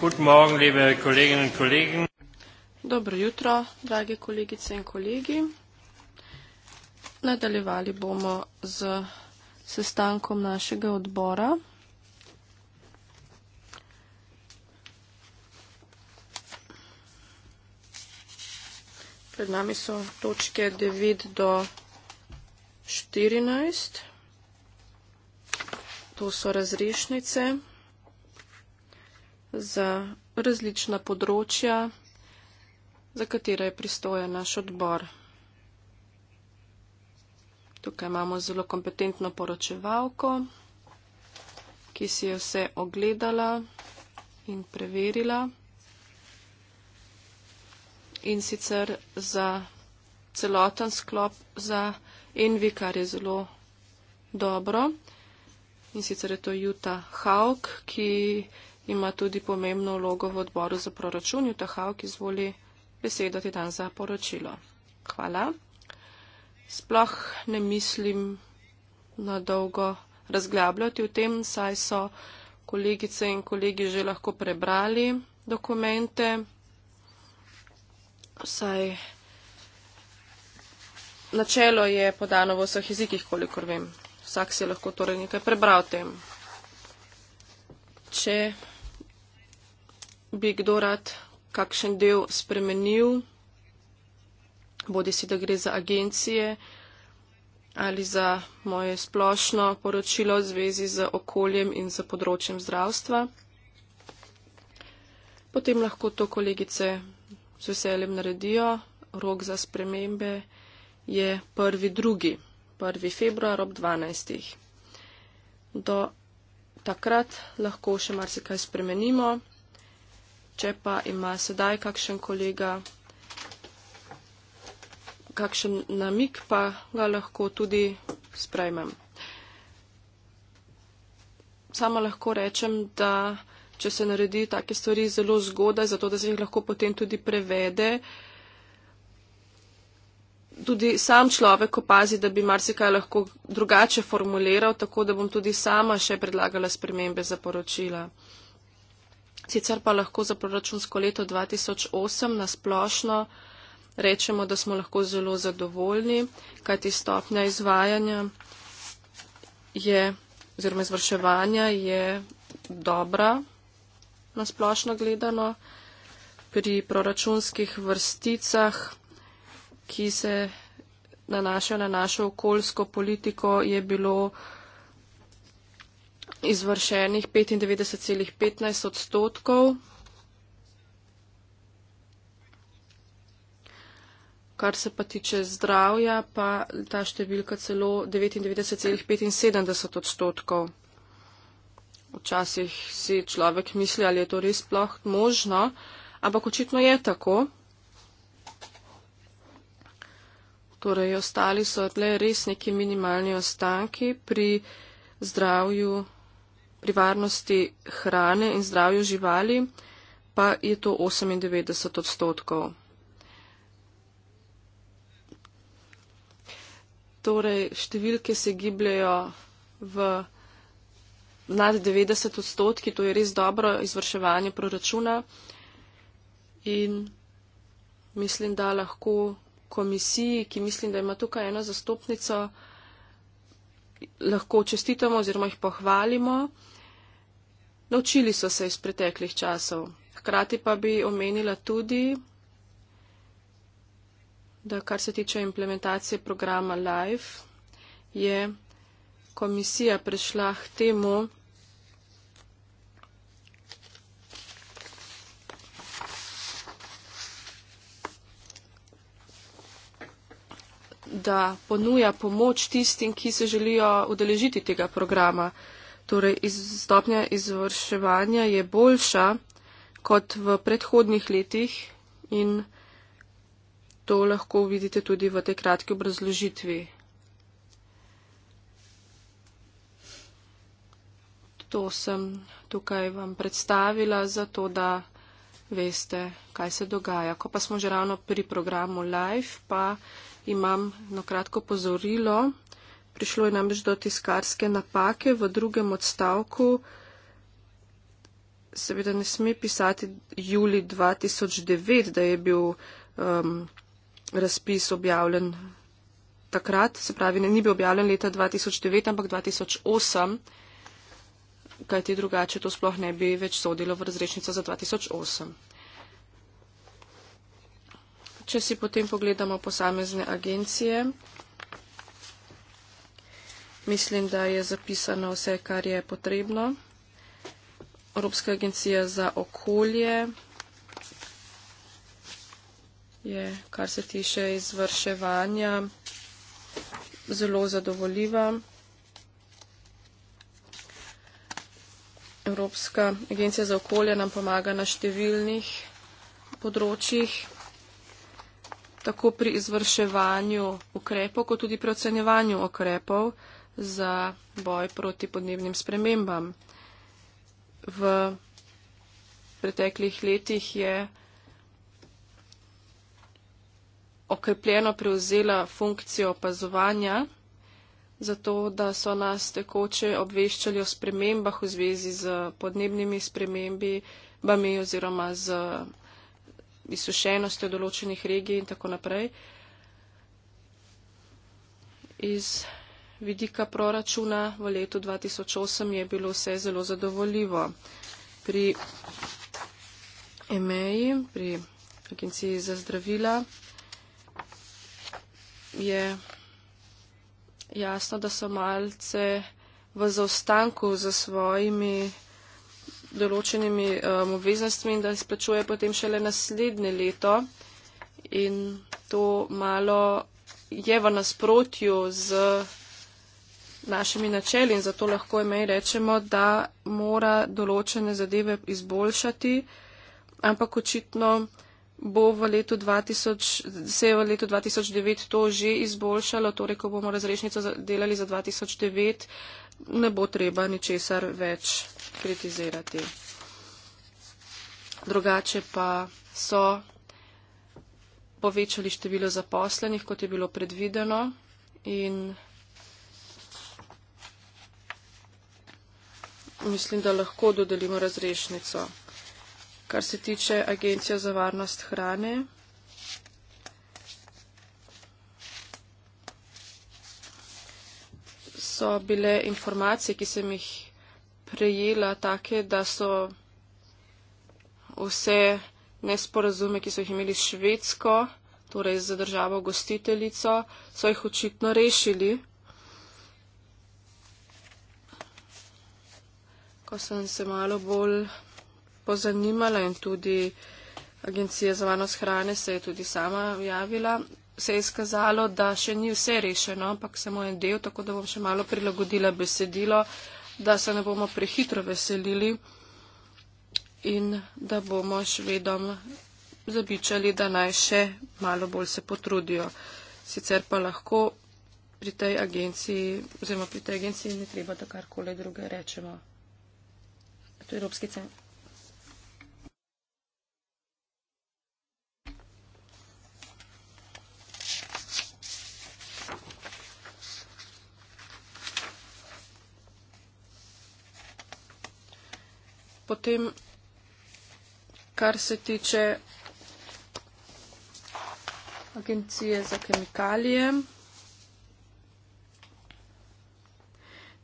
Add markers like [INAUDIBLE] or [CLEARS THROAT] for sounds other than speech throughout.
Guten Morgen, liebe Kolleginnen und Kollegen. Dobro jutro, drage kolegice in kolegi. Nadaljevali bomo z sestankom našega odbora. Pred nami so točke 9 do 14. To so razrešnice za različna področja, za katera je pristojen naš odbor. Tukaj imamo zelo kompetentno poročevalko, ki si je vse ogledala in preverila. In sicer za celoten sklop za Envi, kar je zelo dobro. In sicer je to Juta Hauk, ki ima tudi pomembno vlogo v odboru za proračun. Juta Havk izvoli besedati dan za poročilo. Hvala. Sploh ne mislim na dolgo razglabljati o tem, saj so kolegice in kolegi že lahko prebrali dokumente, saj načelo je podano v vseh jezikih, kolikor vem. Vsak si je lahko torej nekaj prebral o tem. Če bi kdo rad kakšen del spremenil, bodi si, da gre za agencije ali za moje splošno poročilo v zvezi z okoljem in za področjem zdravstva. Potem lahko to kolegice z veseljem naredijo. Rok za spremembe je 1.2. februar ob 12. Do takrat lahko še marsikaj spremenimo. Če pa ima sedaj kakšen kolega kakšen namik, pa ga lahko tudi sprejmem. Sama lahko rečem, da če se naredi take stvari zelo zgodaj, zato da se jih lahko potem tudi prevede, tudi sam človek opazi, da bi marsikaj lahko drugače formuliral, tako da bom tudi sama še predlagala spremembe za poročila. Sicer pa lahko za proračunsko leto 2008 nasplošno rečemo, da smo lahko zelo zadovoljni, kajti stopnja izvajanja je, oziroma izvrševanja je dobra nasplošno gledano. Pri proračunskih vrsticah, ki se nanašajo na našo okoljsko politiko, je bilo izvršenih 95,15 odstotkov, kar se pa tiče zdravja, pa ta številka celo 99,75 odstotkov. Včasih si človek misli, ali je to res sploh možno, ampak očitno je tako. Torej, ostali so tle res neki minimalni ostanki pri zdravju pri varnosti hrane in zdravju živali pa je to 98 odstotkov. Torej, številke se gibljajo v nad 90 odstotki, to je res dobro izvrševanje proračuna in mislim, da lahko komisiji, ki mislim, da ima tukaj eno zastopnico, lahko čestitamo oziroma jih pohvalimo. Naučili so se iz preteklih časov. Hkrati pa bi omenila tudi, da kar se tiče implementacije programa LIFE, je komisija prešla k temu, da ponuja pomoč tistim, ki se želijo udeležiti tega programa. Torej, iz, stopnja izvrševanja je boljša kot v predhodnih letih in to lahko vidite tudi v tej kratki obrazložitvi. To sem tukaj vam predstavila, zato da veste, kaj se dogaja. Ko pa smo že ravno pri programu Live, pa imam na kratko pozorilo. Prišlo je namreč do tiskarske napake v drugem odstavku. Seveda ne sme pisati juli 2009, da je bil um, razpis objavljen takrat, se pravi, ne, ni bil objavljen leta 2009, ampak 2008, kajti drugače to sploh ne bi več sodilo v razrešnico za 2008 če si potem pogledamo posamezne agencije, mislim, da je zapisano vse, kar je potrebno. Evropska agencija za okolje je, kar se tiče izvrševanja, zelo zadovoljiva. Evropska agencija za okolje nam pomaga na številnih področjih tako pri izvrševanju ukrepov, kot tudi pri ocenjevanju ukrepov za boj proti podnebnim spremembam. V preteklih letih je okrepljeno prevzela funkcijo opazovanja, zato da so nas tekoče obveščali o spremembah v zvezi z podnebnimi spremembami oziroma z izsušenostjo določenih regij in tako naprej. Iz vidika proračuna v letu 2008 je bilo vse zelo zadovoljivo. Pri EMEI, pri Agenciji za zdravila, je jasno, da so malce v zaostanku za svojimi določenimi um, obveznostmi in da izplačuje potem šele naslednje leto. In to malo je v nasprotju z našimi načeli in zato lahko imej rečemo, da mora določene zadeve izboljšati, ampak očitno bo v letu 2000, se je v letu 2009 to že izboljšalo, torej ko bomo razrešnico delali za 2009, ne bo treba ničesar več kritizirati. Drugače pa so povečali število zaposlenih, kot je bilo predvideno in mislim, da lahko dodelimo razrešnico. Kar se tiče Agencije za varnost hrane, so bile informacije, ki sem jih prejela, take, da so vse nesporazume, ki so jih imeli s Švedsko, torej z državo gostiteljico, so jih očitno rešili. Ko sem se malo bolj pozanimala in tudi agencija za varnost hrane se je tudi sama javila, se je izkazalo, da še ni vse rešeno, ampak samo en del, tako da bom še malo prilagodila besedilo, da se ne bomo prehitro veselili in da bomo švedom zabičali, da naj še malo bolj se potrudijo. Sicer pa lahko pri tej agenciji, oziroma pri tej agenciji ne treba, da karkoli druge rečemo. To je Evropski center. potem, kar se tiče agencije za kemikalije.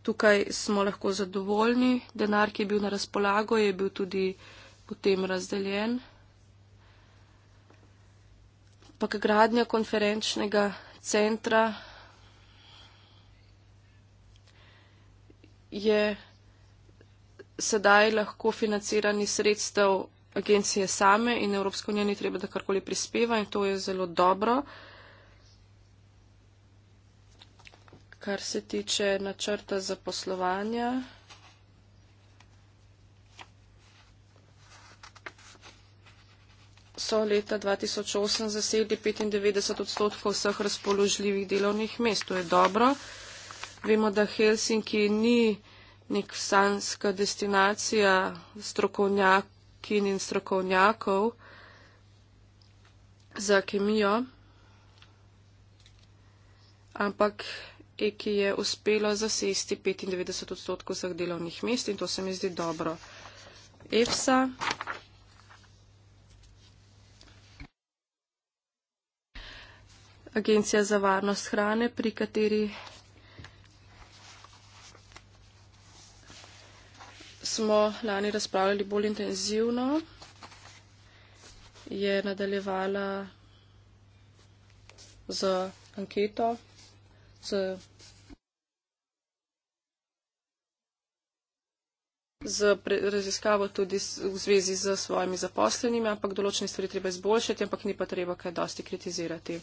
Tukaj smo lahko zadovoljni. Denar, ki je bil na razpolago, je bil tudi potem razdeljen. Pa gradnja konferenčnega centra je sedaj lahko financirani sredstev agencije same in Evropsko unijo ni treba, da karkoli prispeva in to je zelo dobro. Kar se tiče načrta zaposlovanja. so leta 2008 zasedli 95 odstotkov vseh razpoložljivih delovnih mest. To je dobro. Vemo, da Helsinki ni nek sanska destinacija strokovnjakin in strokovnjakov za kemijo, ampak ki je uspelo zasesti 95 odstotkov vseh delovnih mest in to se mi zdi dobro. EFSA. Agencija za varnost hrane, pri kateri smo lani razpravljali bolj intenzivno, je nadaljevala z anketo, z, z pre, raziskavo tudi v zvezi z svojimi zaposlenimi, ampak določene stvari treba izboljšati, ampak ni pa treba kaj dosti kritizirati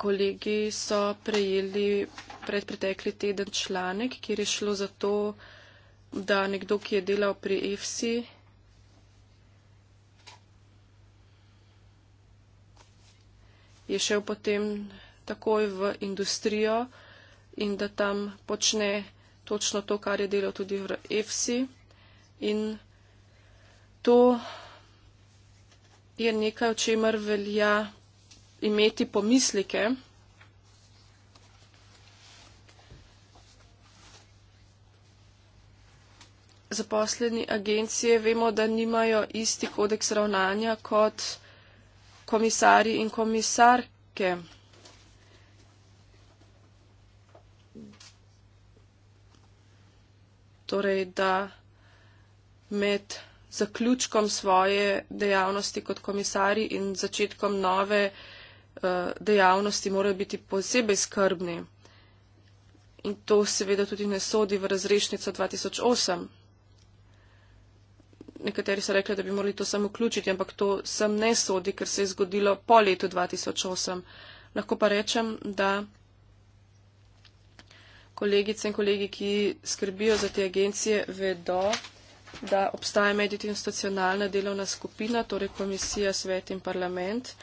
kolegi so prejeli predpretekli teden članek, kjer je šlo za to, da nekdo, ki je delal pri EFSI, je šel potem takoj v industrijo in da tam počne točno to, kar je delal tudi v EFSI. In to je nekaj, o čemer velja imeti pomislike. Zaposleni agencije vemo, da nimajo isti kodeks ravnanja kot komisari in komisarke. Torej, da med zaključkom svoje dejavnosti kot komisari in začetkom nove Eh, dejavnosti morajo biti posebej skrbni. In to seveda tudi ne sodi v razrešnico 2008. Nekateri so rekli, da bi morali to samo vključiti, ampak to sem ne sodi, ker se je zgodilo po letu 2008. Lahko pa rečem, da kolegice in kolegi, ki skrbijo za te agencije, vedo, da obstaja medijinstitucionalna delovna skupina, torej komisija, svet in parlament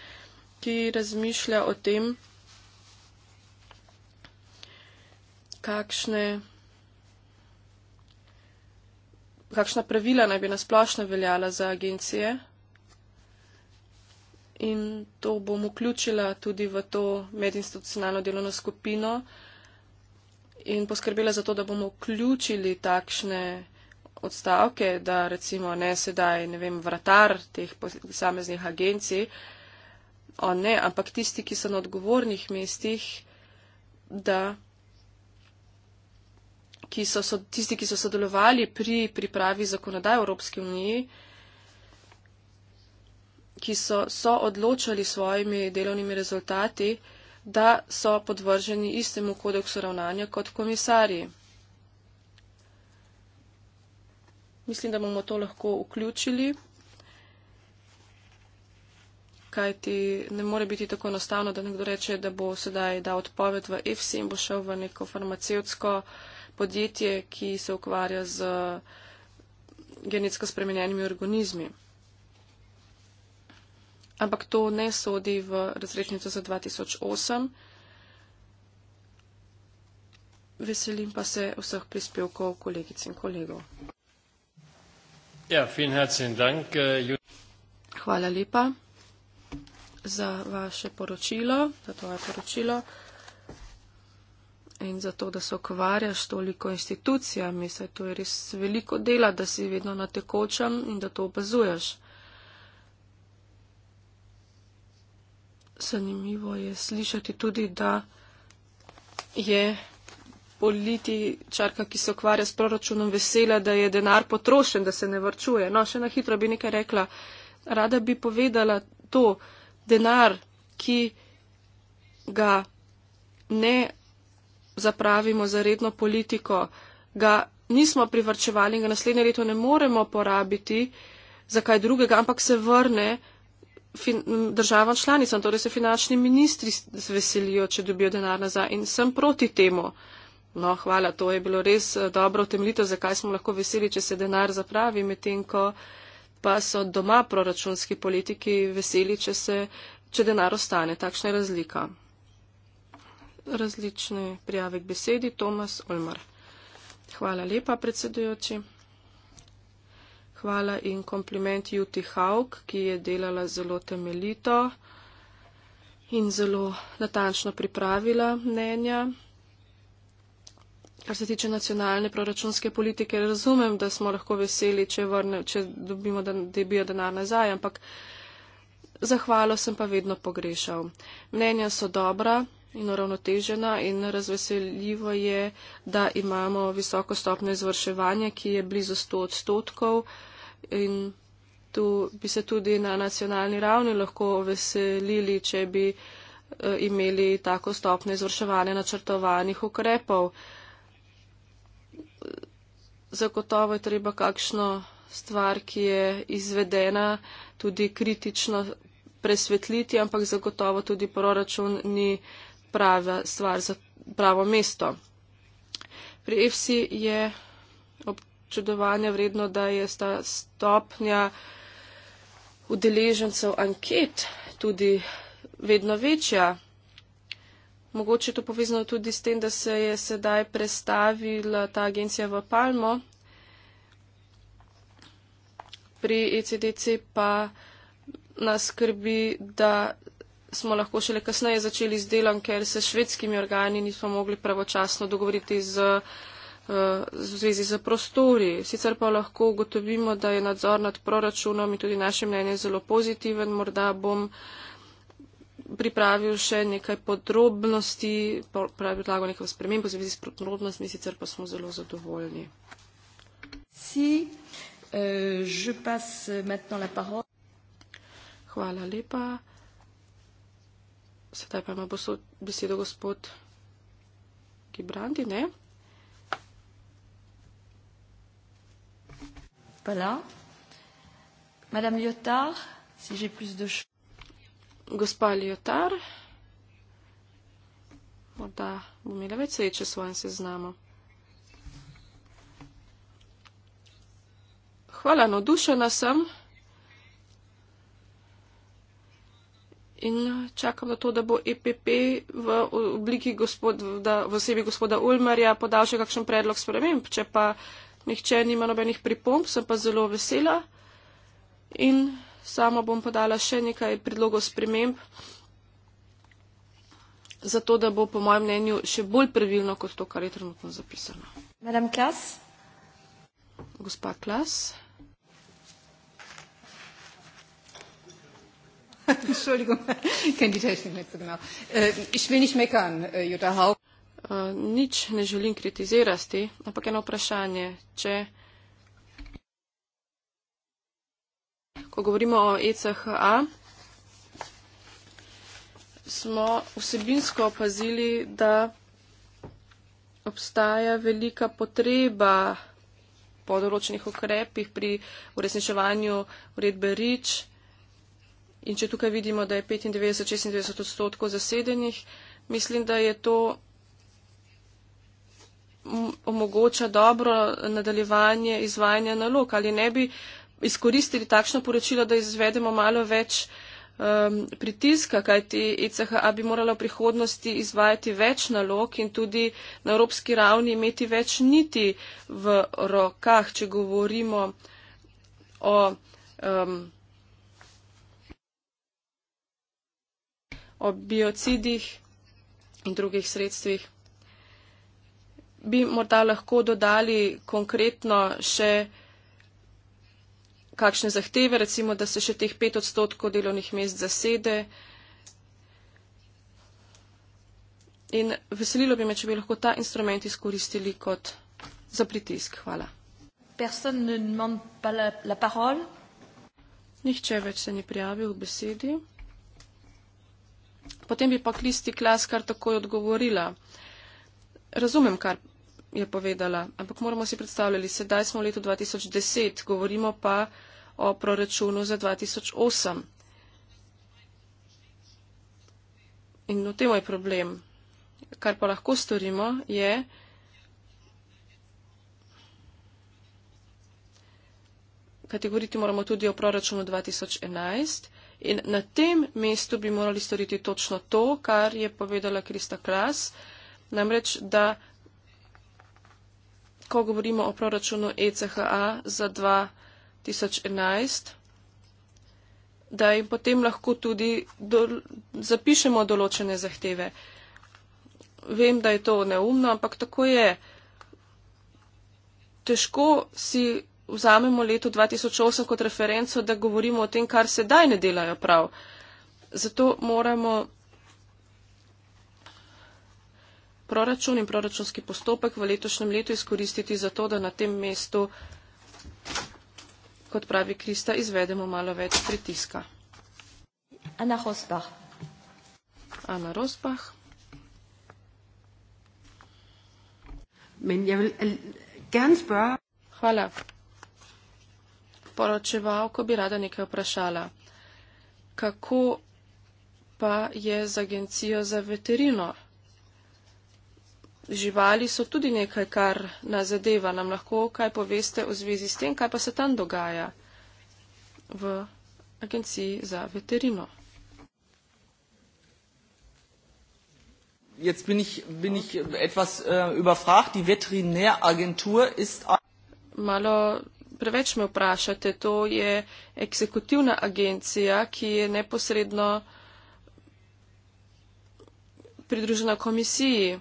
ki razmišlja o tem, kakšne, kakšna pravila naj bi nasplošno veljala za agencije. In to bom vključila tudi v to medinstitucionalno delovno skupino in poskrbela za to, da bomo vključili takšne odstavke, da recimo ne sedaj, ne vem, vratar teh posameznih agencij, uh, o ne, ampak tisti, ki so na odgovornih mestih, da ki so, so, tisti, ki so sodelovali pri pripravi zakonodaje Evropske unije, ki so, so odločali svojimi delovnimi rezultati, da so podvrženi istemu kodeksu ravnanja kot komisarji. Mislim, da bomo to lahko vključili kaj ti ne more biti tako enostavno, da nekdo reče, da bo sedaj dal odpoved v EFSI in bo šel v neko farmacevtsko podjetje, ki se ukvarja z genetsko spremenjenimi organizmi. Ampak to ne sodi v razrečnico za 2008. Veselim pa se vseh prispevkov kolegic in kolegov. Ja, vielen herzlichen Dank. Äh, Hvala lepa za vaše poročilo, za tvoje poročilo in za to, da se okvarjaš toliko institucijami. Saj to je res veliko dela, da si vedno na tekočem in da to opazuješ. Zanimivo je slišati tudi, da je političarka, ki se okvarja s proračunom, vesela, da je denar potrošen, da se ne vrčuje. No, še na hitro bi nekaj rekla. Rada bi povedala to, denar, ki ga ne zapravimo za redno politiko, ga nismo privrčevali in ga naslednje leto ne moremo porabiti za kaj drugega, ampak se vrne državam članicam, torej se finančni ministri veselijo, če dobijo denar nazaj in sem proti temu. No, hvala, to je bilo res eh, dobro temeljito, zakaj smo lahko veseli, če se denar zapravi, medtem ko pa so doma proračunski politiki veseli, če, se, če denar ostane. Takšna je razlika. Različne prijave k besedi. Tomas Olmar. Hvala lepa, predsedujoči. Hvala in kompliment Juti Hauk, ki je delala zelo temeljito in zelo natančno pripravila mnenja. Kar se tiče nacionalne proračunske politike, razumem, da smo lahko veseli, če, vrne, če dobimo, da dobijo denar nazaj, ampak zahvalo sem pa vedno pogrešal. Mnenja so dobra in uravnotežena in razveseljivo je, da imamo visoko stopno izvrševanje, ki je blizu 100 odstotkov in tu bi se tudi na nacionalni ravni lahko veselili, če bi eh, imeli tako stopno izvrševanje načrtovanih ukrepov zagotovo je treba kakšno stvar, ki je izvedena, tudi kritično presvetliti, ampak zagotovo tudi proračun ni prava stvar za pravo mesto. Pri EFSI je občudovanja vredno, da je ta stopnja udeležencev anket tudi vedno večja. Mogoče je to povezano tudi s tem, da se je sedaj prestavila ta agencija v Palmo. Pri ECDC pa nas skrbi, da smo lahko šele kasneje začeli z delom, ker se švedskimi organi nismo mogli pravočasno dogovoriti z, eh, z vezi z prostori. Sicer pa lahko ugotovimo, da je nadzor nad proračunom in tudi naše mnenje zelo pozitiven. Morda bom uh, pripravil še nekaj podrobnosti, predlagal nekaj sprememb v zvezi s podrobnostmi, sicer pa smo zelo zadovoljni. Si, uh, Hvala lepa. Sedaj pa ima besedo gospod Gibrandi, ne? Hvala. Madame Lyotard, si j'ai plus de choses gospa Liotar. Morda bo imela več sreče s svojim seznamom. Hvala, navdušena sem. In čakam na to, da bo EPP v obliki gospoda, v osebi gospoda Ulmerja podal še kakšen predlog sprememb. Če pa nihče nima nobenih pripomb, sem pa zelo vesela. In Sama bom podala še nekaj predlogov sprememb, zato da bo po mojem mnenju še bolj pravilno kot to, kar je trenutno zapisano. Madam Klas. Gospa Klas. [LAUGHS] Entschuldigung, ich kenne die Technik nicht so genau. Äh, ich will nicht meckern, äh, Jutta Haug. Uh, äh, nič ne želim kritizirati, ampak eno vprašanje, če ko govorimo o ECHA, smo vsebinsko opazili, da obstaja velika potreba po določenih ukrepih pri uresničevanju uredbe REACH. In če tukaj vidimo, da je 95-96 odstotkov zasedenih, mislim, da je to omogoča dobro nadaljevanje izvajanja nalog. Ali ne bi uh, izkoristili takšno poročilo, da izvedemo malo več um, pritiska, kajti ECHA bi morala v prihodnosti izvajati več nalog in tudi na evropski ravni imeti več niti v rokah, če govorimo o. Um, o biocidih in drugih sredstvih. Bi morda lahko dodali konkretno še kakšne zahteve, recimo, da se še teh pet odstotkov delovnih mest zasede. In veselilo bi me, če bi lahko ta instrument izkoristili kot za pritisk. Hvala. Nihče več se ni prijavil v besedi. Potem bi pa Kristi Klas kar takoj odgovorila. Razumem, kar je povedala, ampak moramo si predstavljati, sedaj smo v letu 2010, govorimo pa o proračunu za 2008. In v tem je problem. Kar pa lahko storimo, je kategoriti moramo tudi o proračunu 2011 in na tem mestu bi morali storiti točno to, kar je povedala Krista Kras, namreč, da ko govorimo o proračunu ECHA za 2011, 2011, da jim potem lahko tudi do, zapišemo določene zahteve. Vem, da je to neumno, ampak tako je. Težko si vzamemo leto 2008 kot referenco, da govorimo o tem, kar sedaj ne delajo prav. Zato moramo proračun in proračunski postopek v letošnjem letu izkoristiti za to, da na tem mestu kot pravi Krista, izvedemo malo več pritiska. Ana Rosbach. Ana Rosbach. Øh, Hvala. Poročevalko bi rada nekaj vprašala. Kako pa je z agencijo za veterino? živali so tudi nekaj, kar nas zadeva. Nam lahko kaj poveste v zvezi s tem, kaj pa se tam dogaja v agenciji za veterino. Jetzt bin ich, bin ich etwas äh, überfragt. Die Veterinäragentur ist. Malo preveč me vprašate. To je eksekutivna agencija, ki je neposredno pridružena komisiji.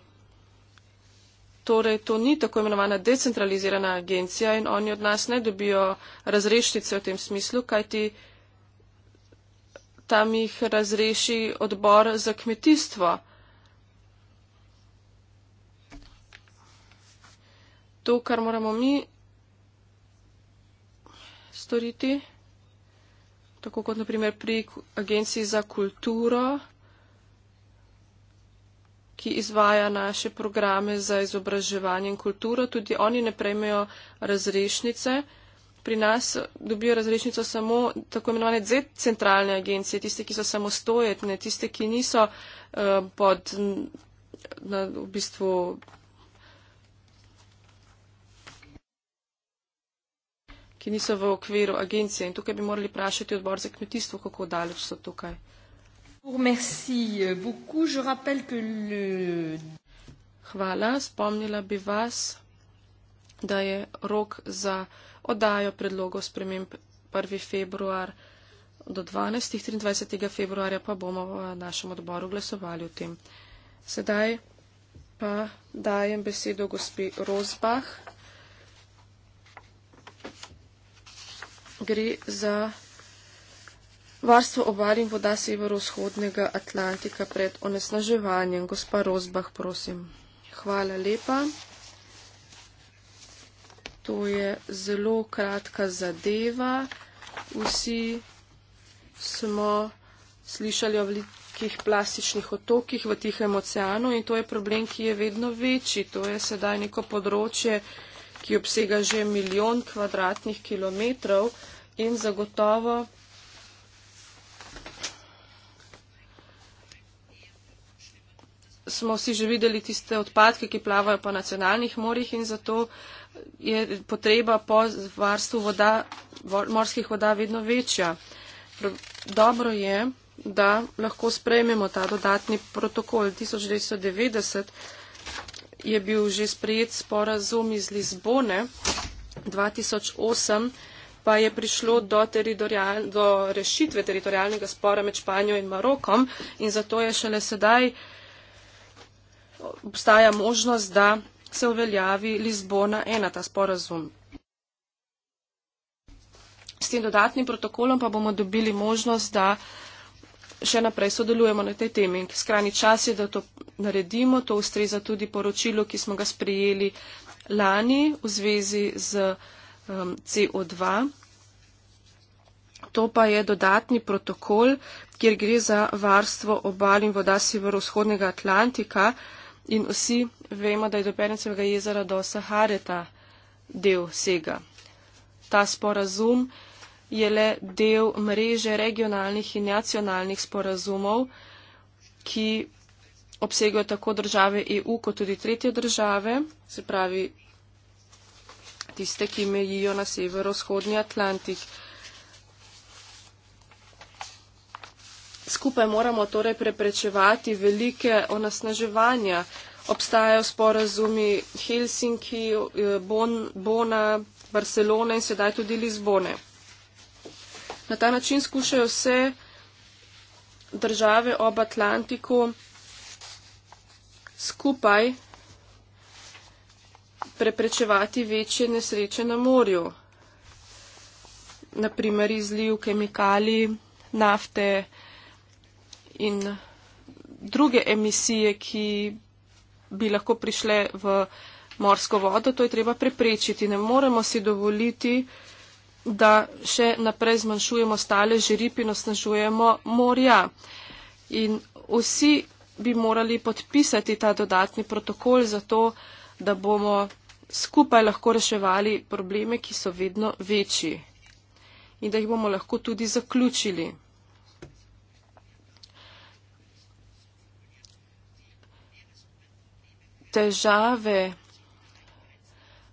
Torej, to ni tako imenovana decentralizirana agencija in oni od nas ne dobijo razrešnice v tem smislu, kajti tam jih razreši odbor za kmetijstvo. To, kar moramo mi storiti, tako kot naprimer pri agenciji za kulturo, ki izvaja naše programe za izobraževanje in kulturo, tudi oni ne prejmejo razrešnice. Pri nas dobijo razrešnico samo tako imenovane centralne agencije, tiste, ki so samostojetne, tiste, ki niso uh, pod na, v bistvu. ki niso v okviru agencije in tukaj bi morali vprašati odbor za kmetijstvo, kako daleč so tukaj. Euh, Hvala, spomnila bi vas, da je rok za oddajo predlogov sprememb 1. februar do 12. 23. februarja, pa bomo v našem odboru glasovali o tem. Sedaj pa dajem besedo gospi Rozbah. Gre za Varstvo obal in voda severovzhodnega Atlantika pred onesnaževanjem. Gospa Rozbah, prosim. Hvala lepa. To je zelo kratka zadeva. Vsi smo slišali o velikih plastičnih otokih v Tihem oceanu in to je problem, ki je vedno večji. To je sedaj neko področje, ki obsega že milijon kvadratnih kilometrov in zagotovo. smo vsi že videli tiste odpadke, ki plavajo po nacionalnih morjih in zato je potreba po varstvu voda, morskih voda vedno večja. Dobro je, da lahko sprejmemo ta dodatni protokol. 1990 je bil že sprejet sporazum iz Lizbone, 2008 pa je prišlo do, teritorial, do rešitve teritorijalnega spora med Španijo in Marokom in zato je šele sedaj obstaja možnost, da se uveljavi Lizbona ena ta sporazum. S tem dodatnim protokolom pa bomo dobili možnost, da še naprej sodelujemo na tej temi. Skrajni čas je, da to naredimo. To ustreza tudi poročilo, ki smo ga sprejeli lani v zvezi z um, CO2. To pa je dodatni protokol, kjer gre za varstvo obal in voda severovzhodnega Atlantika. Uh, In vsi vemo, da je do Penicevega jezera do Sahare ta del sega. Ta sporazum je le del mreže regionalnih in nacionalnih sporazumov, ki obsegajo tako države EU kot tudi tretje države, se pravi tiste, ki mejijo na severo-shodni Atlantik. skupaj moramo torej preprečevati velike onasnaževanja. Obstajajo sporazumi Helsinki, bon, Bona, Barcelone in sedaj tudi Lizbone. Na ta način skušajo vse države ob Atlantiku skupaj preprečevati večje nesreče na morju. Naprimer izliv kemikalij, nafte, in druge emisije, ki bi lahko prišle v morsko vodo, to je treba preprečiti. Ne moremo si dovoliti, da še naprej zmanjšujemo stale žirip in osnažujemo morja. In vsi bi morali podpisati ta dodatni protokol za to, da bomo skupaj lahko reševali probleme, ki so vedno večji in da jih bomo lahko tudi zaključili. težave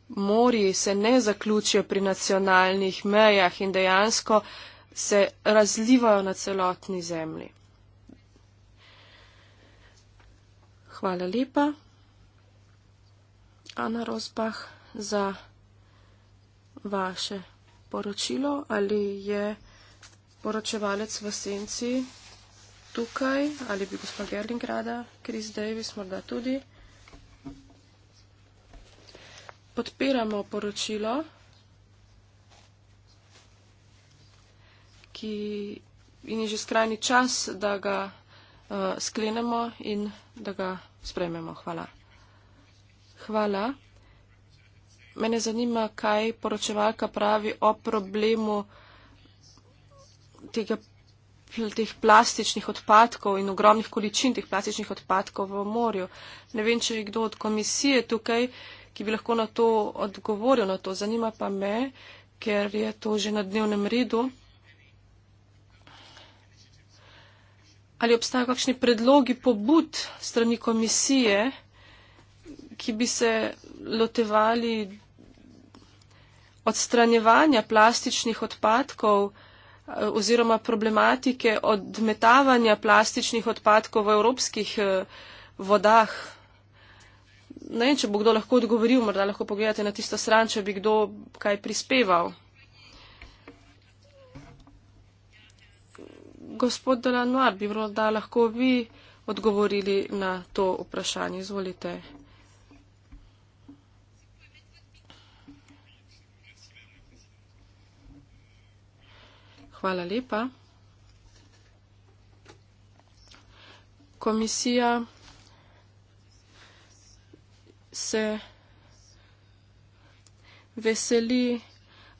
morji se ne zaključijo pri nacionalnih mejah in dejansko se razlivajo na celotni zemlji. Hvala lepa, Ana Rozbah, za vaše poročilo. Ali je poročevalec v senci tukaj, ali bi gospod Gerlingrada, Kris Davis morda tudi podpiramo poročilo, ki in je že skrajni čas, da ga uh, sklenemo in da ga sprejmemo. Hvala. Hvala. Mene zanima, kaj poročevalka pravi o problemu tega, teh plastičnih odpadkov in ogromnih količin teh plastičnih odpadkov v morju. Ne vem, če je kdo od komisije tukaj. Uh, ki bi lahko na to odgovoril. Na to. Zanima pa me, ker je to že na dnevnem redu. Ali obstajajo kakšni predlogi pobud strani komisije, ki bi se lotevali odstranjevanja plastičnih odpadkov eh, oziroma problematike odmetavanja plastičnih odpadkov v evropskih eh, vodah? ne vem, če bo kdo lahko odgovoril, morda lahko pogledate na tisto stran, če bi kdo kaj prispeval. Gospod Delanoir, bi bilo, da lahko vi odgovorili na to vprašanje. Izvolite. Hvala lepa. Komisija se veseli,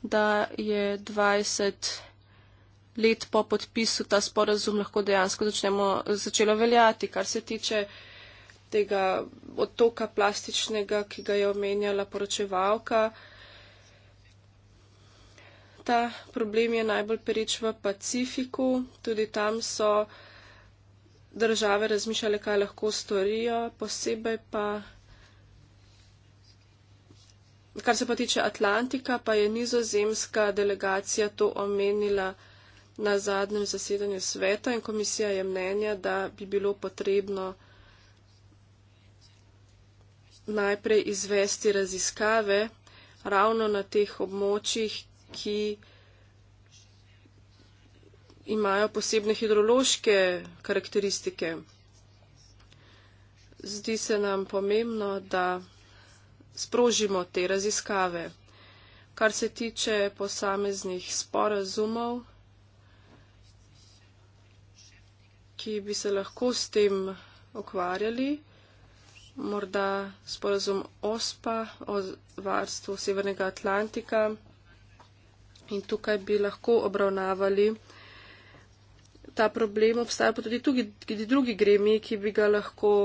da je 20 let po podpisu ta sporazum lahko dejansko začnemo, začelo veljati, kar se tiče tega otoka plastičnega, ki ga je omenjala poročevalka. Ta problem je najbolj perič v Pacifiku, tudi tam so države razmišljale, kaj lahko storijo, posebej pa Kar se pa tiče Atlantika, pa je nizozemska delegacija to omenila na zadnjem zasedanju sveta in komisija je mnenja, da bi bilo potrebno najprej izvesti raziskave ravno na teh območjih, ki imajo posebne hidrološke karakteristike. Zdi se nam pomembno, da sprožimo te raziskave. Kar se tiče posameznih sporazumov, ki bi se lahko s tem okvarjali, morda sporazum OSPA o varstvu Severnega Atlantika in tukaj bi lahko obravnavali ta problem. Obstajajo pa tudi drugi gremi, ki bi ga lahko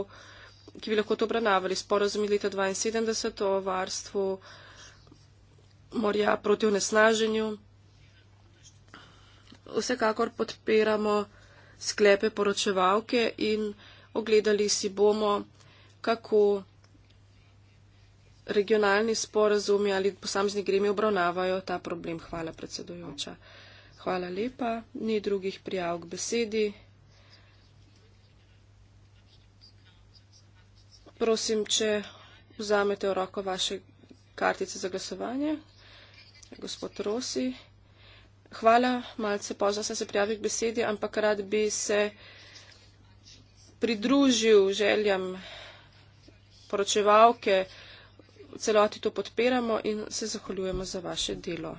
ki bi lahko to obravnavali. Sporazum iz leta 1972 o varstvu morja proti onesnaženju. Vsekakor podpiramo sklepe poročevalke in ogledali si bomo, kako regionalni sporazumi ali posamezni gremi obravnavajo ta problem. Hvala, predsedujoča. Hvala lepa. Ni drugih prijav k besedi. Prosim, če vzamete v roko vaše kartice za glasovanje. Gospod Rosi. Hvala, malce pozno sem se prijavil k besedi, ampak rad bi se pridružil željam poročevalke. Celoti to podpiramo in se zahvaljujemo za vaše delo.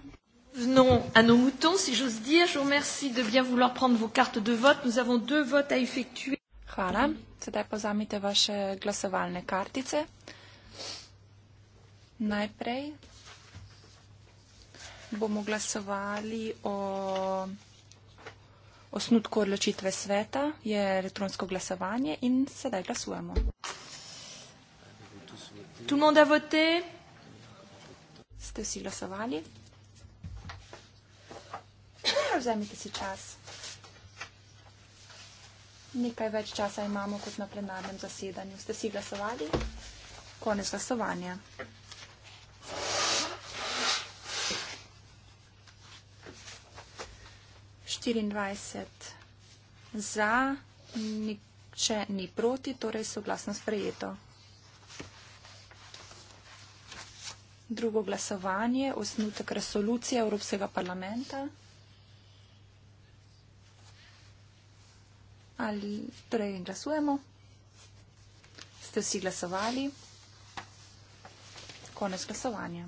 Venons à nos moutons, si j'ose dire. Je vous remercie de bien vouloir prendre vos cartes de vote. Nous avons deux votes à effectuer. Hvala. Sedaj pa vzamite vaše glasovalne kartice. Najprej bomo glasovali o osnutku odločitve sveta, je elektronsko glasovanje in sedaj glasujemo. Tu imamo, da vote. Ste vsi glasovali? Vzemite si čas nekaj več časa imamo kot na plenarnem zasedanju. Ste si glasovali? Konec glasovanja. za, če ni proti, torej soglasno sprejeto. Drugo glasovanje, osnutek resolucije Evropskega parlamenta. ali torej glasujemo. Ste vsi glasovali? Konec glasovanja.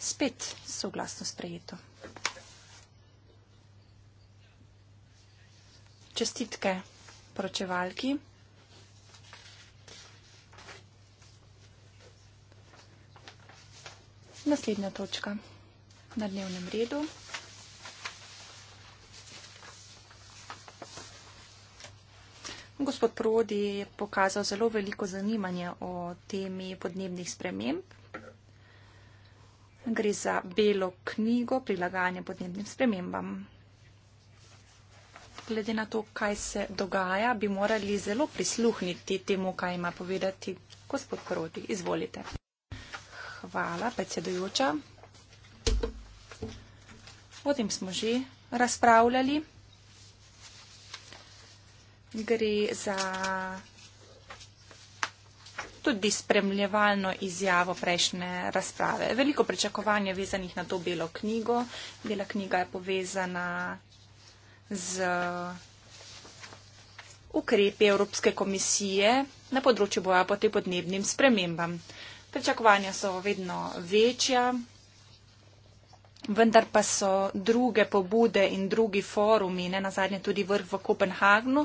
Spet soglasno sprejeto. Čestitke poročevalki. Naslednja točka na dnevnem redu. Gospod Prodi je pokazal zelo veliko zanimanje o temi podnebnih sprememb. Gre za belo knjigo prilagajanja podnebnim spremembam. Glede na to, kaj se dogaja, bi morali zelo prisluhniti temu, kaj ima povedati gospod Prodi. Izvolite. Hvala, predsedujoča. O tem smo že razpravljali gre za tudi spremljevalno izjavo prejšnje razprave. Veliko pričakovanja vezanih na to belo knjigo. Bela knjiga je povezana z ukrepi Evropske komisije na področju boja proti podnebnim spremembam. Pričakovanja so vedno večja, vendar pa so druge pobude in drugi forumi, ne nazadnje tudi vrh v Kopenhagnu,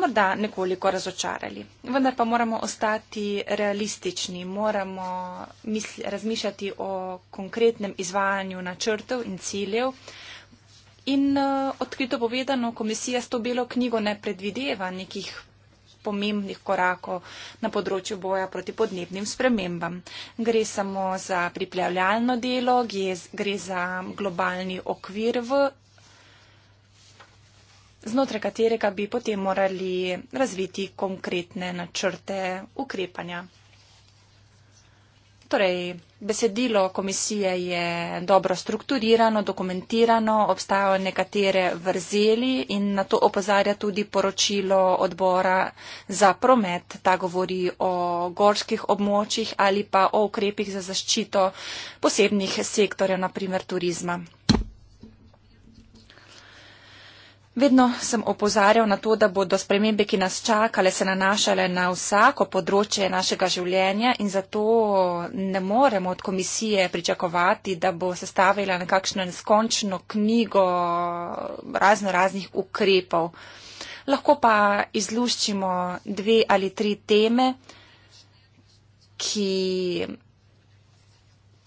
morda nekoliko razočarali. Vendar pa moramo ostati realistični, moramo razmišljati o konkretnem izvajanju načrtov in ciljev. In eh, odkrito povedano, komisija s to belo knjigo ne predvideva nekih pomembnih korakov na področju boja proti podnebnim spremembam. Gre samo za pripravljalno delo, gre za globalni okvir v znotraj katerega bi potem morali razviti konkretne načrte ukrepanja. Torej, besedilo komisije je dobro strukturirano, dokumentirano, obstajajo nekatere vrzeli in na to opozarja tudi poročilo odbora za promet. Ta govori o gorskih območjih ali pa o ukrepih za zaščito posebnih sektorjev, naprimer turizma. Vedno sem opozarjal na to, da bodo spremembe, ki nas čakale, se nanašale na vsako področje našega življenja in zato ne moremo od komisije pričakovati, da bo sestavila nekakšno neskončno knjigo razno raznih ukrepov. Lahko pa izluščimo dve ali tri teme, ki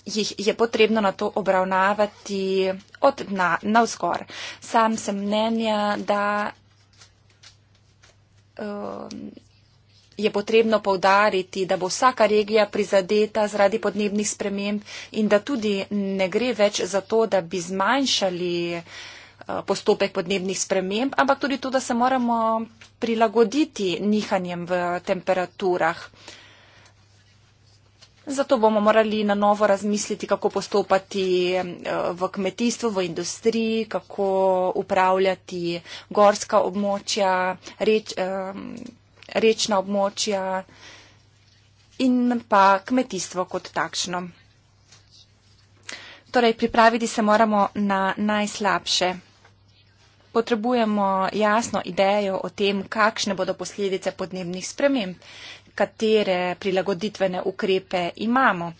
jih je potrebno na to obravnavati od dna na vzgor. Sam sem mnenja, da um, je potrebno povdariti, da bo vsaka regija prizadeta zaradi podnebnih sprememb in da tudi ne gre več za to, da bi zmanjšali uh, postopek podnebnih sprememb, ampak tudi to, da se moramo prilagoditi nihanjem v temperaturah. Uh, Zato bomo morali na novo razmisliti, kako postopati eh, v kmetijstvu, v industriji, kako upravljati gorska območja, reč, rečna območja in pa kmetijstvo kot takšno. Torej, pripraviti se moramo na najslabše. Potrebujemo jasno idejo o tem, kakšne bodo posledice podnebnih sprememb katere prilagoditvene ukrepe imamo.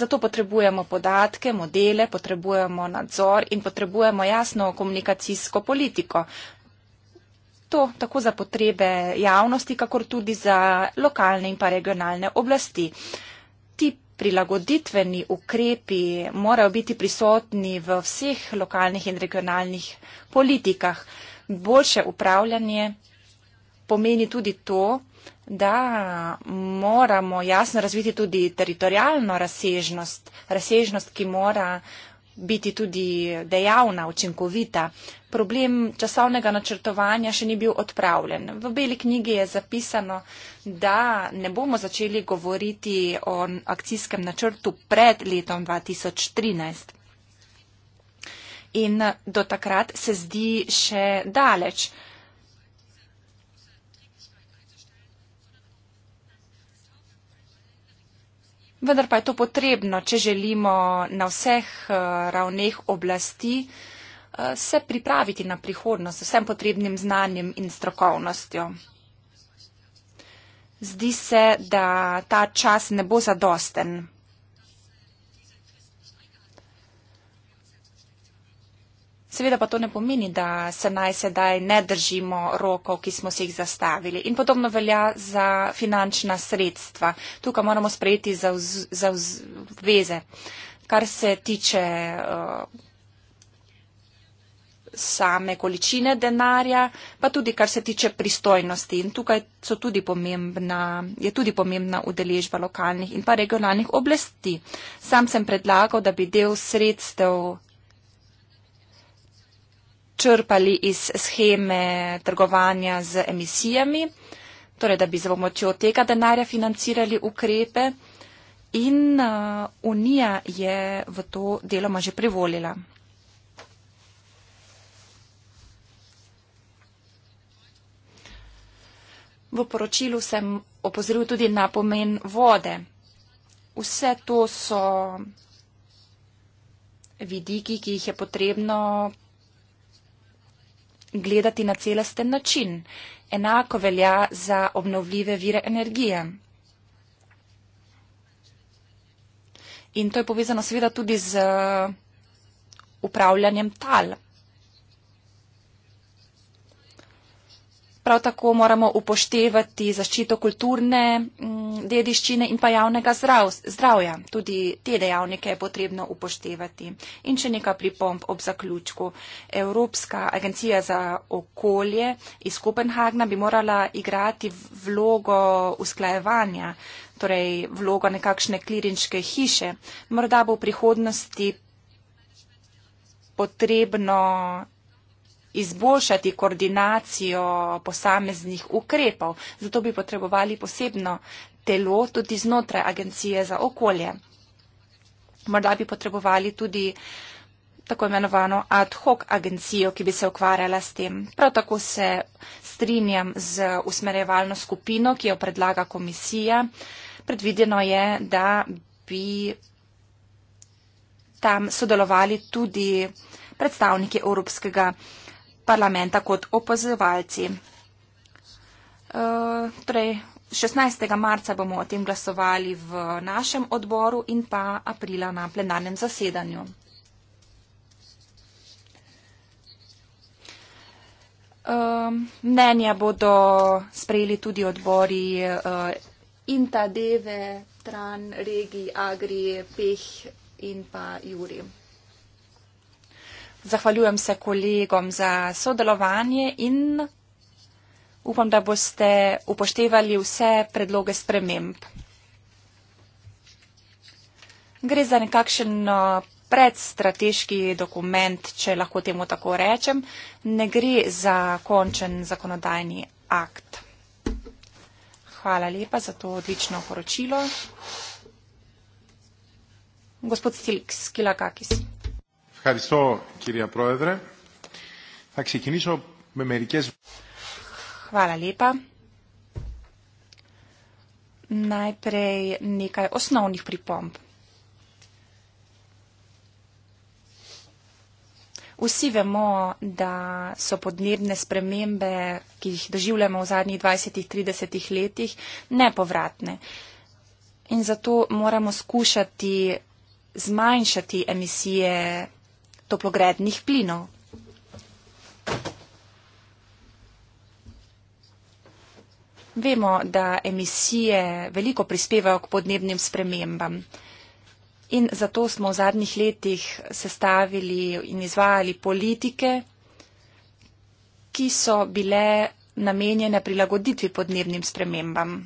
Zato potrebujemo podatke, modele, potrebujemo nadzor in potrebujemo jasno komunikacijsko politiko. To tako za potrebe javnosti, kakor tudi za lokalne in pa regionalne oblasti. Ti prilagoditveni ukrepi morajo biti prisotni v vseh lokalnih in regionalnih politikah. Boljše upravljanje pomeni tudi to, da moramo jasno razviti tudi teritorijalno razsežnost, razsežnost, ki mora biti tudi dejavna, učinkovita. Problem časovnega načrtovanja še ni bil odpravljen. V beli knjigi je zapisano, da ne bomo začeli govoriti o akcijskem načrtu pred letom 2013. In do takrat se zdi še daleč. vendar pa je to potrebno, če želimo na vseh eh, ravneh oblasti eh, se pripraviti na prihodnost z vsem potrebnim znanjem in strokovnostjo. Zdi se, da ta čas ne bo zadosten. Seveda pa to ne pomeni, da se naj sedaj ne držimo rokov, ki smo si jih zastavili. In podobno velja za finančna sredstva. Tukaj moramo sprejeti za veze. Kar se tiče eh, same količine denarja, pa tudi kar se tiče pristojnosti. In tukaj tudi pomembna, je tudi pomembna udeležba lokalnih in pa regionalnih oblasti. Sam sem predlagal, da bi del sredstev črpali iz scheme trgovanja z emisijami, torej da bi za pomočjo tega denarja financirali ukrepe in uh, Unija je v to deloma že privolila. V poročilu sem opozoril tudi na pomen vode. Vse to so vidiki, ki jih je potrebno gledati na celosten način. Enako velja za obnovljive vire energije. In to je povezano seveda tudi z uh, upravljanjem tal. Prav tako moramo upoštevati zaščito kulturne mm, dediščine in pa javnega zdravja. Tudi te dejavnike je potrebno upoštevati. In še nekaj pripomp ob zaključku. Evropska agencija za okolje iz Kopenhagna bi morala igrati vlogo usklajevanja, torej vlogo nekakšne klirinčke hiše. Morda bo v prihodnosti potrebno izboljšati koordinacijo posameznih ukrepov. Zato bi potrebovali posebno telo tudi znotraj Agencije za okolje. Morda bi potrebovali tudi tako imenovano ad hoc agencijo, ki bi se ukvarjala s tem. Prav tako se strinjam z usmerjevalno skupino, ki jo predlaga komisija. Predvideno je, da bi tam sodelovali tudi predstavniki Evropskega parlamenta kot opozovalci. E, torej, 16. marca bomo o tem glasovali v našem odboru in pa aprila na plenarnem zasedanju. E, mnenja bodo sprejeli tudi odbori e, Inta, Deve, Tran, Regi, Agri, Peh in pa Juri. Zahvaljujem se kolegom za sodelovanje in upam, da boste upoštevali vse predloge sprememb. Gre za nekakšen eh, predstrateški dokument, če lahko temu tako rečem. Ne gre za končen zakonodajni akt. Hvala lepa za to odlično poročilo. Gospod Skilakakis. Stil Ευχαριστώ κυρία Πρόεδρε. Θα ξεκινήσω με μερικές... Hvala lepa. Najprej nekaj osnovnih pripomb. Vsi vemo, da so podnebne spremembe, ki jih doživljamo v zadnjih 20-30 letih, nepovratne. In zato moramo skušati zmanjšati emisije toplogrednih plinov. Vemo, da emisije veliko prispevajo k podnebnim spremembam. In zato smo v zadnjih letih sestavili in izvajali politike, ki so bile namenjene prilagoditvi podnebnim spremembam.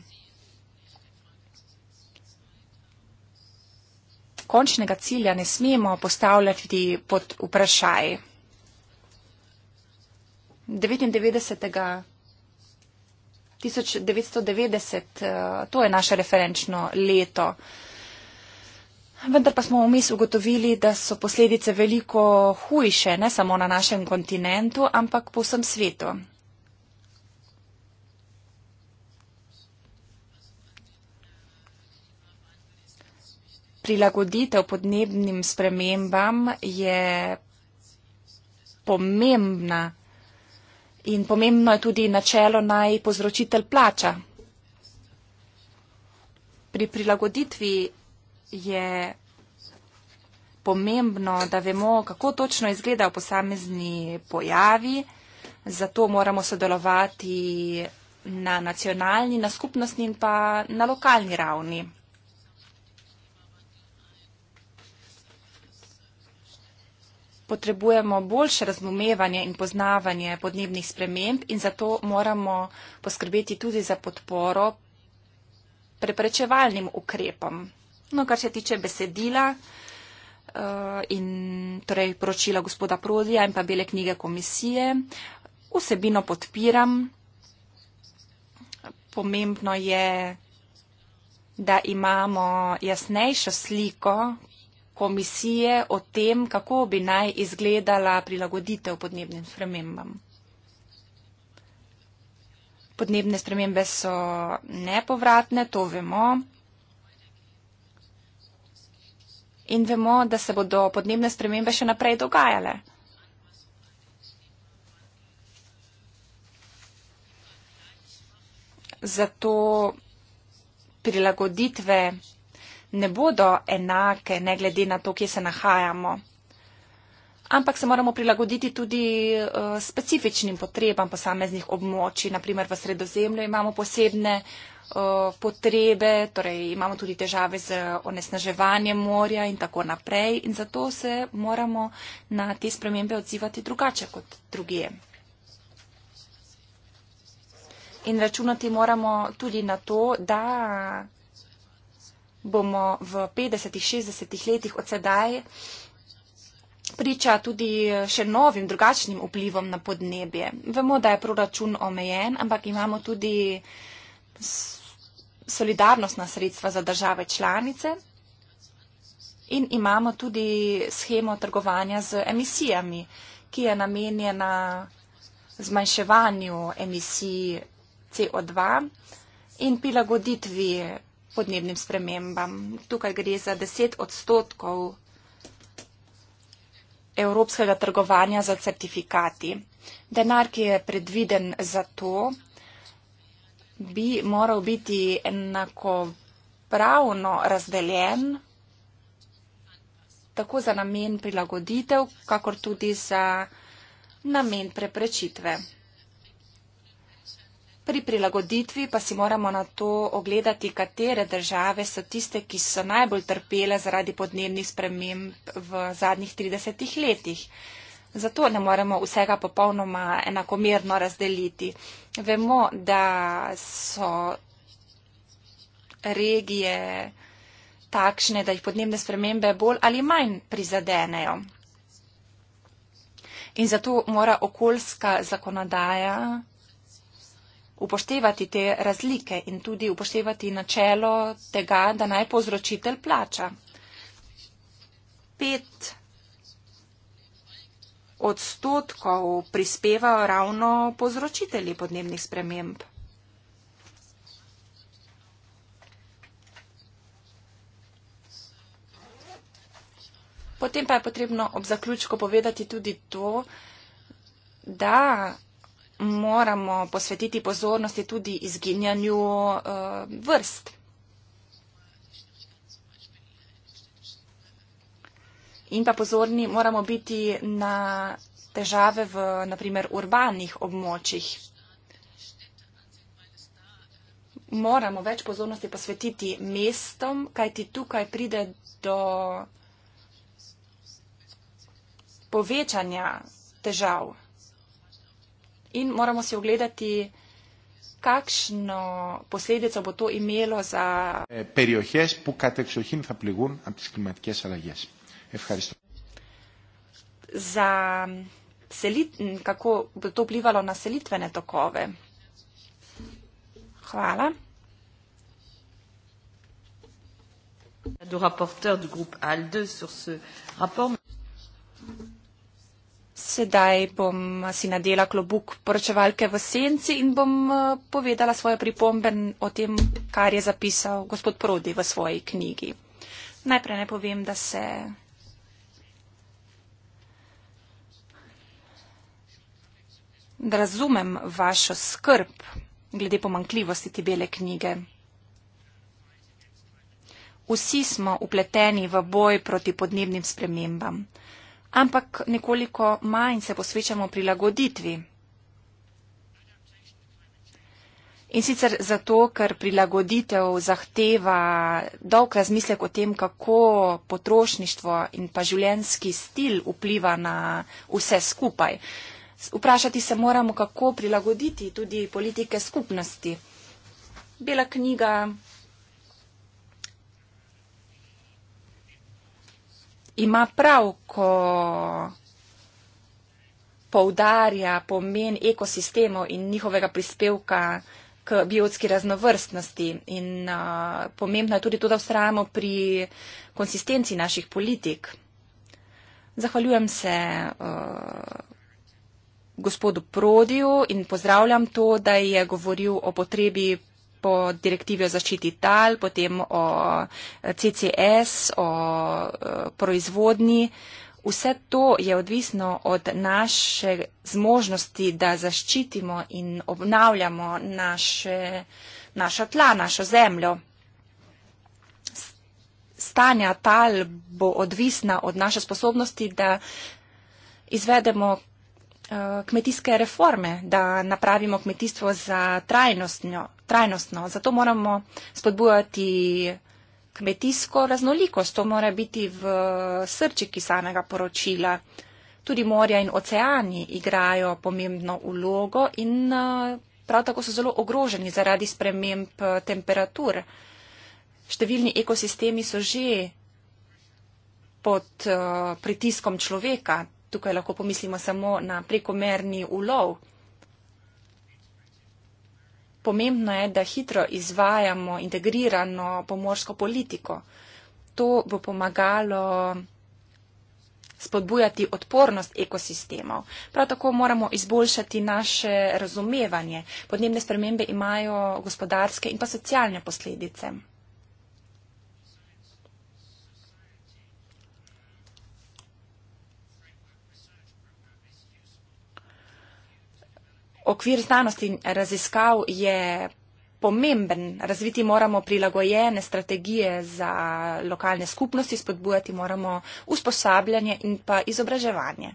končnega cilja ne smemo postavljati pod vprašaj. 99. 1990, eh, to je naše referenčno leto. Vendar pa smo vmes ugotovili, da so posledice veliko hujše, ne samo na našem kontinentu, ampak po vsem svetu. prilagoditev podnebnim spremembam je pomembna in pomembno je tudi načelo naj povzročitelj plača. Pri prilagoditvi je pomembno, da vemo, kako točno izgledajo posamezni pojavi, zato moramo sodelovati na nacionalni, na skupnostni in pa na lokalni ravni. potrebujemo boljše razumevanje in poznavanje podnebnih sprememb in zato moramo poskrbeti tudi za podporo preprečevalnim ukrepom. No, kar se tiče besedila eh, in torej poročila gospoda Prodija in pa bele knjige komisije, vsebino podpiram. Pomembno je, da imamo jasnejšo sliko, komisije o tem, kako bi naj izgledala prilagoditev podnebnim spremembam. Podnebne spremembe so nepovratne, to vemo. In vemo, da se bodo podnebne spremembe še naprej dogajale. Zato prilagoditve ne bodo enake, ne glede na to, kje se nahajamo. Ampak se moramo prilagoditi tudi uh, specifičnim potrebam posameznih območij. Naprimer v sredozemlju imamo posebne uh, potrebe, torej imamo tudi težave z onesnaževanjem morja in tako naprej. In zato se moramo na te spremembe odzivati drugače kot druge. In računati moramo tudi na to, da bomo v 50-60 letih od sedaj priča tudi eh, še novim, drugačnim vplivom na podnebje. Vemo, da je proračun omejen, ampak imamo tudi solidarnostna sredstva za države članice in imamo tudi schemo trgovanja z emisijami, ki je namenjena zmanjševanju emisij CO2 in prilagoditvi podnebnim spremembam. Tukaj gre za 10 odstotkov evropskega trgovanja za certifikati. Denar, ki je predviden za to, bi moral biti enakopravno razdeljen tako za namen prilagoditev, kakor tudi za namen preprečitve. Pri prilagoditvi pa si moramo na to ogledati, katere države so tiste, ki so najbolj trpele zaradi podnebnih sprememb v zadnjih 30 letih. Zato ne moremo vsega popolnoma enakomerno razdeliti. Vemo, da so regije takšne, da jih podnebne spremembe bolj ali manj prizadenejo. In zato mora okoljska zakonodaja upoštevati te razlike in tudi upoštevati načelo tega, da naj povzročitelj plača. Pet odstotkov prispevajo ravno povzročitelji podnebnih sprememb. Potem pa je potrebno ob zaključku povedati tudi to, da moramo posvetiti pozornosti tudi izginjanju uh, vrst. In pa pozorni moramo biti na težave v, naprimer, urbanih območjih. Moramo več pozornosti posvetiti mestom, kajti tukaj pride do povečanja težav in moramo si ogledati, kakšno posledico bo to imelo za. Periohes, za selit, kako bo to vplivalo na selitvene tokove. Hvala. Du rapporteur du groupe ALDE sur ce rapport. Sedaj bom si nadela klobuk poročevalke v senci in bom eh, povedala svoje pripombe o tem, kar je zapisal gospod Prodi v svoji knjigi. Najprej ne povem, da se. Da razumem vašo skrb glede pomankljivosti te bele knjige. Vsi smo upleteni v boj proti podnebnim spremembam ampak nekoliko manj se posvečamo prilagoditvi. In sicer zato, ker prilagoditev zahteva dolg razmislek o tem, kako potrošništvo in pa življenski stil vpliva na vse skupaj. Vprašati se moramo, kako prilagoditi tudi politike skupnosti. Bela knjiga ima prav, ko poudarja pomen ekosistemov in njihovega prispevka k biotski raznovrstnosti. In uh, pomembno je tudi to, da vztrajamo pri konsistenci naših politik. Zahvaljujem se uh, gospodu Prodiju in pozdravljam to, da je govoril o potrebi po direktivi o zaščiti tal, potem o eh, CCS, o eh, proizvodni. Vse to je odvisno od naše zmožnosti, da zaščitimo in obnavljamo naše, naša tla, našo zemljo. Stanja tal bo odvisna od naše sposobnosti, da izvedemo Eh, kmetijske reforme, da napravimo kmetijstvo za trajnostno. Zato moramo spodbujati kmetijsko raznolikost. To mora biti v srčiki samega poročila. Tudi morja in oceani igrajo pomembno vlogo in eh, prav tako so zelo ogroženi zaradi sprememb eh, temperatur. Številni ekosistemi so že pod pritiskom človeka, tukaj lahko pomislimo samo na prekomerni ulov. Pomembno je, da hitro izvajamo integrirano pomorsko politiko. To bo pomagalo spodbujati odpornost ekosistemov. Prav tako moramo izboljšati naše razumevanje. Podnebne spremembe imajo gospodarske in pa socialne posledice. okvir znanosti in raziskav je pomemben. Razviti moramo prilagojene strategije za lokalne skupnosti, spodbujati moramo usposabljanje in pa izobraževanje.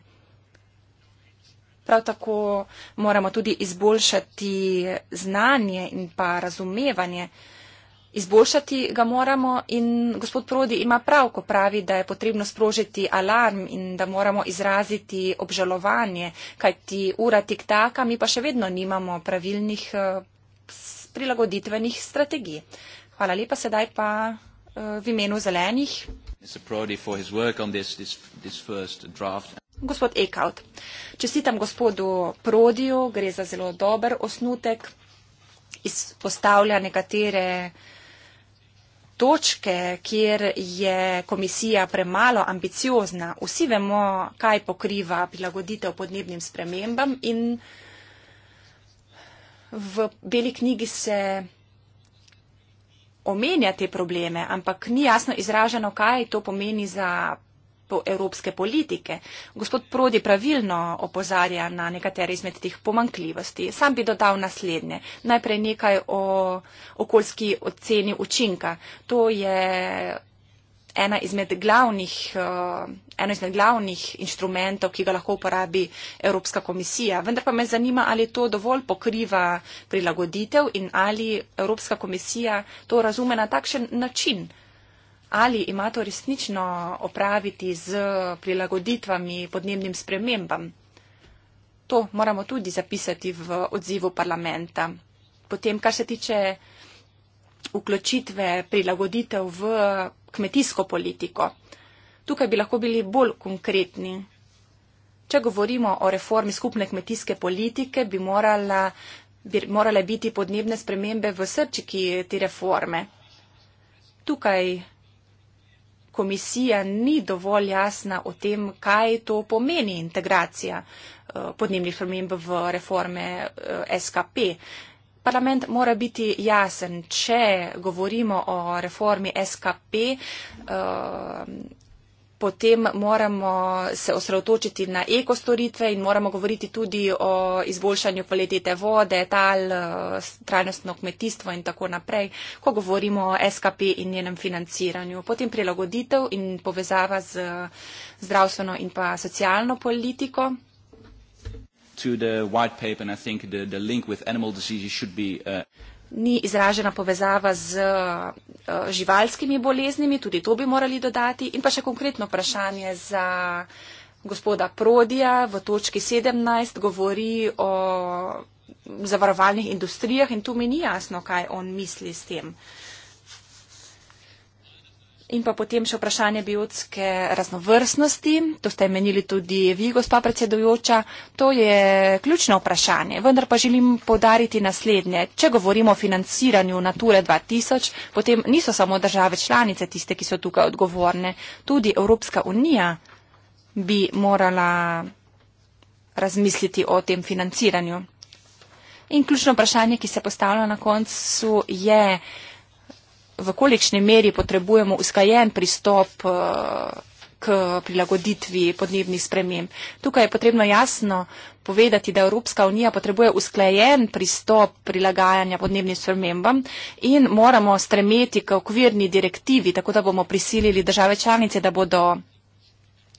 Prav tako moramo tudi izboljšati znanje in pa razumevanje uh, Izboljšati ga moramo in gospod Prodi ima prav, ko pravi, da je potrebno sprožiti alarm in da moramo izraziti obžalovanje, kajti ura tik taka, mi pa še vedno nimamo pravilnih eh, prilagoditvenih strategij. Hvala lepa, sedaj pa eh, v imenu zelenih. Gospod Ekaut, čestitam gospodu Prodiju, gre za zelo dober osnutek, izpostavlja nekatere točke, kjer je komisija premalo ambiciozna. Vsi vemo, kaj pokriva prilagoditev podnebnim spremembam in v beli knjigi se omenja te probleme, ampak ni jasno izraženo, kaj to pomeni za evropske politike. Gospod Prodi pravilno opozarja na nekatere izmed teh pomankljivosti. Sam bi dodal naslednje. Najprej nekaj o okoljski oceni učinka. To je ena izmed glavnih, eh, eno izmed glavnih inštrumentov, ki ga lahko uporabi Evropska komisija. Vendar pa me zanima, ali to dovolj pokriva prilagoditev in ali Evropska komisija to razume na takšen način ali ima to resnično opraviti z prilagoditvami podnebnim spremembam. To moramo tudi zapisati v odzivu parlamenta. Potem, kar se tiče vključitve prilagoditev v kmetijsko politiko. Tukaj bi lahko bili bolj konkretni. Če govorimo o reformi skupne kmetijske politike, bi, morala, bi morale biti podnebne spremembe v srčiki te reforme. Tukaj komisija ni dovolj jasna o tem, kaj to pomeni integracija eh, podnebnih sprememb v reforme eh, SKP. Parlament mora biti jasen, če govorimo o reformi SKP. Eh, potem moramo se osredotočiti na ekostoritve in moramo govoriti tudi o izboljšanju kvalitete vode, tal, trajnostno kmetijstvo in tako naprej, ko govorimo o SKP in njenem financiranju. Potem prilagoditev in povezava z zdravstveno in pa socialno politiko. To the white paper and I think the, the link with animal diseases should be uh, ni izražena povezava z eh, živalskimi boleznimi, tudi to bi morali dodati. In pa še konkretno vprašanje za gospoda Prodija v točki 17 govori o zavarovalnih industrijah in tu mi ni jasno, kaj on misli s tem. In pa potem še vprašanje biotske raznovrstnosti. To ste menili tudi vi, gospa predsedujoča. To je ključno vprašanje. Vendar pa želim podariti naslednje. Če govorimo o financiranju Nature 2000, potem niso samo države članice tiste, ki so tukaj odgovorne. Tudi Evropska unija bi morala razmisliti o tem financiranju. In ključno vprašanje, ki se postavlja na koncu, je v kolikšni meri potrebujemo uskajen pristop eh, k prilagoditvi podnebnih sprememb. Tukaj je potrebno jasno povedati, da Evropska unija potrebuje usklajen pristop prilagajanja podnebnim spremembam in moramo stremeti k okvirni direktivi, tako da bomo prisilili države članice, da bodo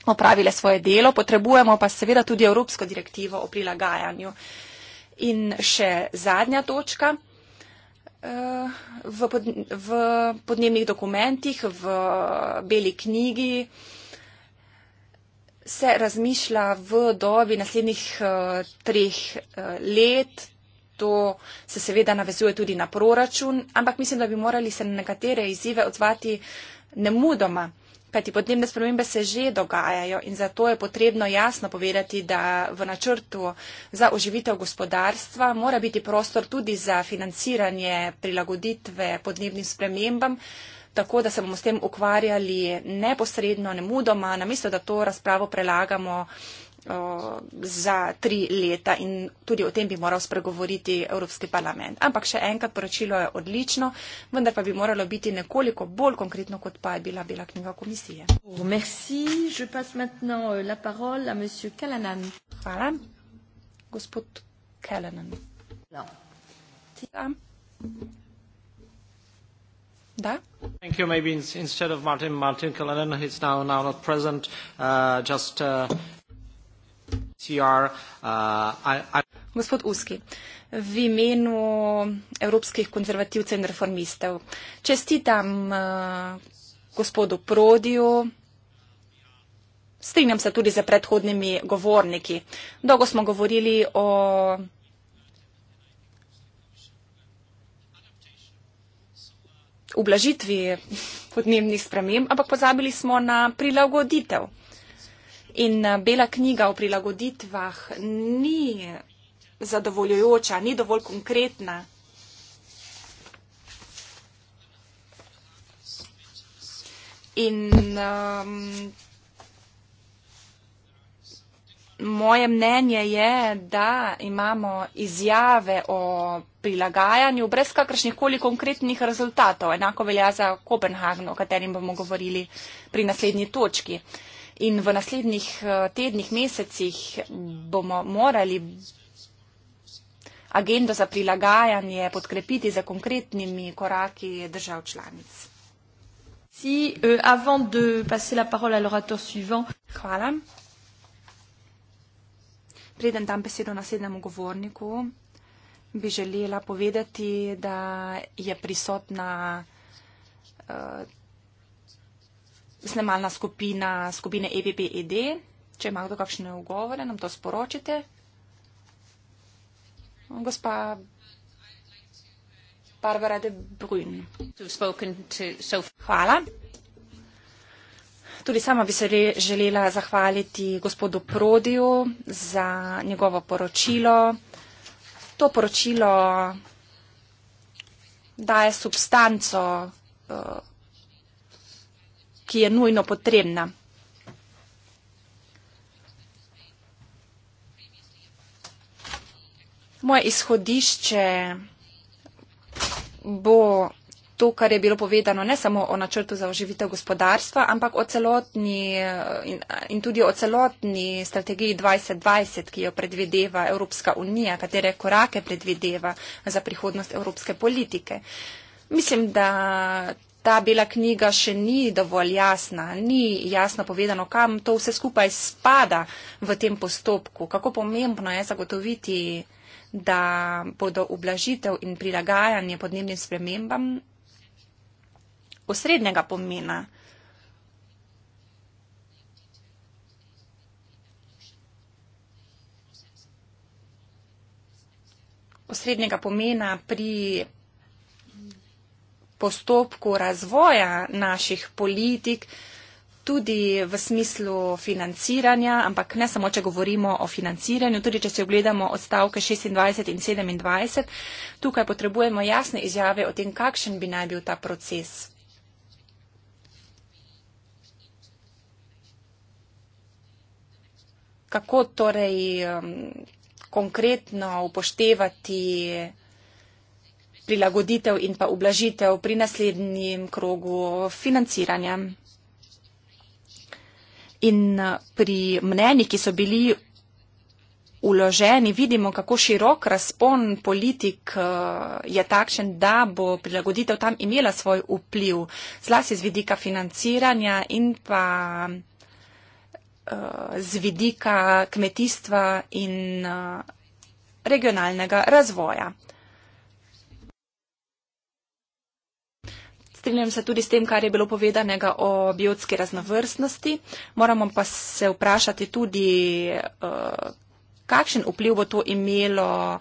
opravile svoje delo. Potrebujemo pa seveda tudi Evropsko direktivo o prilagajanju. In še zadnja točka v, pod, v podnebnih dokumentih, v beli knjigi se razmišlja v dobi naslednjih eh, treh eh, let. To se seveda navezuje tudi na proračun, ampak mislim, da bi morali se na nekatere izzive odzvati nemudoma. Kajti podnebne spremembe se že dogajajo in zato je potrebno jasno povedati, da v načrtu za oživitev gospodarstva mora biti prostor tudi za financiranje prilagoditve podnebnim spremembam, tako da se bomo s tem ukvarjali neposredno, nemudoma, namesto da to razpravo prelagamo za tri leta in tudi o tem bi moral spregovoriti Evropski parlament. Ampak še enkrat, poročilo je odlično, vendar pa bi moralo biti nekoliko bolj konkretno, kot pa je bila bila knjiga komisije. Euh, Hvala. Gospod Kellenan. No. Da. Thank you. Maybe instead of Martin, Martin Kellenan, he's now, now not present. Uh, just uh, Uh, Gospod Uski, v imenu evropskih konzervativcev in reformistev, čestitam uh, gospodu Prodiju, strinjam se tudi za predhodnimi govorniki. Dolgo smo govorili o ublažitvi podnebnih sprememb, ampak pozabili smo na prilagoditev. In eh, bela knjiga o prilagoditvah ni zadovoljujoča, ni dovolj konkretna. In um, moje mnenje je, da imamo izjave o prilagajanju brez kakršnih koli konkretnih rezultatov. Enako velja za Kopenhagen, o katerem bomo govorili pri naslednji točki. Uh, in v naslednjih eh, tednih, mesecih bomo morali agendo za prilagajanje podkrepiti za konkretnimi koraki držav članic. Si, euh, avant de passer la parole à l'orateur suivant. Hvala. Preden dam besedo naslednjemu govorniku, bi želela povedati, da je prisotna uh, snemalna skupina skupine EBBED. Če ima kdo kakšne ugovore, nam to sporočite. Gospa Barbara de Bruin. Hvala. Tudi sama bi se želela zahvaliti gospodu Prodiju za njegovo poročilo. To poročilo daje substanco eh, ki je nujno potrebna. Moje izhodišče bo to, kar je bilo povedano ne samo o načrtu za oživitev gospodarstva, ampak o celotni eh, in, eh, in tudi o celotni strategiji 2020, ki jo predvideva Evropska unija, katere korake predvideva za prihodnost evropske politike. Mislim, da ta bela knjiga še ni dovolj jasna, ni jasno povedano, kam to vse skupaj spada v tem postopku, kako pomembno je zagotoviti, da bodo ublažitev in prilagajanje podnebnim spremembam osrednjega pomena. Osrednjega pomena pri postopku razvoja naših politik, tudi v smislu financiranja, ampak ne samo, če govorimo o financiranju, tudi če se ogledamo odstavke 26 in 27, tukaj potrebujemo jasne izjave o tem, kakšen bi naj bil ta proces. Kako torej um, konkretno upoštevati prilagoditev in pa ublažitev pri naslednjem krogu financiranja. In eh, pri mneni, ki so bili uloženi, vidimo, kako širok razpon politik eh, je takšen, da bo prilagoditev tam imela svoj vpliv, zlasti z vidika financiranja in pa eh, z vidika kmetijstva in regionalnega razvoja. strinjam se tudi s tem, kar je bilo povedanega o biotski raznovrstnosti. Moramo pa se vprašati tudi, eh, kakšen vpliv bo to imelo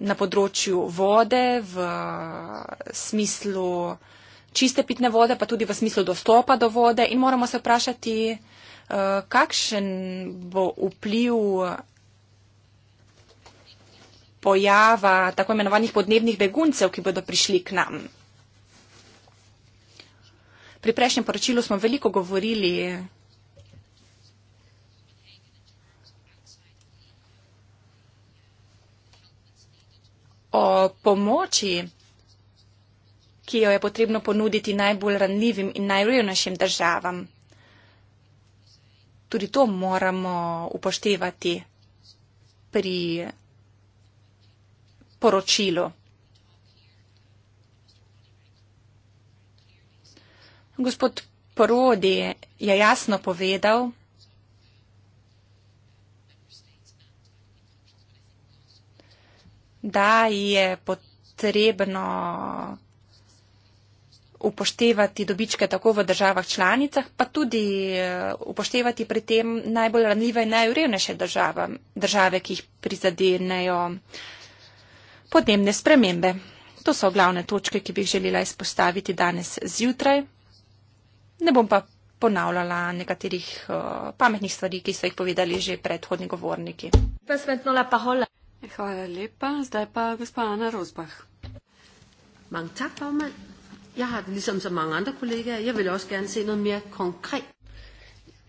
na področju vode v eh, smislu čiste pitne vode, pa tudi v smislu dostopa do vode. In moramo se vprašati, eh, kakšen bo vpliv pojava tako imenovanih podnebnih beguncev, ki bodo prišli k nam. Pri prejšnjem poročilu smo veliko govorili o pomoči, ki jo je potrebno ponuditi najbolj ranljivim in najrevnejšim državam. Tudi to moramo upoštevati pri poročilu. Gospod Prodi je jasno povedal, da je potrebno upoštevati dobičke tako v državah članicah, pa tudi eh, upoštevati pri tem najbolj ranljive in najurevnejše države, države, ki jih prizadenejo podnebne spremembe. To so glavne točke, ki bi jih želela izpostaviti danes zjutraj ne bom pa ponavljala nekaterih uh, pametnih stvari, ki so jih povedali že predhodni govorniki. Hvala lepa, zdaj pa gospa Ana Rozbah.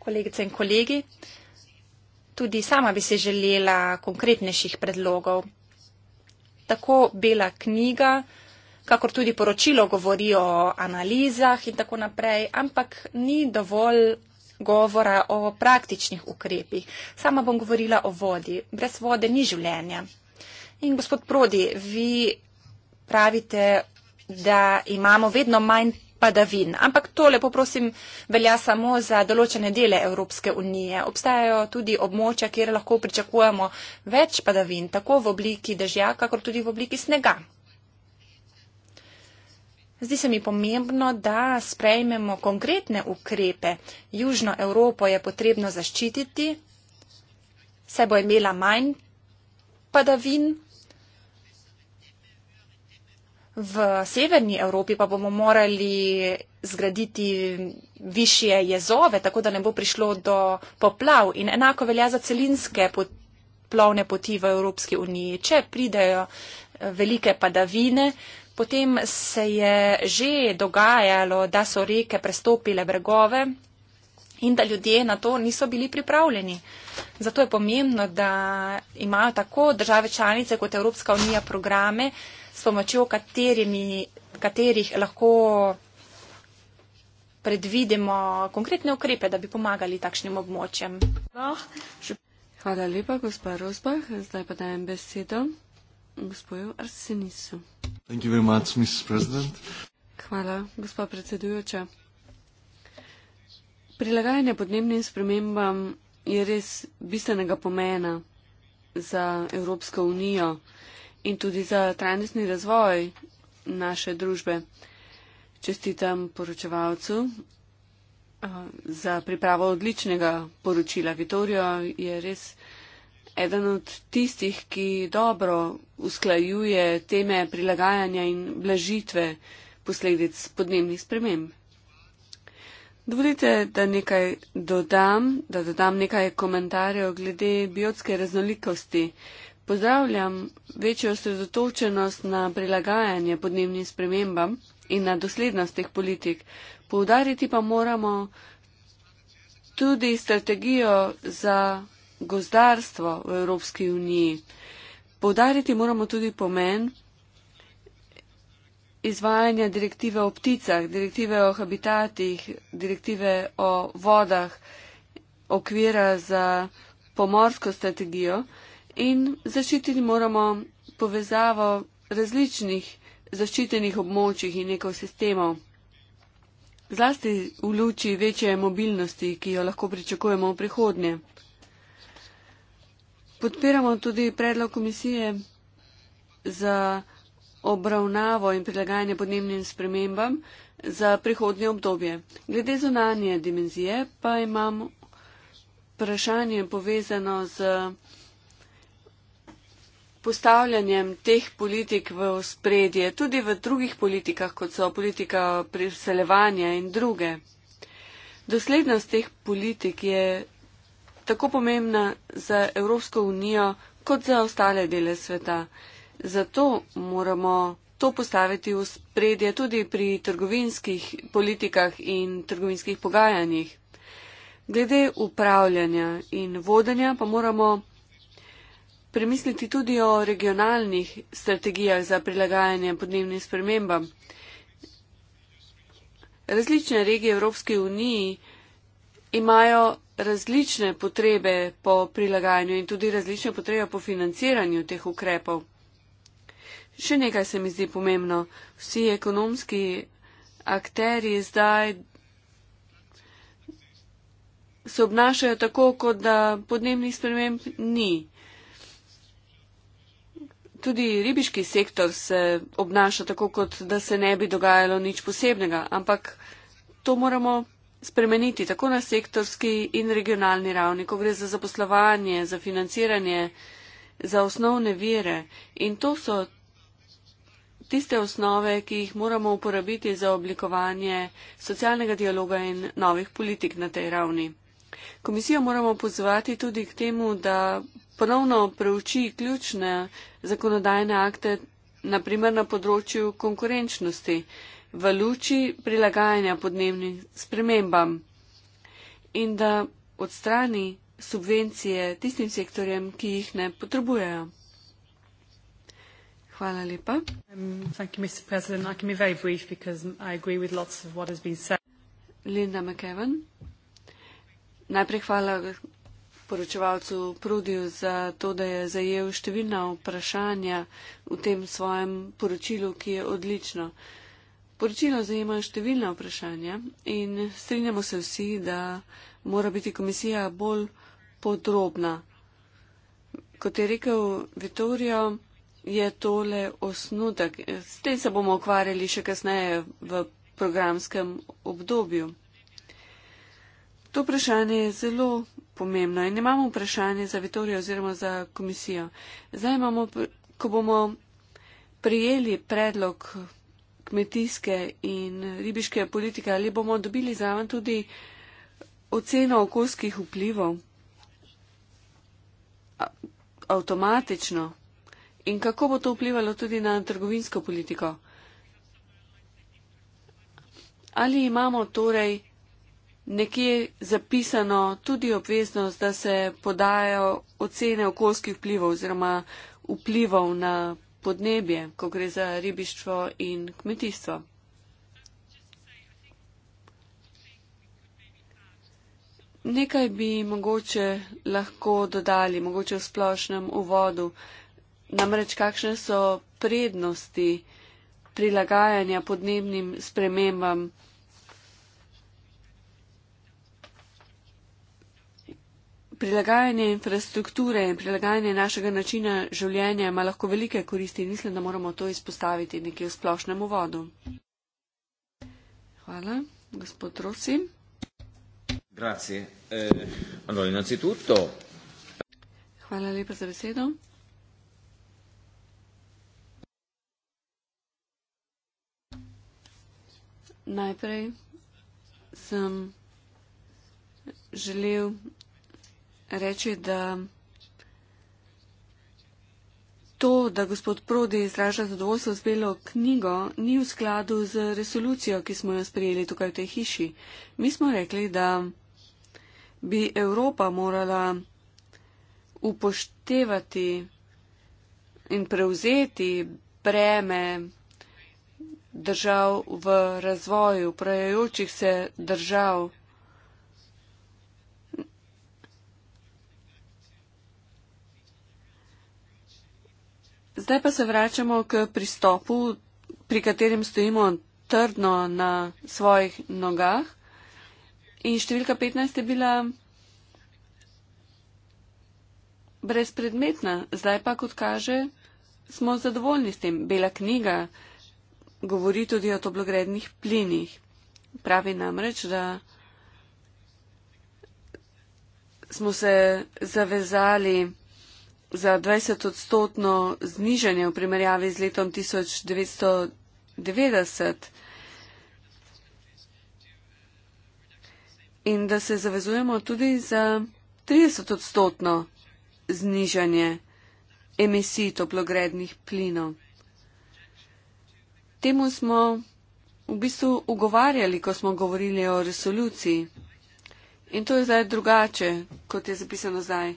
Kolegice in kolegi, tudi sama bi se želela konkretnejših predlogov. Tako bela knjiga, kakor tudi poročilo govori o analizah in tako naprej, ampak ni dovolj govora o praktičnih ukrepih. Sama bom govorila o vodi. Brez vode ni življenja. In gospod Prodi, vi pravite, da imamo vedno manj padavin, ampak to lepo prosim velja samo za določene dele Evropske unije. Obstajajo tudi območja, kjer lahko pričakujemo več padavin, tako v obliki dežja, kakor tudi v obliki snega. Zdi se mi pomembno, da sprejmemo konkretne ukrepe. Južno Evropo je potrebno zaščititi, saj bo imela manj padavin. V severni Evropi pa bomo morali zgraditi višje jezove, tako da ne bo prišlo do poplav. In enako velja za celinske plovne poti v Evropski uniji. Če pridejo eh, velike padavine, Potem se je že dogajalo, da so reke prestopile bregove in da ljudje na to niso bili pripravljeni. Zato je pomembno, da imajo tako države članice kot Evropska unija programe, s pomočjo katerimi, katerih lahko predvidimo konkretne ukrepe, da bi pomagali takšnim območjem. Hvala lepa, gospa Rozbah. Zdaj pa dajem besedo gospodu Arsenisu. Much, Hvala, gospod predsedujoča. Prilagajanje podnebnim spremembam je res bistvenega pomena za Evropsko unijo in tudi za trajnostni razvoj naše družbe. Čestitam poročevalcu eh, za pripravo odličnega poročila. Vitorijo je res eden od tistih, ki dobro usklajuje teme prilagajanja in blažitve posledic podnebnih sprememb. Dovolite, da nekaj dodam, da dodam nekaj komentarjev glede biotske raznolikosti. Pozdravljam večjo osredotočenost na prilagajanje podnebnim spremembam in na doslednost teh politik. Poudariti pa moramo tudi strategijo za gozdarstvo v Evropski uniji. Povdariti moramo tudi pomen izvajanja direktive o pticah, direktive o habitatih, direktive o vodah, okvira za pomorsko strategijo in zaščititi moramo povezavo različnih zaščitenih območij in ekosistemov. Zlasti v luči večje mobilnosti, ki jo lahko pričakujemo v prihodnje. Podpiramo tudi predlog komisije za obravnavo in prilagajanje podnebnim spremembam za prihodnje obdobje. Glede zunanje dimenzije pa imam vprašanje povezano z postavljanjem teh politik v spredje, tudi v drugih politikah, kot so politika priseljevanja in druge. Doslednost teh politik je tako pomembna za Evropsko unijo kot za ostale dele sveta. Zato moramo to postaviti v spredje tudi pri trgovinskih politikah in trgovinskih pogajanjih. Glede upravljanja in vodenja pa moramo premisliti tudi o regionalnih strategijah za prilagajanje podnebnim spremembam. Različne regije Evropske unije imajo različne potrebe po prilagajanju in tudi različne potrebe po financiranju teh ukrepov. Še nekaj se mi zdi pomembno. Vsi ekonomski akteri zdaj se obnašajo tako, kot da podnebnih sprememb ni. Tudi ribiški sektor se obnaša tako, kot da se ne bi dogajalo nič posebnega, ampak to moramo spremeniti tako na sektorski in regionalni ravni, ko gre za zaposlovanje, za financiranje, za osnovne vire. In to so tiste osnove, ki jih moramo uporabiti za oblikovanje socialnega dialoga in novih politik na tej ravni. Komisijo moramo pozvati tudi k temu, da ponovno preuči ključne zakonodajne akte, naprimer na področju konkurenčnosti v luči prilagajanja podnebnim spremembam in da odstrani subvencije tistim sektorjem, ki jih ne potrebujejo. Hvala lepa. Um, Linda McEwan. Najprej hvala poročevalcu Prudiju za to, da je zajel številna vprašanja v tem svojem poročilu, ki je odlično. Uh, Poročilo zajema številna vprašanja in strinjamo se vsi, da mora biti komisija bolj podrobna. Kot je rekel Vittorio, je tole osnutek. S tem se bomo ukvarjali še kasneje v programskem obdobju. To vprašanje je zelo pomembno in imamo vprašanje za Vittorio oziroma za komisijo. Zdaj imamo, ko bomo prijeli predlog kmetijske in ribiške politike, ali bomo dobili zraven tudi oceno okoljskih vplivov avtomatično in kako bo to vplivalo tudi na trgovinsko politiko. Ali imamo torej nekje zapisano tudi obveznost, da se podajo ocene okoljskih vplivov oziroma vplivov na podnebje, ko gre za ribištvo in kmetijstvo. Nekaj bi mogoče lahko dodali, mogoče v splošnem uvodu, namreč kakšne so prednosti prilagajanja podnebnim spremembam. prilagajanje infrastrukture in prilagajanje našega načina življenja ima lahko velike koristi in mislim, da moramo to izpostaviti nekje v splošnem uvodu. Hvala, gospod Rossi. Grazie. Eh, allora, innanzitutto... Hvala lepa za besedo. Najprej sem želel reči, da to, da gospod Prodi izraža zadovoljstvo z belo knjigo, ni v skladu z resolucijo, ki smo jo sprejeli tukaj v tej hiši. Mi smo rekli, da bi Evropa morala upoštevati in prevzeti breme držav v razvoju, prajajočih se držav. Zdaj pa se vračamo k pristopu, pri katerem stojimo trdno na svojih nogah. In številka 15 je bila brezpredmetna. Zdaj pa, kot kaže, smo zadovoljni s tem. Bela knjiga govori tudi o toplogrednih plinih. Pravi namreč, da smo se zavezali za 20 odstotno znižanje v primerjavi z letom 1990 in da se zavezujemo tudi za 30 odstotno znižanje emisij toplogrednih plinov. Temu smo v bistvu ugovarjali, ko smo govorili o resoluciji. In to je zdaj drugače, kot je zapisano zdaj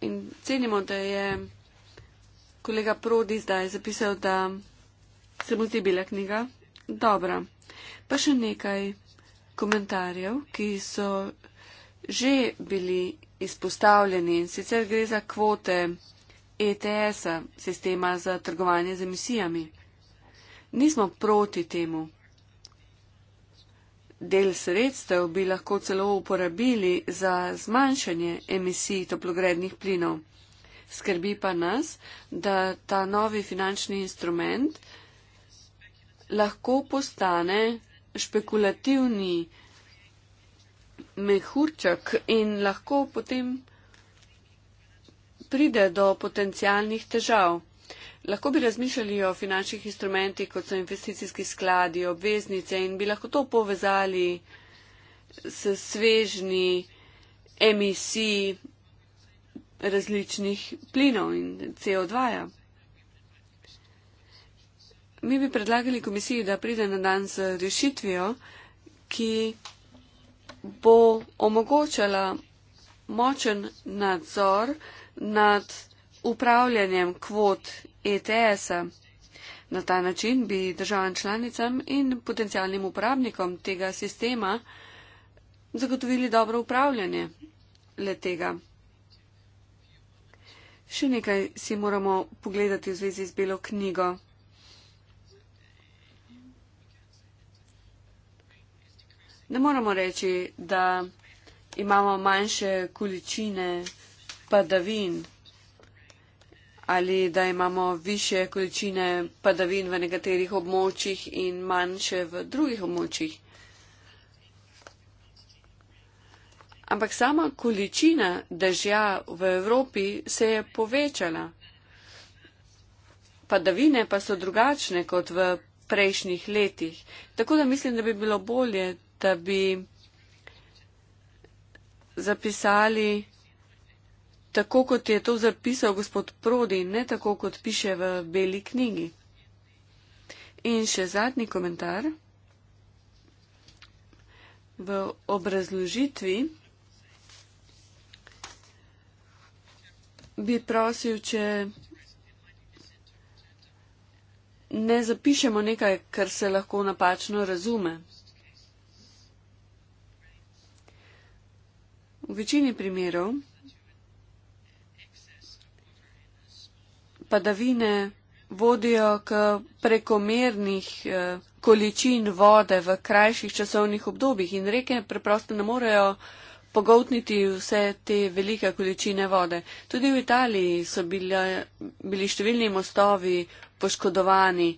in cenimo, da je kolega Prodi zdaj zapisal, da se mu zdi bila knjiga dobra. Pa še nekaj komentarjev, ki so že bili izpostavljeni in sicer gre za kvote ETS-a, sistema za trgovanje z emisijami. Nismo proti temu. Del sredstev bi lahko celo uporabili za zmanjšanje emisij toplogrednih plinov. Skrbi pa nas, da ta novi finančni instrument lahko postane špekulativni mehurček in lahko potem pride do potencijalnih težav. Lahko bi razmišljali o finančnih instrumentih, kot so investicijski skladi, obveznice in bi lahko to povezali s svežni emisij različnih plinov in CO2. -ja. Mi bi predlagali komisiji, da pride na dan z rešitvijo, ki bo omogočala močen nadzor nad upravljanjem kvot ETS-a. Na ta način bi državam članicam in potencijalnim uporabnikom tega sistema zagotovili dobro upravljanje letega. Še nekaj si moramo pogledati v zvezi z belo knjigo. Ne moramo reči, da imamo manjše količine padavin ali da imamo više količine padavin v nekaterih območjih in manjše v drugih območjih. Ampak sama količina dežja v Evropi se je povečala. Padavine pa so drugačne kot v prejšnjih letih. Tako da mislim, da bi bilo bolje, da bi zapisali tako kot je to zapisal gospod Prodi, ne tako kot piše v beli knjigi. In še zadnji komentar. V obrazložitvi bi prosil, če ne zapišemo nekaj, kar se lahko napačno razume. V večini primerov padavine vodijo k prekomernih eh, količin vode v krajših časovnih obdobjih in reke preprosto ne morejo pogotniti vse te velike količine vode. Tudi v Italiji so bile, bili številni mostovi poškodovani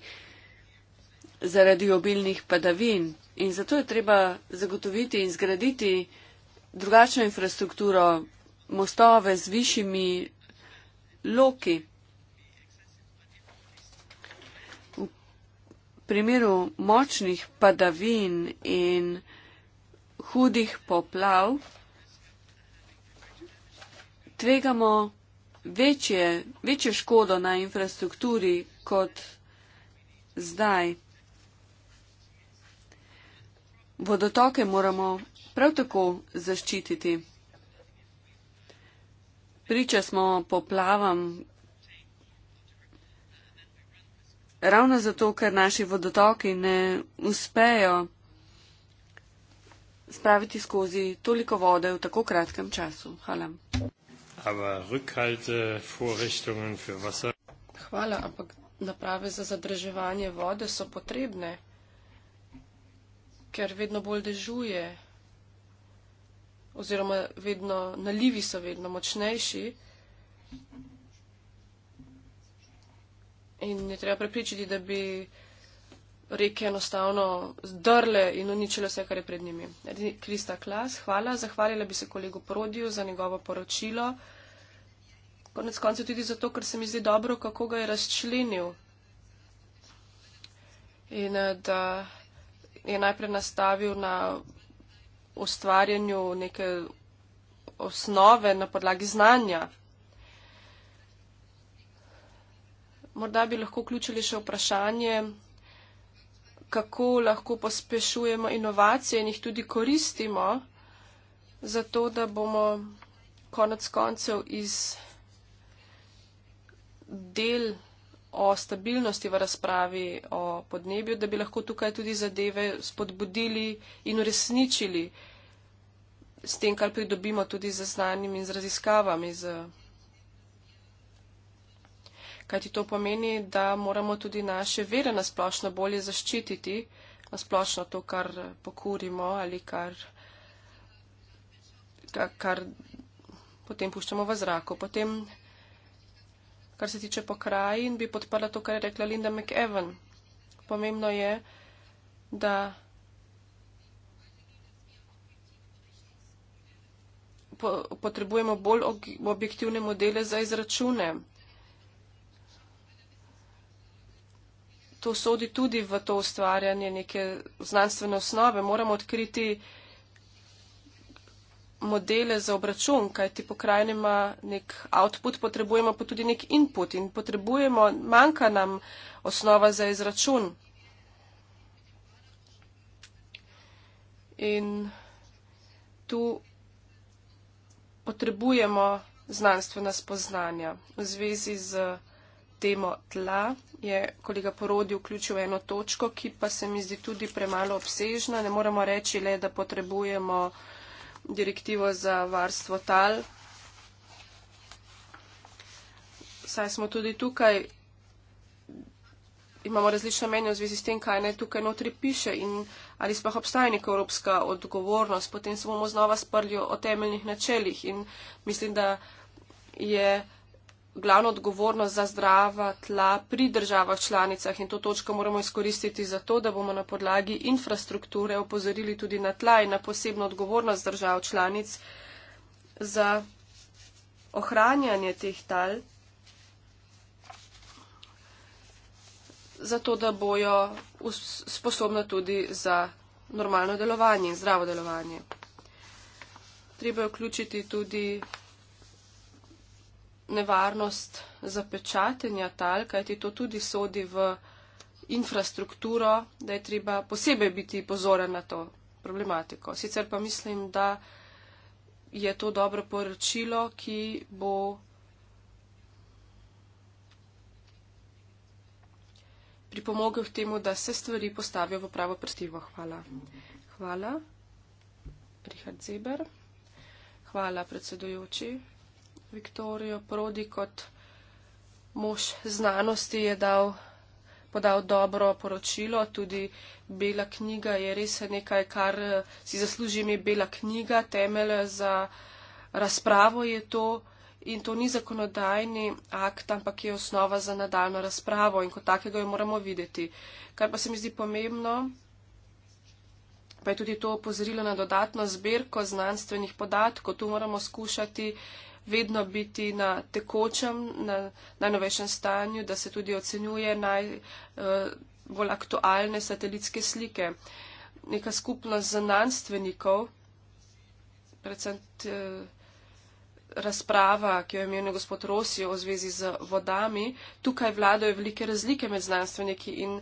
zaradi obilnih padavin in zato je treba zagotoviti in zgraditi drugačno infrastrukturo, mostove z višjimi loki. primeru močnih padavin in hudih poplav tvegamo večje, večjo škodo na infrastrukturi kot zdaj. Vodotoke moramo prav tako zaščititi. Priča smo poplavam, ravno zato, ker naši vodotoki ne uspejo spraviti skozi toliko vode v tako kratkem času. Hvala. Hvala, ampak naprave za zadrževanje vode so potrebne, ker vedno bolj dežuje oziroma vedno, nalivi so vedno močnejši in je treba prepričati, da bi reke enostavno zdrle in uničile vse, kar je pred njimi. Krista Klas, hvala, zahvalila bi se kolegu Porodiju za njegovo poročilo. Konec koncev tudi zato, ker se mi zdi dobro, kako ga je razčlenil. In eh, da je najprej nastavil na ustvarjanju neke osnove na podlagi znanja. Morda bi lahko vključili še vprašanje, kako lahko pospešujemo inovacije in jih tudi koristimo, zato da bomo konec koncev iz del o stabilnosti v razpravi o podnebju, da bi lahko tukaj tudi zadeve spodbudili in uresničili s tem, kar pridobimo tudi z znanjem in z raziskavami. Z kajti to pomeni, da moramo tudi naše vere nasplošno bolje zaščititi, nasplošno to, kar pokurimo ali kar, kar, kar potem puščamo v zraku. Potem, kar se tiče pokrajin, bi podprla to, kar je rekla Linda McEwen. Pomembno je, da. Potrebujemo bolj objektivne modele za izračune. to sodi tudi v to ustvarjanje neke znanstvene osnove. Moramo odkriti modele za obračun, kaj ti pokrajina ima nek output, potrebujemo pa tudi nek input in potrebujemo, manjka nam osnova za izračun. In tu potrebujemo znanstvena spoznanja v zvezi z temo tla je kolega Porodi vključil eno točko, ki pa se mi zdi tudi premalo obsežna. Ne moremo reči le, da potrebujemo direktivo za varstvo tal. Saj smo tudi tukaj, imamo različno menje v zvezi s tem, kaj naj tukaj notri piše in ali sploh obstaja neka evropska odgovornost. Potem se bomo znova sprli o temeljnih načelih in mislim, da je glavno odgovornost za zdrava tla pri državah članicah in to točko moramo izkoristiti za to, da bomo na podlagi infrastrukture opozorili tudi na tla in na posebno odgovornost držav članic za ohranjanje teh tal, zato da bojo sposobna tudi za normalno delovanje in zdravo delovanje. Treba je vključiti tudi nevarnost zapečatenja tal, kajti to tudi sodi v infrastrukturo, da je treba posebej biti pozoren na to problematiko. Sicer pa mislim, da je to dobro poročilo, ki bo. pripomogel k temu, da se stvari postavijo v pravo prstivo. Hvala. Hvala, Richard Zeber. Hvala, predsedujoči. Viktorijo Prodi kot mož znanosti je dal, podal dobro poročilo, tudi Bela knjiga je res nekaj, kar eh, si zaslužim je Bela knjiga, temelj za razpravo je to in to ni zakonodajni akt, ampak je osnova za nadaljno razpravo in kot takega jo moramo videti. Kar pa se mi zdi pomembno, pa je tudi to opozorilo na dodatno zbirko znanstvenih podatkov, tu moramo skušati vedno biti na tekočem, na najnovejšem stanju, da se tudi ocenjuje najbolj eh, aktualne satelitske slike. Neka skupnost znanstvenikov, predvsem eh, razprava, ki jo je imel gospod Rosijo o zvezi z vodami, tukaj vladajo velike razlike med znanstveniki in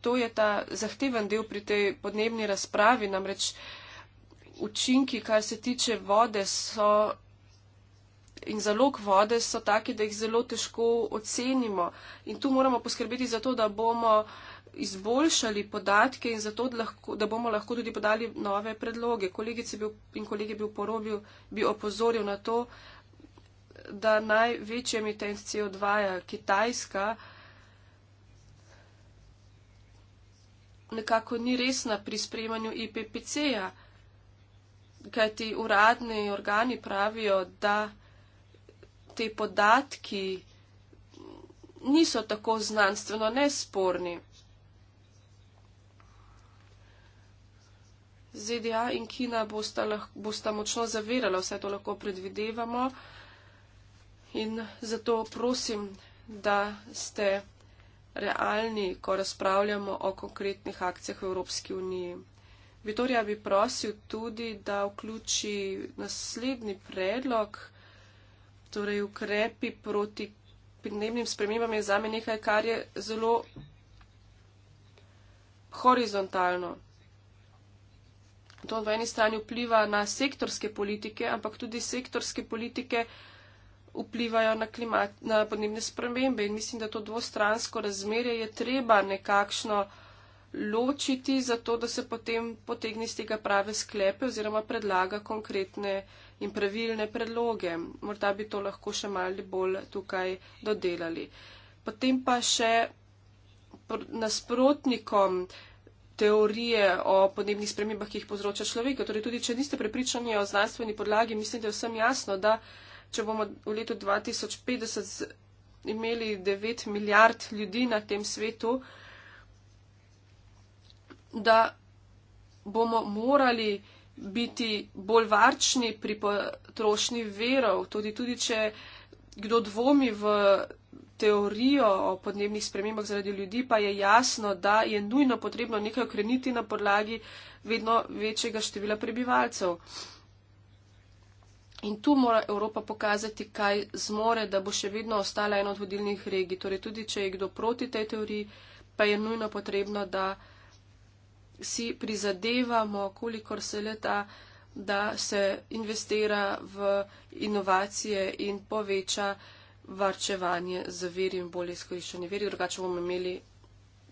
to je ta zahteven del pri tej podnebni razpravi, namreč učinki, kar se tiče vode, so in zalog vode so taki, da jih zelo težko ocenimo. In tu moramo poskrbeti za to, da bomo izboljšali podatke in zato, da, lahko, da bomo lahko tudi podali nove predloge. Kolegice in kolege bi, uporobil, bi opozoril na to, da največji emitent CO2 je Kitajska. Nekako ni resna pri sprejemanju IPPC-ja, kajti uradni organi pravijo, da te podatki niso tako znanstveno nesporni. ZDA in Kina bosta, lahko, bosta močno zavirala, vse to lahko predvidevamo in zato prosim, da ste realni, ko razpravljamo o konkretnih akcijah v Evropski uniji. Vitorija bi prosil tudi, da vključi naslednji predlog. Torej, ukrepi proti podnebnim spremembam je za me nekaj, kar je zelo horizontalno. To v eni strani vpliva na sektorske politike, ampak tudi sektorske politike vplivajo na, klimat, na podnebne spremembe in mislim, da to dvostransko razmerje je treba nekakšno ločiti, zato da se potem potegne iz tega prave sklepe oziroma predlaga konkretne in pravilne predloge. Morda bi to lahko še malo bolj tukaj dodelali. Potem pa še nasprotnikom teorije o podnebnih spremembah, ki jih povzroča človek. Torej, tudi če niste prepričani o znanstveni podlagi, mislim, da je vsem jasno, da če bomo v letu 2050 imeli 9 milijard ljudi na tem svetu, da bomo morali biti bolj varčni pri potrošnji verov, tudi, tudi če kdo dvomi v teorijo o podnebnih spremembah zaradi ljudi, pa je jasno, da je nujno potrebno nekaj ukreniti na podlagi vedno večjega števila prebivalcev. In tu mora Evropa pokazati, kaj zmore, da bo še vedno ostala ena od vodilnih regij. Torej, tudi če je kdo proti tej teoriji, pa je nujno potrebno, da si prizadevamo, kolikor se leta, da se investira v inovacije in poveča varčevanje za veri in bolje izkoriščanje veri, drugače bomo imeli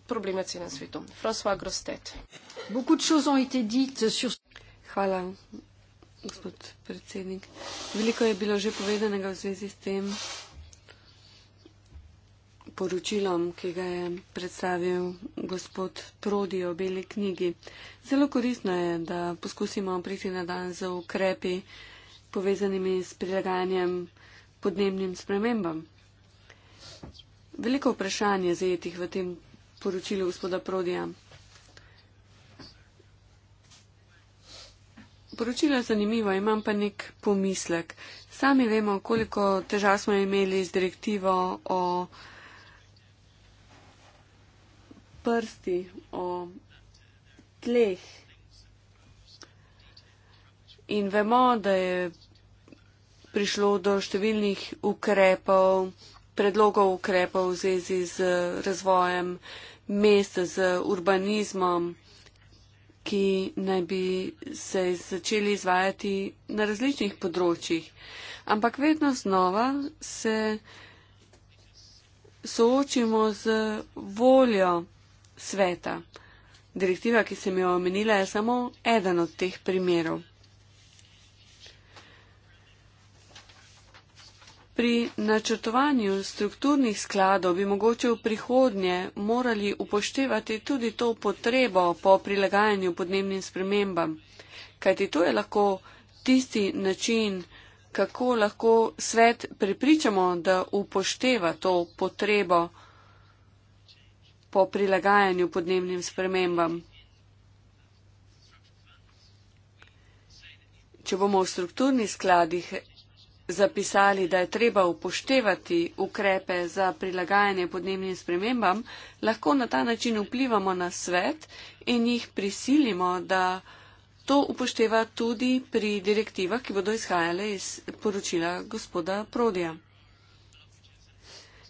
probleme celem svetu. François Grostet. Hvala, gospod predsednik. Veliko je bilo že povedanega v zvezi s tem poročilom, ki ga je predstavil gospod Trodi o beli knjigi. Zelo koristno je, da poskusimo priti na dan z ukrepi povezanimi s prilagajanjem podnebnim spremembam. Veliko vprašanj je zajetih v tem poročilu gospoda Prodija. Poročilo je zanimivo, imam pa nek pomislek. Sami vemo, koliko težav smo imeli z direktivo o prsti, o tleh. In vemo, da je prišlo do številnih ukrepov, predlogov ukrepov v zvezi z razvojem mesta, z urbanizmom, ki naj bi se začeli izvajati na različnih področjih. Ampak vedno znova se soočimo z voljo sveta. Direktiva, ki sem jo omenila, je samo eden od teh primerov. Pri načrtovanju strukturnih skladov bi mogoče v prihodnje morali upoštevati tudi to potrebo po prilagajanju podnebnim spremembam, kajti to je lahko tisti način, kako lahko svet prepričamo, da upošteva to potrebo po prilagajanju podnebnim spremembam. Če bomo v strukturnih skladih zapisali, da je treba upoštevati ukrepe za prilagajanje podnebnim spremembam, lahko na ta način vplivamo na svet in jih prisilimo, da to upošteva tudi pri direktivah, ki bodo izhajale iz poročila gospoda Prodija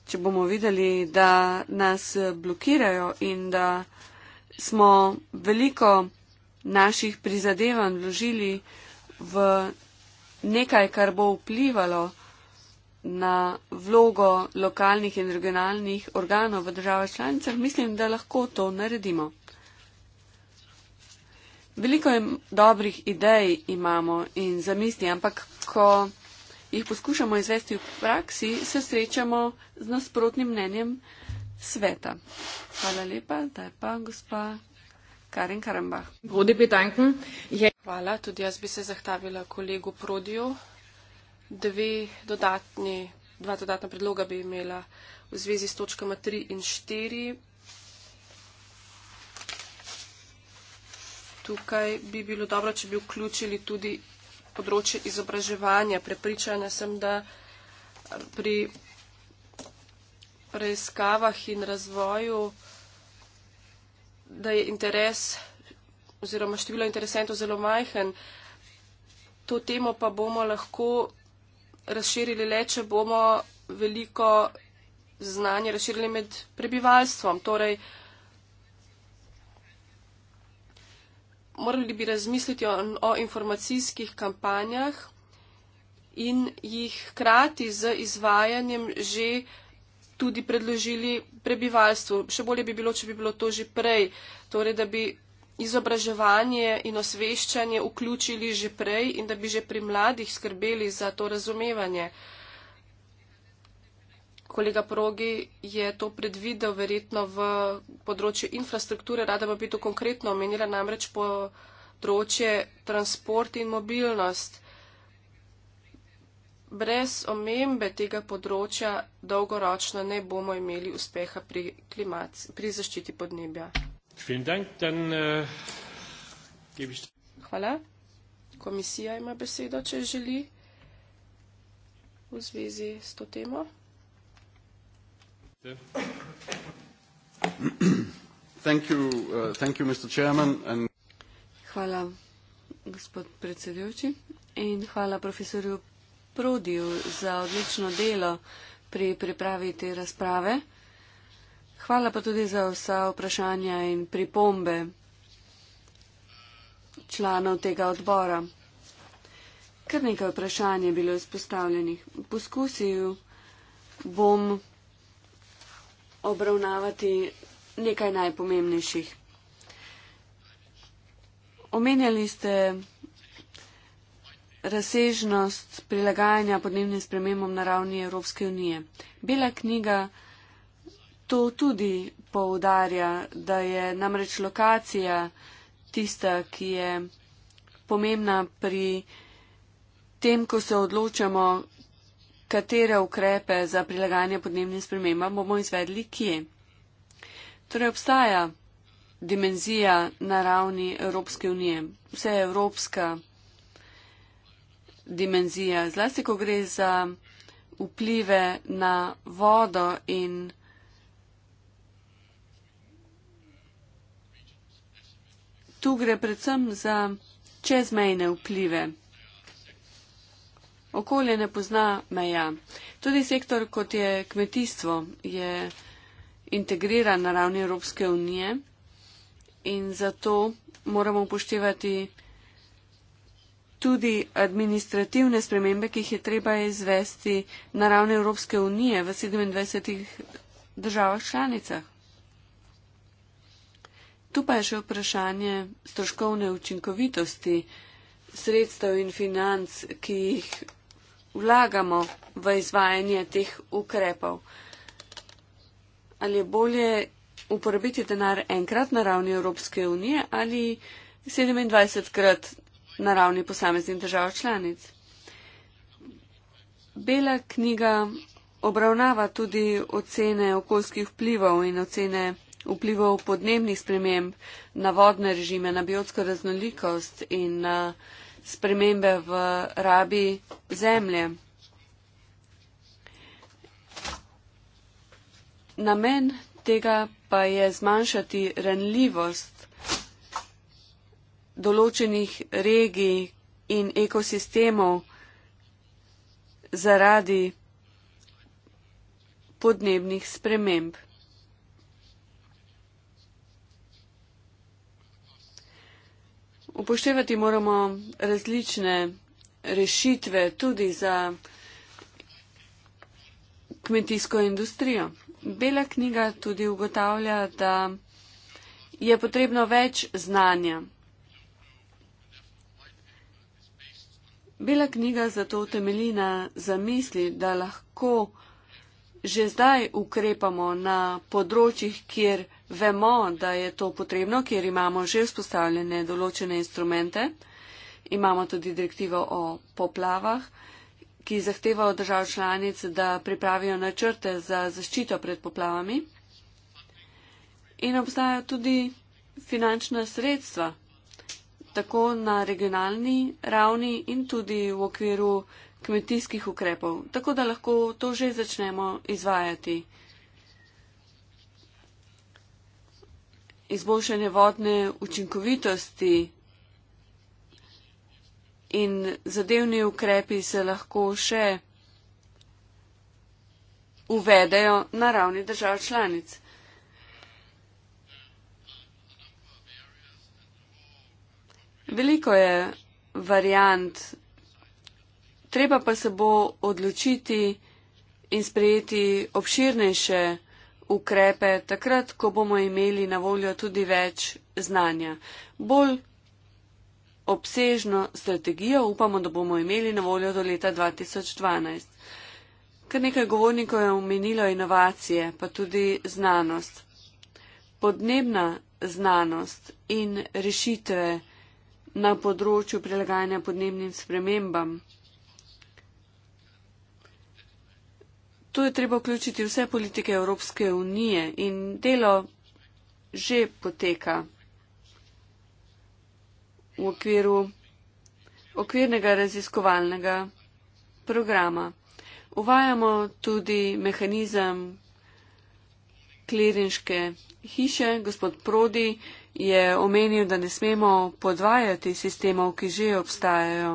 če bomo videli, da nas blokirajo in da smo veliko naših prizadevanj vložili v nekaj, kar bo vplivalo na vlogo lokalnih in regionalnih organov v državah članicah, mislim, da lahko to naredimo. Veliko dobrih idej imamo in zamisli, ampak ko jih poskušamo izvesti v praksi, se srečamo z nasprotnim mnenjem sveta. Hvala lepa, da je pa gospa Karin Karambah. Hvala, tudi jaz bi se zahtavila kolegu Prodiju. Dve dodatni, dva dodatna predloga bi imela v zvezi s točkama 3 in 4. Tukaj bi bilo dobro, če bi vključili tudi področje izobraževanja. Prepričana sem, da eh, pri preiskavah in razvoju, da je interes oziroma število interesentov zelo majhen. To temo pa bomo lahko razširili le, če bomo veliko znanje razširili med prebivalstvom. Torej, uh, morali bi razmisliti o, o informacijskih kampanjah in jih hkrati z izvajanjem že tudi predložili prebivalstvu. Še bolje bi bilo, če bi bilo to že prej, torej da bi izobraževanje in osveščanje vključili že prej in da bi že pri mladih skrbeli za to razumevanje kolega Progi je to predvidel verjetno v področju infrastrukture, rada bi to konkretno omenila namreč področje transport in mobilnost. Brez omembe tega področja dolgoročno ne bomo imeli uspeha pri, klimat, pri zaščiti podnebja. Äh, Hvala. Komisija ima besedo, če želi v zvezi s to temo. Uh, hvala, gospod predsedujoči in hvala profesorju Prodiju za odlično delo pri pripravi te razprave. Hvala pa tudi za vsa vprašanja in pripombe članov tega odbora. Kar nekaj vprašanj je bilo izpostavljenih. Poskusil bom obravnavati nekaj najpomembnejših. Omenjali ste razsežnost prilagajanja podnebnim spremembam na ravni Evropske unije. Bela knjiga to tudi poudarja, da je namreč lokacija tista, ki je pomembna pri tem, ko se odločamo, katere ukrepe za prilagajanje podnebnim spremembam bomo izvedli kje. Torej obstaja dimenzija na ravni Evropske unije, vse je evropska dimenzija, zlasti ko gre za vplive na vodo in tu gre predvsem za čezmejne vplive. Okolje ne pozna meja. Tudi sektor, kot je kmetijstvo, je integriran na ravni Evropske unije in zato moramo upoštevati tudi administrativne spremembe, ki jih je treba izvesti na ravni Evropske unije v 27 državah članicah. Tu pa je še vprašanje stroškovne učinkovitosti sredstev in financ, ki jih vlagamo v izvajanje teh ukrepov. Ali je bolje uporabiti denar enkrat na ravni Evropske unije ali 27 krat na ravni posameznih držav članic? Bela knjiga obravnava tudi ocene okoljskih vplivov in ocene vplivov podnebnih sprememb na vodne režime, na biotsko raznolikost in na uh, spremembe v rabi zemlje. Namen tega pa je zmanjšati renljivost določenih regij in ekosistemov zaradi podnebnih sprememb. upoštevati moramo različne rešitve tudi za kmetijsko industrijo. Bela knjiga tudi ugotavlja, da je potrebno več znanja. Bela knjiga zato temelji na zamisli, da lahko že zdaj ukrepamo na področjih, kjer vemo, da je to potrebno, ker imamo že vzpostavljene določene instrumente. Imamo tudi direktivo o poplavah, ki zahteva od držav članic, da pripravijo načrte za zaščito pred poplavami. In obstajajo tudi finančna sredstva, tako na regionalni ravni in tudi v okviru kmetijskih ukrepov, tako da lahko to že začnemo izvajati. izboljšanje vodne učinkovitosti in zadevni ukrepi se lahko še uvedejo na ravni držav članic. Veliko je variant, treba pa se bo odločiti in sprejeti obširnejše ukrepe, takrat, ko bomo imeli na voljo tudi več znanja. Bolj obsežno strategijo upamo, da bomo imeli na voljo do leta 2012. Kar nekaj govornikov je omenilo inovacije, pa tudi znanost. Podnebna znanost in rešitve na področju prilagajanja podnebnim spremembam Tu je treba vključiti vse politike Evropske unije in delo že poteka v okviru okvirnega raziskovalnega programa. Uvajamo tudi mehanizem klerinške hiše. Gospod Prodi je omenil, da ne smemo podvajati sistemov, ki že obstajajo.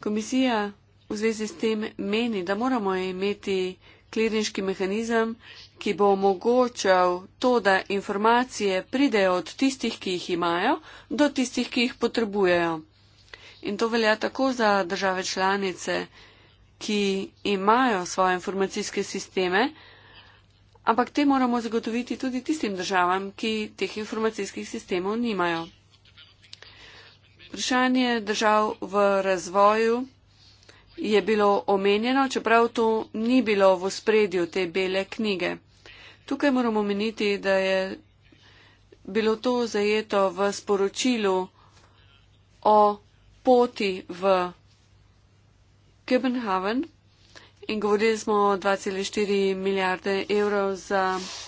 Komisija v zvezi s tem meni, da moramo imeti klirinški mehanizem, ki bo omogočal to, da informacije pridejo od tistih, ki jih imajo, do tistih, ki jih potrebujejo. In to velja tako za države članice, ki imajo svoje informacijske sisteme, ampak te moramo zagotoviti tudi tistim državam, ki teh informacijskih sistemov nimajo. Vprašanje držav v razvoju je bilo omenjeno, čeprav to ni bilo v spredju te bele knjige. Tukaj moramo omeniti, da je bilo to zajeto v sporočilu o poti v Kibbenhaven in govorili smo o 2,4 milijarde evrov za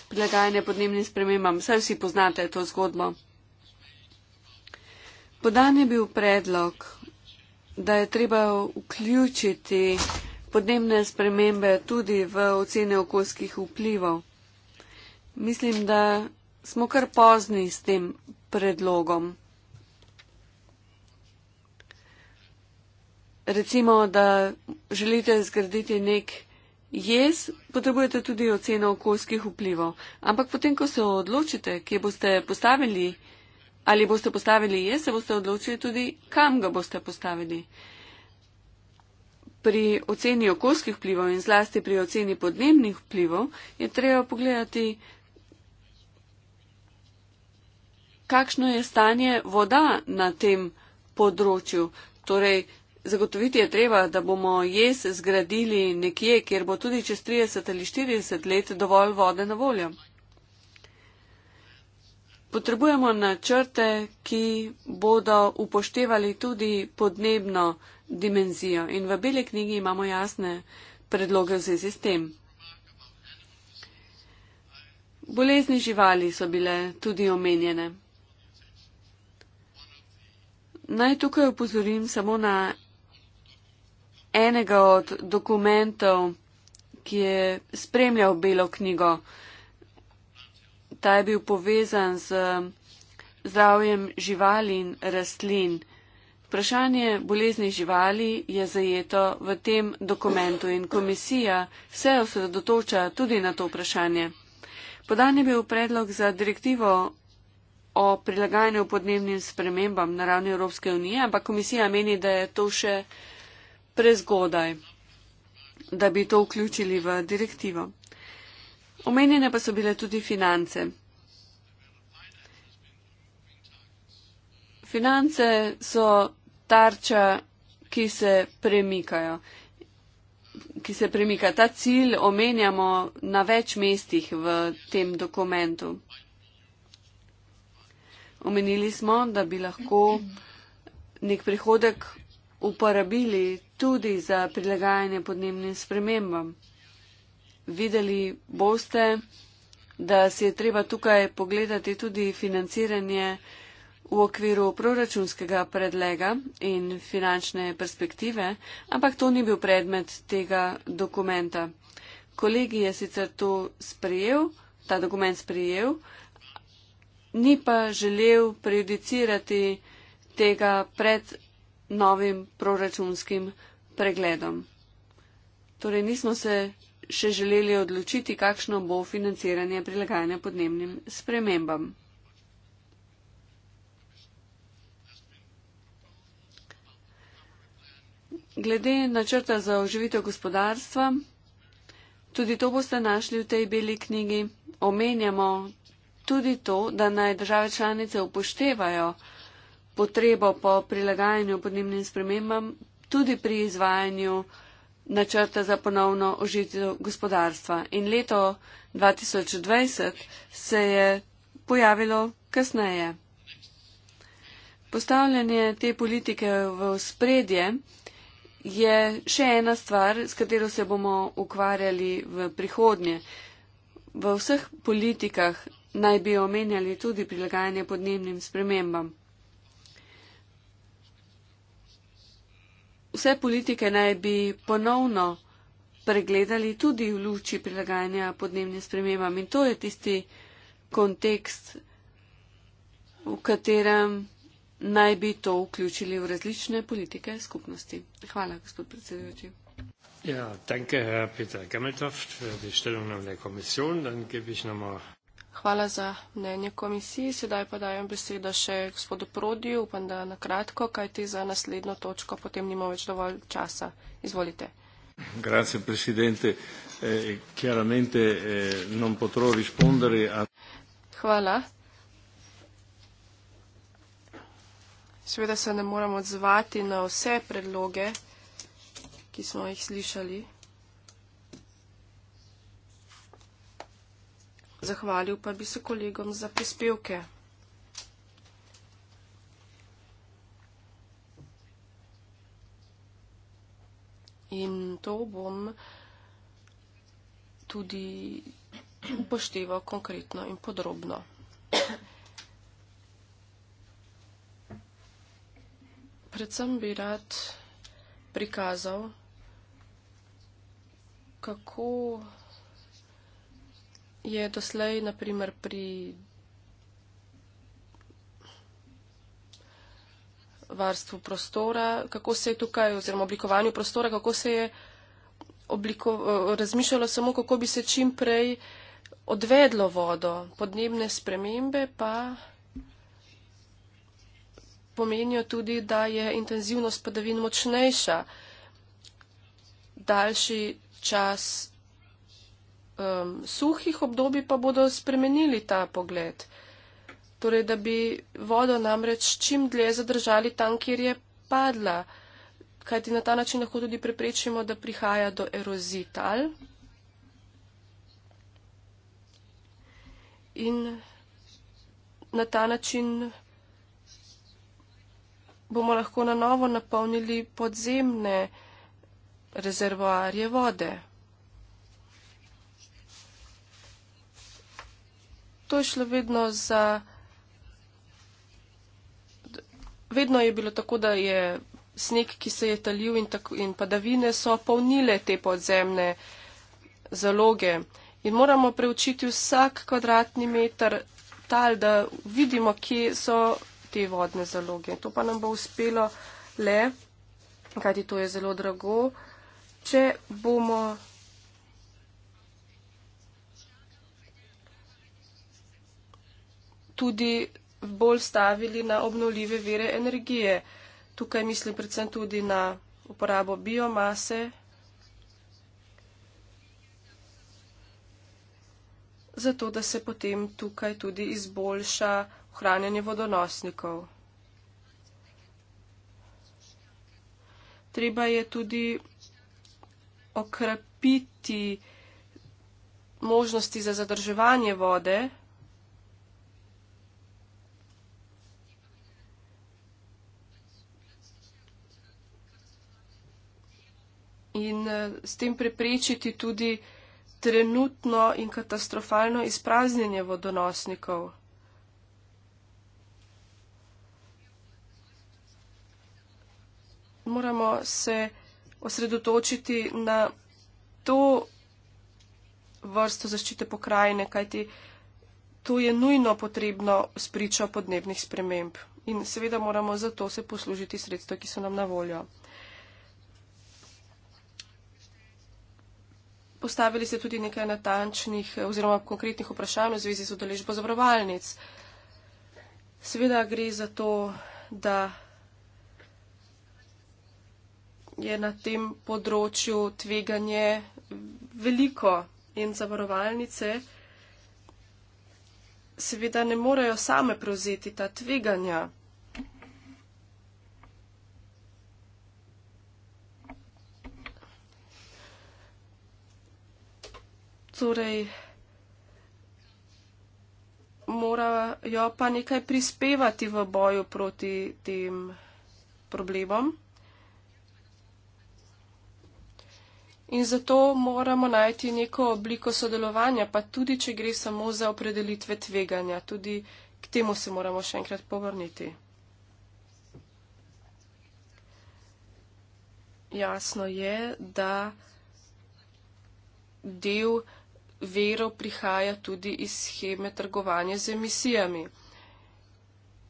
prilagajanje podnebnim spremembam. Saj vsi poznate to zgodbo. Podan je bil predlog da je treba vključiti podnebne spremembe tudi v ocene okoljskih vplivov. Mislim, da smo kar pozni s tem predlogom. Recimo, da želite zgraditi nek jez, potrebujete tudi oceno okoljskih vplivov. Ampak potem, ko se odločite, kje boste postavili ali boste postavili je, se boste odločili tudi, kam ga boste postavili. Pri oceni okoljskih vplivov in zlasti pri oceni podnebnih vplivov je treba pogledati, kakšno je stanje voda na tem področju. Torej, zagotoviti je treba, da bomo jes zgradili nekje, kjer bo tudi čez 30 ali 40 let dovolj vode na voljo. Potrebujemo načrte, ki bodo upoštevali tudi podnebno dimenzijo in v Beli knjigi imamo jasne predloge v zvezi s tem. Bolezni živali so bile tudi omenjene. Naj tukaj upozorim samo na enega od dokumentov, ki je spremljal Belo knjigo ta je bil povezan z zdravjem živali in rastlin. Vprašanje bolezni živali je zajeto v tem dokumentu in komisija se osredotoča tudi na to vprašanje. Podan je bil predlog za direktivo o prilagajanju podnebnim spremembam na ravni Evropske unije, ampak komisija meni, da je to še prezgodaj, da bi to vključili v direktivo. Omenjene pa so bile tudi finance. Finance so tarča, ki se premikajo. Ki se premika. Ta cilj omenjamo na več mestih v tem dokumentu. Omenili smo, da bi lahko nek prihodek uporabili tudi za prilagajanje podnebnim spremembam videli boste, da si je treba tukaj pogledati tudi financiranje v okviru proračunskega predlega in finančne perspektive, ampak to ni bil predmet tega dokumenta. Kolegi je sicer to sprejel, ta dokument sprejel, ni pa želel prejudicirati tega pred novim proračunskim pregledom. Torej nismo se še želeli odločiti, kakšno bo financiranje prilagajanja podnebnim spremembam. Glede načrta za oživitev gospodarstva, tudi to boste našli v tej beli knjigi, omenjamo tudi to, da naj države članice upoštevajo potrebo po prilagajanju podnebnim spremembam tudi pri izvajanju načrta za ponovno ožitev gospodarstva. In leto 2020 se je pojavilo kasneje. Postavljanje te politike v spredje je še ena stvar, s katero se bomo ukvarjali v prihodnje. V vseh politikah naj bi omenjali tudi prilagajanje podnebnim spremembam. vse politike naj bi ponovno pregledali tudi v luči prilagajanja podnebnim spremembam. In to je tisti kontekst, v katerem naj bi to vključili v različne politike skupnosti. Hvala, gospod predsedujoči. Ja, danke, Peter Gemeltoft, za predstavitev komisije. Hvala za mnenje komisiji. Sedaj pa dajem besedo še gospodu Prodiju, upam, da na kratko, kaj ti za naslednjo točko, potem nimamo več dovolj časa. Izvolite. Grazie, presidente. Eh, chiaramente eh, non potrò rispondere a... Hvala. Seveda se ne moramo odzvati na vse predloge, ki smo jih slišali. Zahvalil pa bi se kolegom za prispevke. In to bom tudi upošteval konkretno in podrobno. Predvsem bi rad prikazal, kako je doslej, naprimer, pri varstvu prostora, kako se je tukaj, oziroma oblikovanju prostora, kako se je obliko, razmišljalo samo, kako bi se čim prej odvedlo vodo. Podnebne spremembe pa pomenijo tudi, da je intenzivnost padavin močnejša. Daljši čas um, suhih obdobij pa bodo spremenili ta pogled. Torej, da bi vodo namreč čim dlje zadržali tam, kjer je padla, kajti na ta način lahko tudi preprečimo, da prihaja do erozij tal. In na ta način bomo lahko na novo napolnili podzemne rezervoarje vode. to je šlo vedno za. Vedno je bilo tako, da je sneg, ki se je talil in, tako, in padavine so polnile te podzemne zaloge. In moramo preučiti vsak kvadratni meter tal, da vidimo, kje so te vodne zaloge. To pa nam bo uspelo le, kajti to je zelo drago, če bomo tudi bolj stavili na obnovljive vire energije. Tukaj mislim predvsem tudi na uporabo biomase. zato da se potem tukaj tudi izboljša ohranjanje vodonosnikov. Treba je tudi okrepiti možnosti za zadrževanje vode. in eh, s tem preprečiti tudi trenutno in katastrofalno izpraznjenje vodonosnikov. Moramo se osredotočiti na to vrsto zaščite pokrajine, kajti to je nujno potrebno spričo podnebnih sprememb. In seveda moramo za to se poslužiti sredstva, ki so nam na voljo. postavili ste tudi nekaj natančnih eh, oziroma konkretnih vprašanj v zvezi z odeležbo zavarovalnic. Seveda gre za to, da je na tem področju tveganje veliko in zavarovalnice seveda ne morejo same prevzeti ta tveganja. torej morajo pa nekaj prispevati v boju proti tem problemom. In zato moramo najti neko obliko sodelovanja, pa tudi, če gre samo za opredelitve tveganja, tudi k temu se moramo še enkrat povrniti. Jasno je, da del vero prihaja tudi iz scheme trgovanja z emisijami.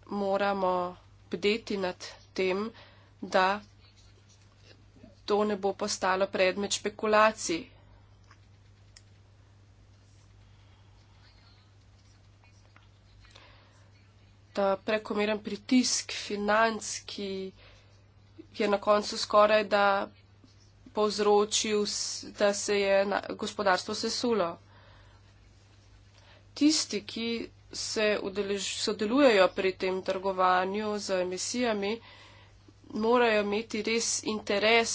Moramo bdeti nad tem, da to ne bo postalo predmet špekulacij. Ta prekomeren pritisk financ, ki je na koncu skoraj da povzročil, da se je gospodarstvo sesulo tisti, ki se udelež, sodelujejo pri tem trgovanju z emisijami, morajo imeti res interes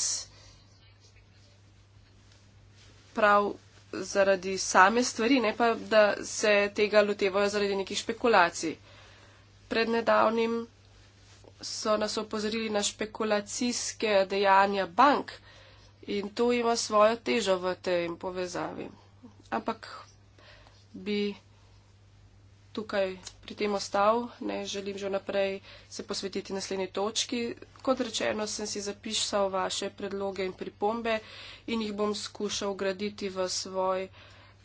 prav zaradi same stvari, ne pa da se tega lotevajo zaradi nekih špekulacij. Pred nedavnim so nas opozorili na špekulacijske dejanja bank in to ima svojo težo v tej povezavi. Ampak bi tukaj pri tem ostal, ne želim že naprej se posvetiti naslednji točki. Kot rečeno, sem si zapisal vaše predloge in pripombe in jih bom skušal ugraditi v svoj,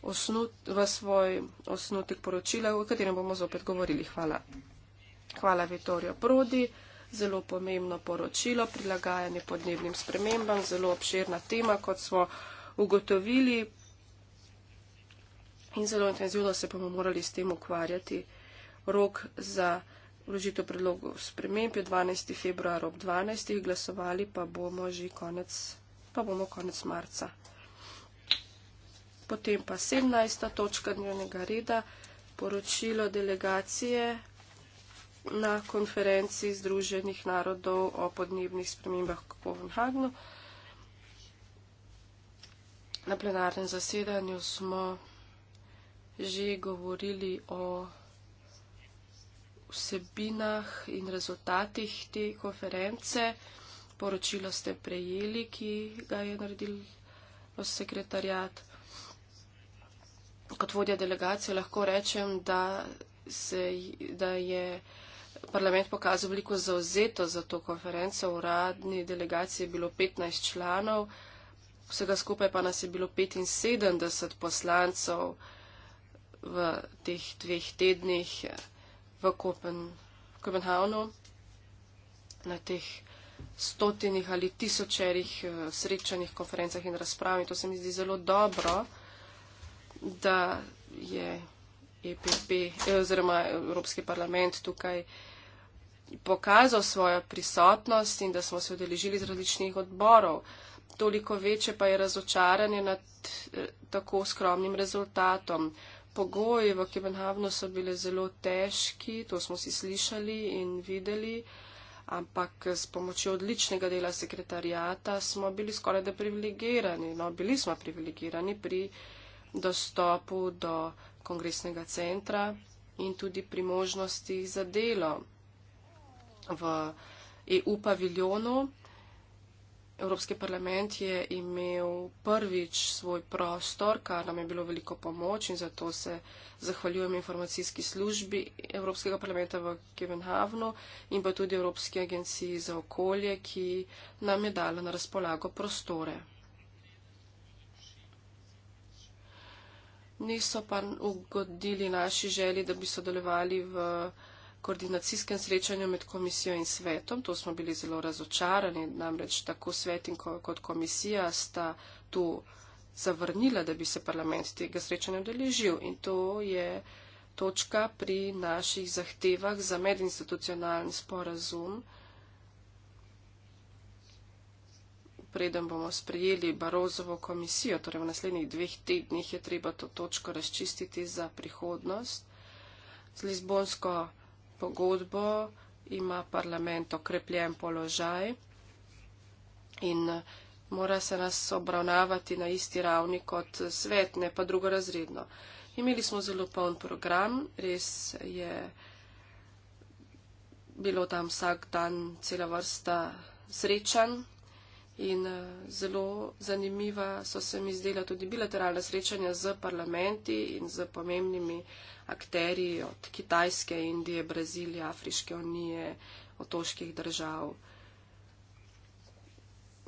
osnut, v svoj osnutek poročila, o katerem bomo zopet govorili. Hvala. Hvala, Vittorio Prodi. Zelo pomembno poročilo, prilagajanje podnebnim spremembam, zelo obširna tema, kot smo ugotovili in zelo intenzivno se bomo morali s tem ukvarjati. Rok za vložitev predlogov sprememb je 12. februar ob 12. glasovali pa bomo že konec, pa bomo konec marca. Potem pa 17. točka dnevnega reda, poročilo delegacije na konferenci Združenih narodov o podnebnih spremembah v Kopenhagnu. Na plenarnem zasedanju smo že govorili o vsebinah in rezultatih te konference. Poročilo ste prejeli, ki ga je naredil sekretarjat. Kot vodja delegacije lahko rečem, da, se, da je parlament pokazal veliko zauzeto za to konferenco. V radni delegaciji je bilo 15 članov, vsega skupaj pa nas je bilo 75 poslancov v teh dveh tednih v, Kopen, v Kopenhavnu, na teh stotinih ali tisočerih eh, srečanih konferencah in razpravami. To se mi zdi zelo dobro, da je EPP eh, oziroma Evropski parlament tukaj pokazal svojo prisotnost in da smo se odeležili z različnih odborov. Toliko večje pa je razočaranje nad eh, tako skromnim rezultatom pogoji v Kibenhavnu so bile zelo težki, to smo si slišali in videli, ampak s pomočjo odličnega dela sekretarijata smo bili skoraj da privilegirani. No, bili smo privilegirani pri dostopu do kongresnega centra in tudi pri možnostih za delo v EU paviljonu. Evropski parlament je imel prvič svoj prostor, kar nam je bilo veliko pomoč in zato se zahvaljujem informacijski službi Evropskega parlamenta v Kevenhavnu in pa tudi Evropski agenciji za okolje, ki nam je dala na razpolago prostore. Niso pa ugodili naši želi, da bi sodelovali v koordinacijskem srečanju med komisijo in svetom. To smo bili zelo razočarani, namreč tako svet in kot komisija sta tu zavrnila, da bi se parlament tega srečanja udeležil. In to je točka pri naših zahtevah za medinstitucionalni sporazum. Preden bomo sprejeli Barozovo komisijo, torej v naslednjih dveh tednih je treba to točko razčistiti za prihodnost. Z Lizbonsko pogodbo ima parlament okrepljen položaj in eh, mora se nas obravnavati na isti ravni kot svet, ne pa drugorazredno. Imeli smo zelo poln program, res je bilo tam vsak dan cela vrsta srečanj, In eh, zelo zanimiva so se mi zdela tudi bilateralna srečanja z parlamenti in z pomembnimi akteri od Kitajske, Indije, Brazilije, Afriške unije, otoških držav.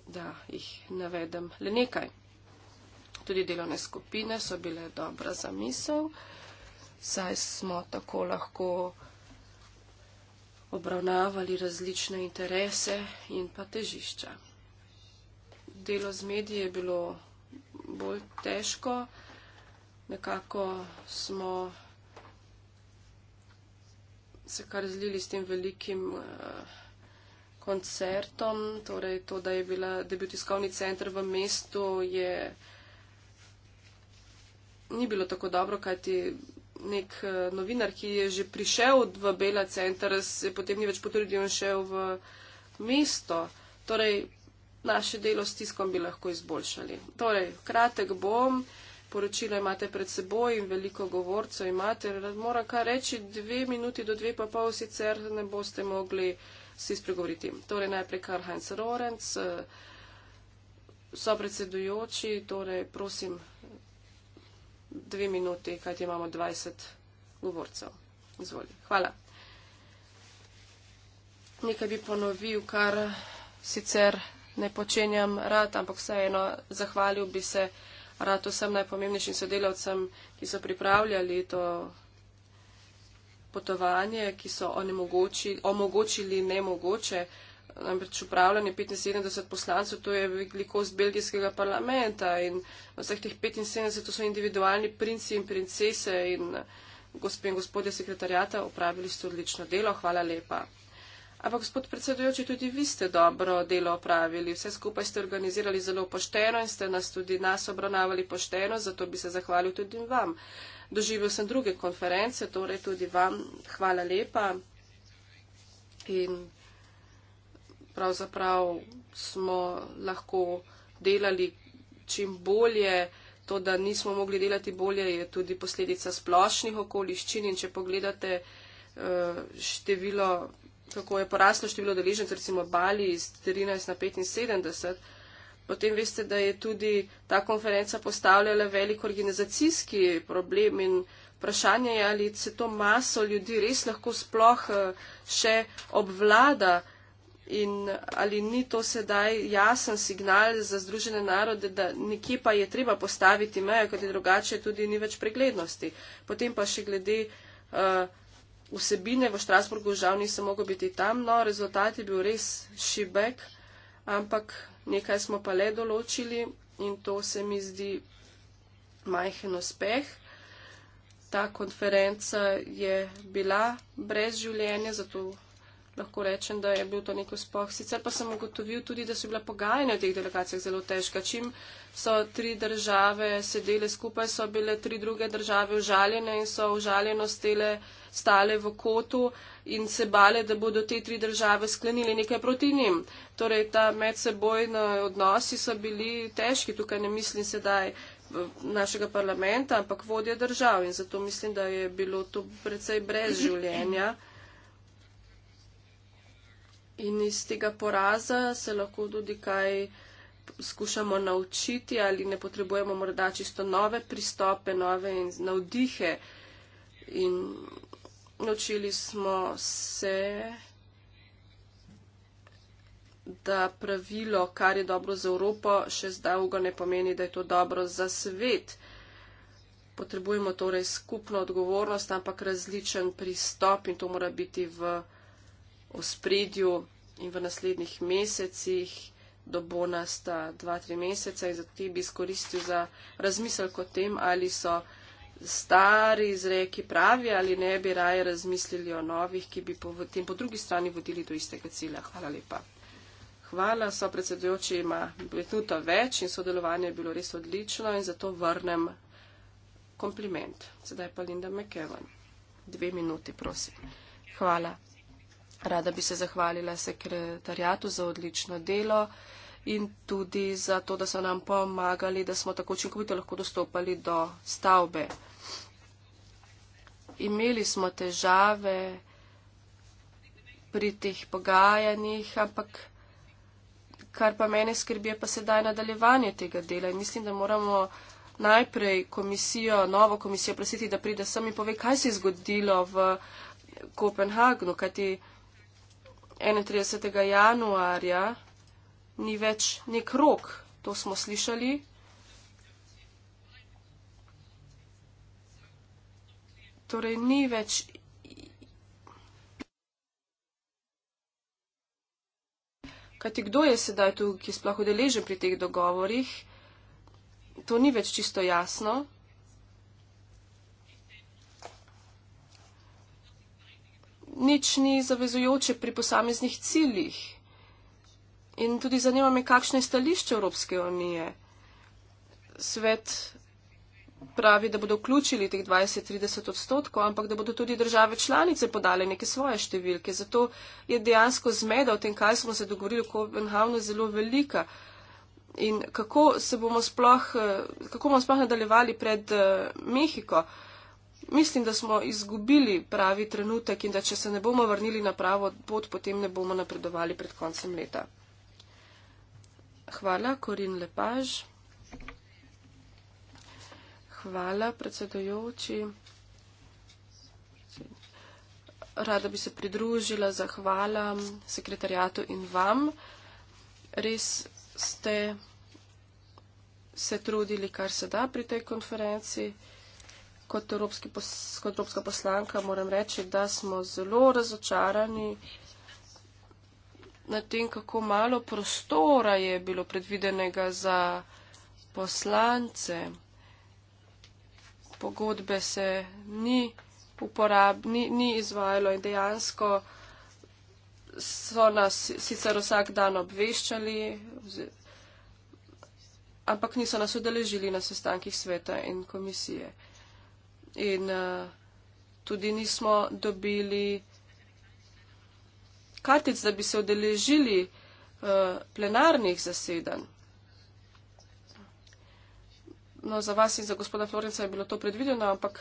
Da jih navedem le nekaj. Tudi delovne skupine so bile dobra za misel, saj smo tako lahko obravnavali različne interese in pa težišča delo z mediji je bilo bolj težko. Nekako smo se kar zlili s tem velikim eh, koncertom, torej to, da je bila debutiskovni center v mestu, je ni bilo tako dobro, kajti nek eh, novinar, ki je že prišel v Bela center, se potem ni več potrudil in šel v mesto. Torej, naše delo s tiskom bi lahko izboljšali. Torej, kratek bom, poročila imate pred seboj in veliko govorcev imate. Moram kar reči, dve minuti do dve pa pol sicer ne boste mogli si spregovoriti. Torej, najprej Karl Heinz Rorenc, eh, so predsedujoči, torej prosim dve minuti, kajti imamo 20 govorcev. Izvoli. Hvala. Nekaj bi ponovil, kar sicer ne počenjam rad, ampak vseeno zahvalil bi se rad vsem najpomembnejšim sodelavcem, ki so pripravljali to potovanje, ki so omogočili nemogoče. Namreč upravljanje 75 poslancev, to je velikost belgijskega parlamenta in vseh teh 75 to so individualni princi in princese in gospe in gospodje sekretarjata upravili ste odlično delo. Hvala lepa. Ampak, gospod predsedujoči, tudi vi ste dobro delo opravili. Vse skupaj ste organizirali zelo pošteno in ste nas tudi nas obravnavali pošteno, zato bi se zahvalil tudi vam. Doživel sem druge konference, torej tudi vam hvala lepa. In pravzaprav smo lahko delali čim bolje. To, da nismo mogli delati bolje, je tudi posledica splošnih okoliščin. In če pogledate uh, število kako je poraslo število deležencev, recimo Bali iz 13 na 75, potem veste, da je tudi ta konferenca postavljala velik organizacijski problem in vprašanje je, ali se to maso ljudi res lahko sploh eh, še obvlada in ali ni to sedaj jasen signal za Združene narode, da nekje pa je treba postaviti mejo, ker drugače tudi ni več preglednosti. Potem pa še glede. Uh, vsebine v Štrasburgu žal nisem mogel biti tam, no rezultat je bil res šibek, ampak nekaj smo pa le določili in to se mi zdi majhen uspeh. Ta konferenca je bila brez življenja, zato lahko rečem, da je bil to nek uspoh. Sicer pa sem ugotovil tudi, da so bila pogajanja v teh delegacijah zelo težka. Čim so tri države sedele skupaj, so bile tri druge države užaljene in so užaljenost tele stale v kotu in se bale, da bodo te tri države sklenili nekaj proti njim. Torej, ta medsebojni odnosi so bili težki, tukaj ne mislim sedaj našega parlamenta, ampak vodje držav in zato mislim, da je bilo to precej brez življenja. [CLEARS THROAT] in iz tega poraza se lahko tudi kaj skušamo naučiti ali ne potrebujemo morda čisto nove pristope, nove in navdihe. In naučili smo se, da pravilo, kar je dobro za Evropo, še zdaljugo ne pomeni, da je to dobro za svet. Potrebujemo torej skupno odgovornost, ampak različen pristop in to mora biti v v spredju in v naslednjih mesecih, do bona sta dva, tri mesece in zato ti bi izkoristil za razmislek o tem, ali so stari izreki pravi ali ne bi raje razmislili o novih, ki bi po, tem po drugi strani vodili do istega cilja. Hvala lepa. Hvala, so predsedujoči, ima minuto več in sodelovanje je bilo res odlično in zato vrnem kompliment. Sedaj pa Linda McEwan. Dve minuti, prosim. Hvala. Rada bi se zahvalila sekretarjatu za odlično delo in tudi za to, da so nam pomagali, da smo tako učinkovito lahko dostopali do stavbe. Imeli smo težave pri teh pogajanjih, ampak kar pa mene skrbi, je pa sedaj nadaljevanje tega dela. In mislim, da moramo najprej komisijo, novo komisijo prositi, da pride sem in pove, kaj se je zgodilo v Kopenhagnu, kajti 31. januarja ni več nek rok, to smo slišali. Torej, ni več. Kajti kdo je sedaj tu, ki je sploh udeležen pri teh dogovorih, to ni več čisto jasno. nič ni zavezujoče pri posameznih ciljih. In tudi zanima me, kakšno je stališče Evropske unije. Svet pravi, da bodo vključili teh 20-30 odstotkov, ampak da bodo tudi države članice podale neke svoje številke. Zato je dejansko zmeda v tem, kaj smo se dogovorili v Kopenhavnu, zelo velika. In kako, sploh, eh, kako bomo sploh nadaljevali pred eh, Mehiko? Uh, Mislim, da smo izgubili pravi trenutek in da če se ne bomo vrnili na pravo pot, potem ne bomo napredovali pred koncem leta. Hvala, Korin Lepaž. Hvala, predsedojoči. Rada bi se pridružila zahvala sekretarjatu in vam. Res ste se trudili, kar se da pri tej konferenciji kot, pos, kot evropska poslanka moram reči, da smo zelo razočarani na tem, kako malo prostora je bilo predvidenega za poslance. Pogodbe se ni, uporab, ni, ni izvajalo in dejansko so nas sicer vsak dan obveščali, ampak niso nas udeležili na sestankih sveta in komisije. Uh, in eh, tudi nismo dobili kartic, da bi se odeležili eh, plenarnih zasedanj. No, za vas in za gospoda Florenca je bilo to predvideno, ampak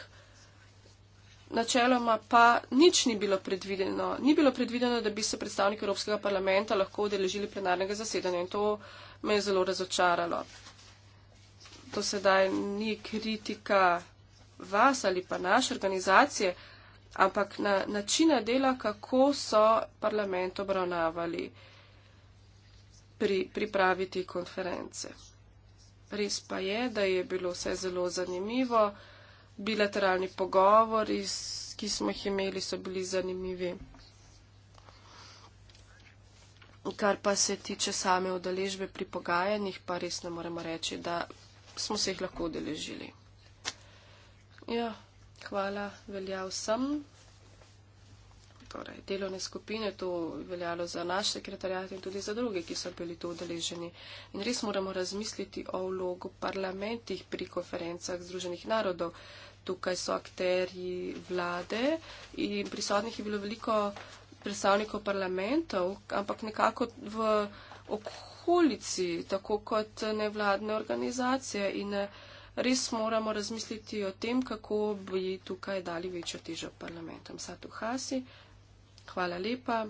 načeloma pa nič ni bilo predvideno. Ni bilo predvideno, da bi se predstavniki Evropskega parlamenta lahko odeležili plenarnega zasedanja in to me je zelo razočaralo. To sedaj ni kritika vas ali pa naše organizacije, ampak na načine dela, kako so parlament obravnavali pri pripraviti konference. Res pa je, da je bilo vse zelo zanimivo, bilateralni pogovori, ki smo jih imeli, so bili zanimivi. Kar pa se tiče same udeležbe pri pogajanjih, pa res ne moremo reči, da smo se jih lahko udeležili. Ja, hvala, velja vsem. Torej, delovne skupine, to veljalo za naš sekretarjat in tudi za druge, ki so bili tu udeleženi. In res moramo razmisliti o vlogu parlamentih pri konferencah Združenih narodov. Tukaj so akteri vlade in prisotnih je bilo veliko predstavnikov parlamentov, ampak nekako v okolici, tako kot nevladne organizacije in ne, res moramo razmisliti o tem, kako bi tukaj dali večjo težo parlamentom. Satu Hasi, hvala lepa.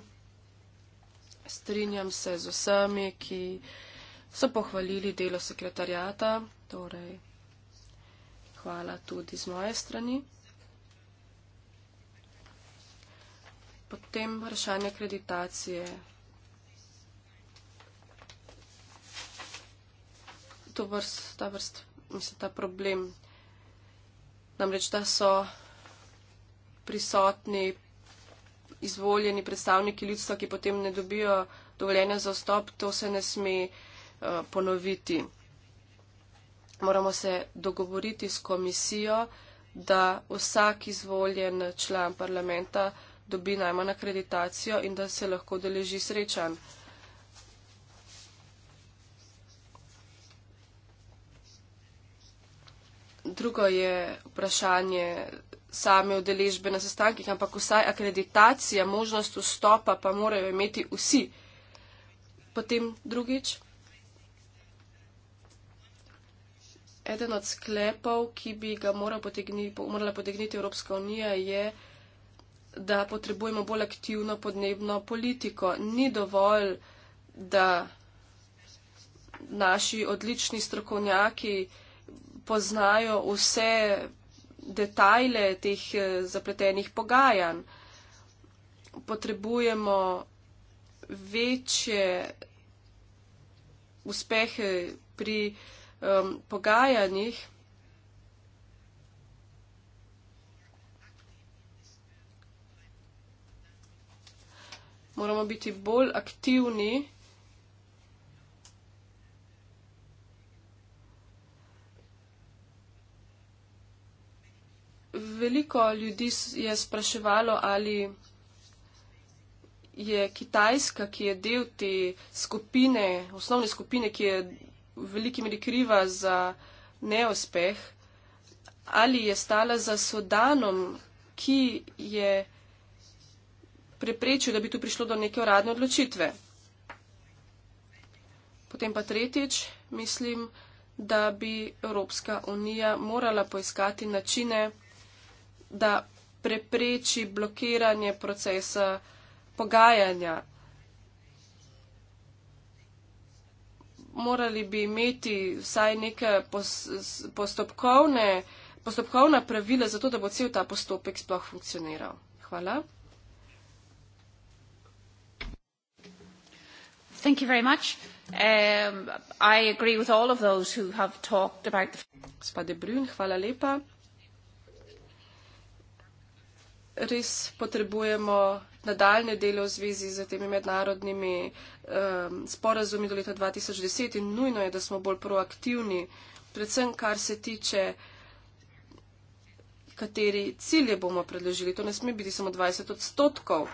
Strinjam se z vsemi, ki so pohvalili delo sekretarjata. Torej, hvala tudi z moje strani. Potem vprašanje akreditacije. To vrst, ta vrst mislim, ta problem. Namreč, da so prisotni izvoljeni predstavniki ljudstva, ki potem ne dobijo dovoljenja za vstop, to se ne sme uh, ponoviti. Moramo se dogovoriti s komisijo, da vsak izvoljen član parlamenta dobi najmanj akreditacijo in da se lahko deleži srečanj. drugo je vprašanje same odeležbe na sestankih, ampak vsaj akreditacija, možnost vstopa pa morajo imeti vsi. Potem drugič. Eden od sklepov, ki bi ga moral potegni, morala potegniti Evropska unija, je, da potrebujemo bolj aktivno podnebno politiko. Ni dovolj, da naši odlični strokovnjaki poznajo vse detajle teh eh, zapletenih pogajanj. Potrebujemo večje uspehe pri um, pogajanjih. Moramo biti bolj aktivni. veliko ljudi je spraševalo, ali je Kitajska, ki je del te skupine, osnovne skupine, ki je v veliki meri kriva za neuspeh, ali je stala za Sodanom, ki je preprečil, da bi tu prišlo do neke uradne odločitve. Potem pa tretjič, mislim, da bi Evropska unija morala poiskati načine, da prepreči blokiranje procesa pogajanja. Morali bi imeti vsaj neke postopkovne, postopkovna pravila, zato da bo cel ta postopek sploh funkcioniral. Hvala. Thank you very much. Um, I agree with all of those who have talked about the... Spade Brun, hvala lepa res potrebujemo nadaljne dele v zvezi z temi mednarodnimi um, sporazumi do leta 2010 in nujno je, da smo bolj proaktivni, predvsem kar se tiče, kateri cilje bomo predložili. To ne sme biti samo 20 odstotkov.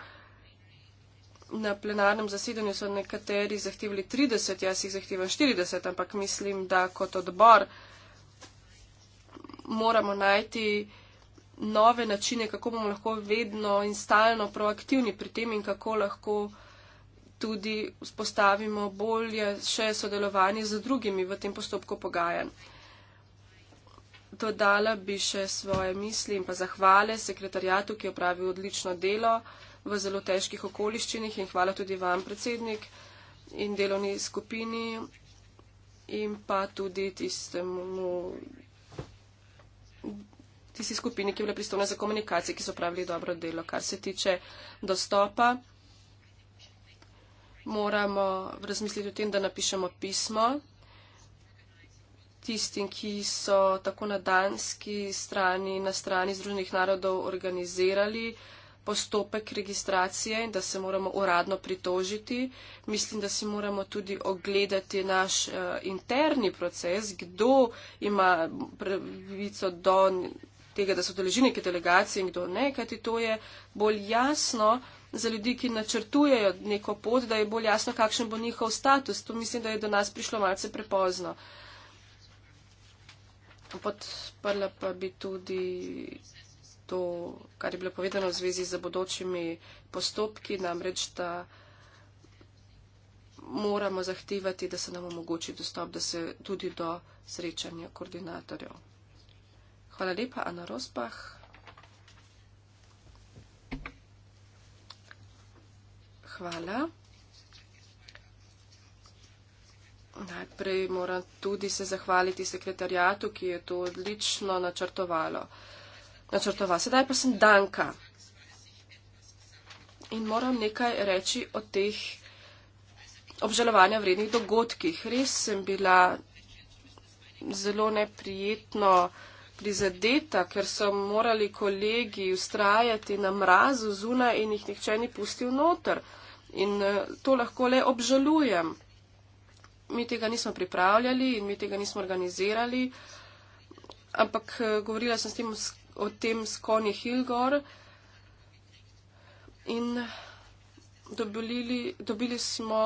Na plenarnem zasedanju so nekateri zahtevali 30, jaz jih zahtevam 40, ampak mislim, da kot odbor moramo najti nove načine, kako bomo lahko vedno in stalno proaktivni pri tem in kako lahko tudi vzpostavimo bolje še sodelovanje z drugimi v tem postopku pogajanj. Dodala bi še svoje misli in pa zahvale sekretarjatu, ki je opravil odlično delo v zelo težkih okoliščinah in hvala tudi vam, predsednik in delovni skupini in pa tudi tistemu tisti skupini, ki je bila pristovna za komunikacije, ki so pravili dobro delo. Kar se tiče dostopa, moramo razmisliti o tem, da napišemo pismo tistim, ki so tako na danski strani, na strani Združenih narodov organizirali postopek registracije in da se moramo uradno pritožiti. Mislim, da si moramo tudi ogledati naš uh, interni proces, kdo ima pravico do tega, da so deležili neke delegacije in kdo ne, kajti to je bolj jasno za ljudi, ki načrtujejo neko pot, da je bolj jasno, kakšen bo njihov status. To mislim, da je do nas prišlo malce prepozno. Podprla pa bi tudi to, kar je bilo povedano v zvezi z bodočimi postopki, namreč, da moramo zahtevati, da se nam omogoči dostop, da se tudi do srečanja koordinatorjev. Hvala lepa, Ana Rosbah. Hvala. Najprej moram tudi se zahvaliti sekretarjatu, ki je to odlično načrtovalo. Načrtoval. Sedaj pa sem Danka. In moram nekaj reči o teh obžalovanja vrednih dogodkih. Res sem bila zelo neprijetno prizadeta, ker so morali kolegi ustrajati na mrazu zunaj in jih nihče ni pustil noter. In eh, to lahko le obžalujem. Mi tega nismo pripravljali in mi tega nismo organizirali, ampak eh, govorila sem s tem o tem s Koni Hilgor in dobili, dobili smo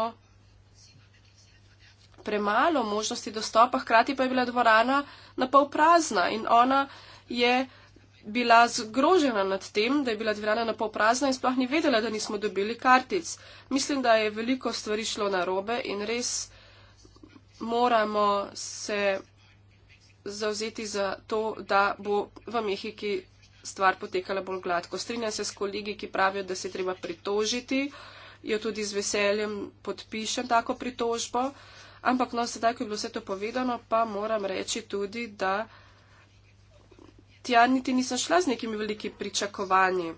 premalo možnosti dostopa, hkrati pa je bila dvorana na pol prazna in ona je bila zgrožena nad tem, da je bila dvorana na pol prazna in sploh ni vedela, da nismo dobili kartic. Mislim, da je veliko stvari šlo na robe in res moramo se zauzeti za to, da bo v Mehiki stvar potekala bolj gladko. Strinjam se s kolegi, ki pravijo, da se treba pritožiti. Jo tudi z veseljem podpišem tako pritožbo. Uh, Ampak no, sedaj, ko je bilo vse to povedano, pa moram reči tudi, da tja niti nisem šla z nekimi veliki pričakovanji.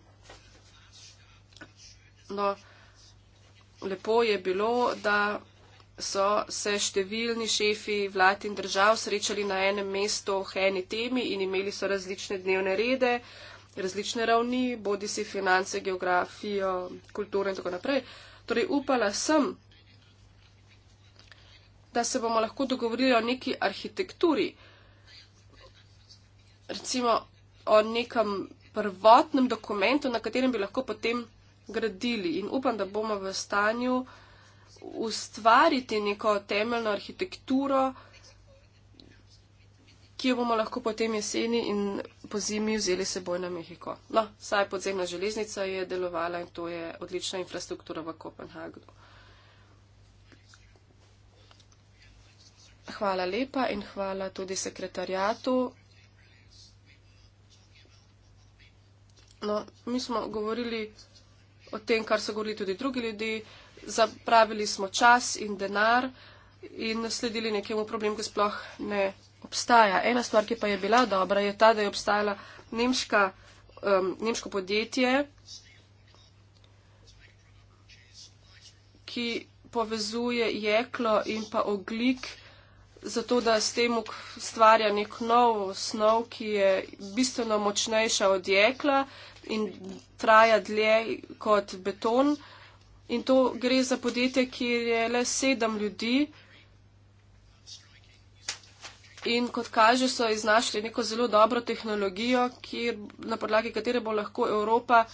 No, lepo je bilo, da so se številni šefi vlad in držav srečali na enem mestu o eni temi in imeli so različne dnevne rede, različne ravni, bodi si finance, geografijo, kulturo in tako naprej. Torej upala sem, da se bomo lahko dogovorili o neki arhitekturi, recimo o nekem prvotnem dokumentu, na katerem bi lahko potem gradili. In upam, da bomo v stanju ustvariti neko temeljno arhitekturo, ki jo bomo lahko potem jeseni in po zimi vzeli seboj na Mehiko. No, saj podzemna železnica je delovala in to je odlična infrastruktura v Kopenhagnu. Hvala lepa in hvala tudi sekretarjatu. No, mi smo govorili o tem, kar so govorili tudi drugi ljudje. Zapravili smo čas in denar in sledili nekemu problemu, ki sploh ne obstaja. Ena stvar, ki pa je bila dobra, je ta, da je obstajala nemška, um, nemško podjetje, ki povezuje jeklo in pa oglik zato da s tem ustvarja nek nov snov, ki je bistveno močnejša od jekla in traja dlje kot beton. In to gre za podjetje, kjer je le sedem ljudi. In kot kaže, so iznašli neko zelo dobro tehnologijo, kjer, na podlagi katere bo lahko Evropa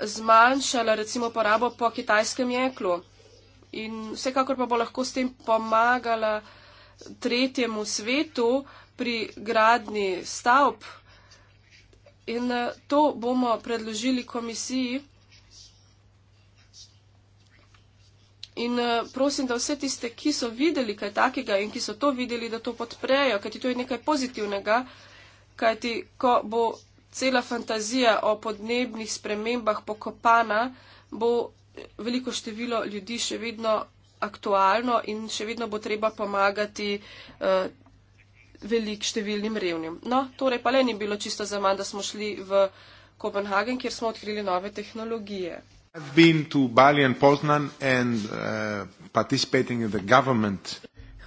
zmanjšala recimo porabo po kitajskem jeklu in vsekakor pa bo lahko s tem pomagala tretjemu svetu pri gradni stavb. In eh, to bomo predložili komisiji. In eh, prosim, da vse tiste, ki so videli kaj takega in ki so to videli, da to podprejo, kajti to je nekaj pozitivnega, kajti ko bo cela fantazija o podnebnih spremembah pokopana, bo veliko število ljudi še vedno aktualno in še vedno bo treba pomagati uh, velik številnim revnim. No, torej pa le ni bilo čisto za manj, da smo šli v Kopenhagen, kjer smo odkrili nove tehnologije. I've been to Bali and Poznan and uh, participating in the government.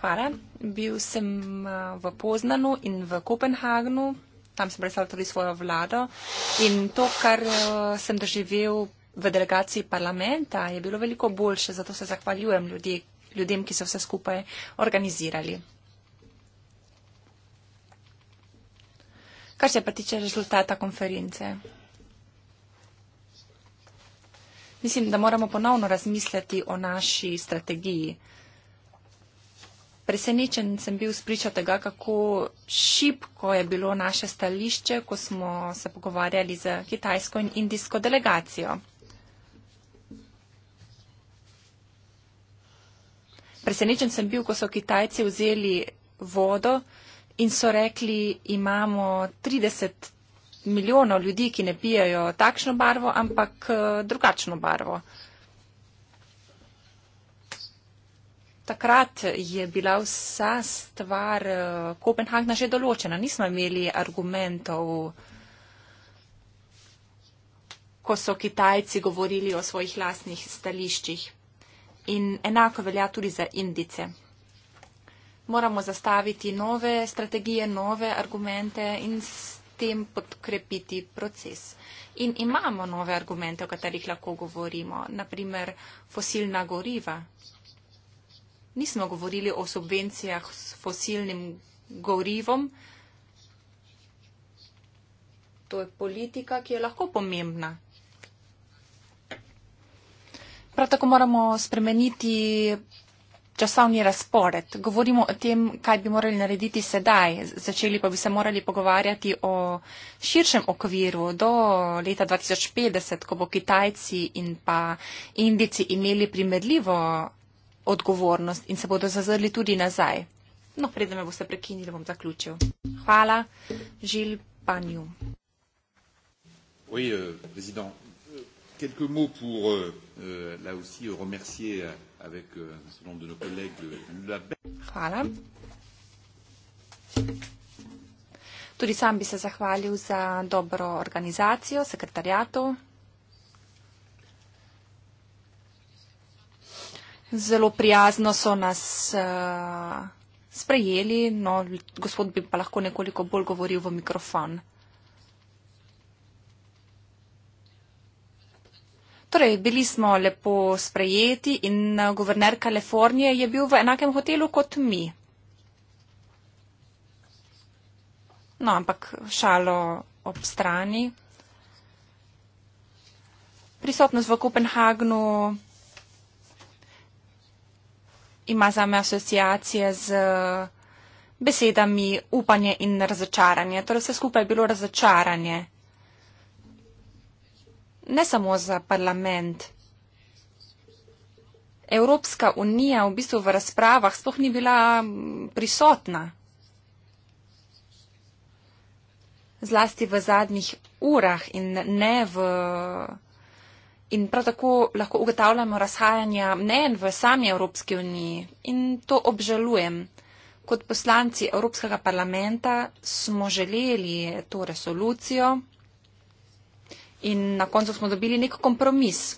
Hvala. Bil sem eh, v Poznanu in v Kopenhagnu. Tam sem predstavljal tudi svojo vlado. In to, kar sem doživel v delegaciji parlamenta je bilo veliko boljše, zato se zahvaljujem ljudi, ljudem, ki so vse skupaj organizirali. Kar se pa tiče rezultata konference. Mislim, da moramo ponovno razmisliti o naši strategiji. Presenečen sem bil spričo tega, kako šipko je bilo naše stališče, ko smo se pogovarjali z kitajsko in indijsko delegacijo. presenečen sem bil, ko so Kitajci vzeli vodo in so rekli, imamo 30 milijonov ljudi, ki ne pijajo takšno barvo, ampak eh, drugačno barvo. Takrat je bila vsa stvar eh, Kopenhagna že določena. Nismo imeli argumentov, ko so Kitajci govorili o svojih lasnih stališčih in enako velja tudi za indice. Moramo zastaviti nove strategije, nove argumente in s tem podkrepiti proces. In imamo nove argumente, o katerih lahko govorimo, naprimer fosilna goriva. Nismo govorili o subvencijah s fosilnim gorivom. To je politika, ki je lahko pomembna. Prav tako moramo spremeniti časovni razpored. Govorimo o tem, kaj bi morali narediti sedaj. Začeli pa bi se morali pogovarjati o širšem okviru do leta 2050, ko bo Kitajci in pa Indici imeli primerljivo odgovornost in se bodo zazrli tudi nazaj. No, preden me boste prekinili, bom zaključil. Hvala, Žil Panju. Oui, euh, président. Quelques mots pour, euh, euh là aussi, remercier euh, avec euh, un certain nombre de nos collègues. La... Hvala. Tudi sam bi se zahvalil za dobro organizacijo, sekretarjato. Zelo prijazno so nas uh, sprejeli, no, gospod bi pa lahko nekoliko bolj govoril v mikrofon. Torej, bili smo lepo sprejeti in eh, guverner Kalifornije je bil v enakem hotelu kot mi. No, ampak šalo ob strani. Prisotnost v Kopenhagnu ima za me asociacije z eh, besedami upanje in razočaranje. Torej, vse skupaj je bilo razočaranje ne samo za parlament. Evropska unija v bistvu v razpravah sploh ni bila prisotna. Zlasti v zadnjih urah in ne v. In prav tako lahko ugotavljamo razhajanja mnen v sami Evropski uniji. In to obžalujem. Kot poslanci Evropskega parlamenta smo želeli to resolucijo in na koncu smo dobili nek kompromis.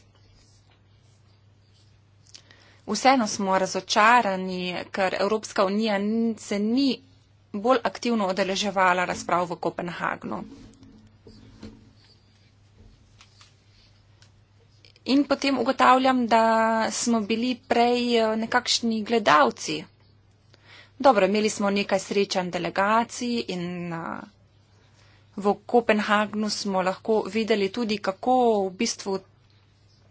Vseeno smo razočarani, ker Evropska unija se ni bolj aktivno odeleževala razprav v Kopenhagnu. In potem ugotavljam, da smo bili prej eh, nekakšni gledalci. Dobro, imeli smo nekaj srečanj delegacij in uh, v Kopenhagnu smo lahko videli tudi, kako v bistvu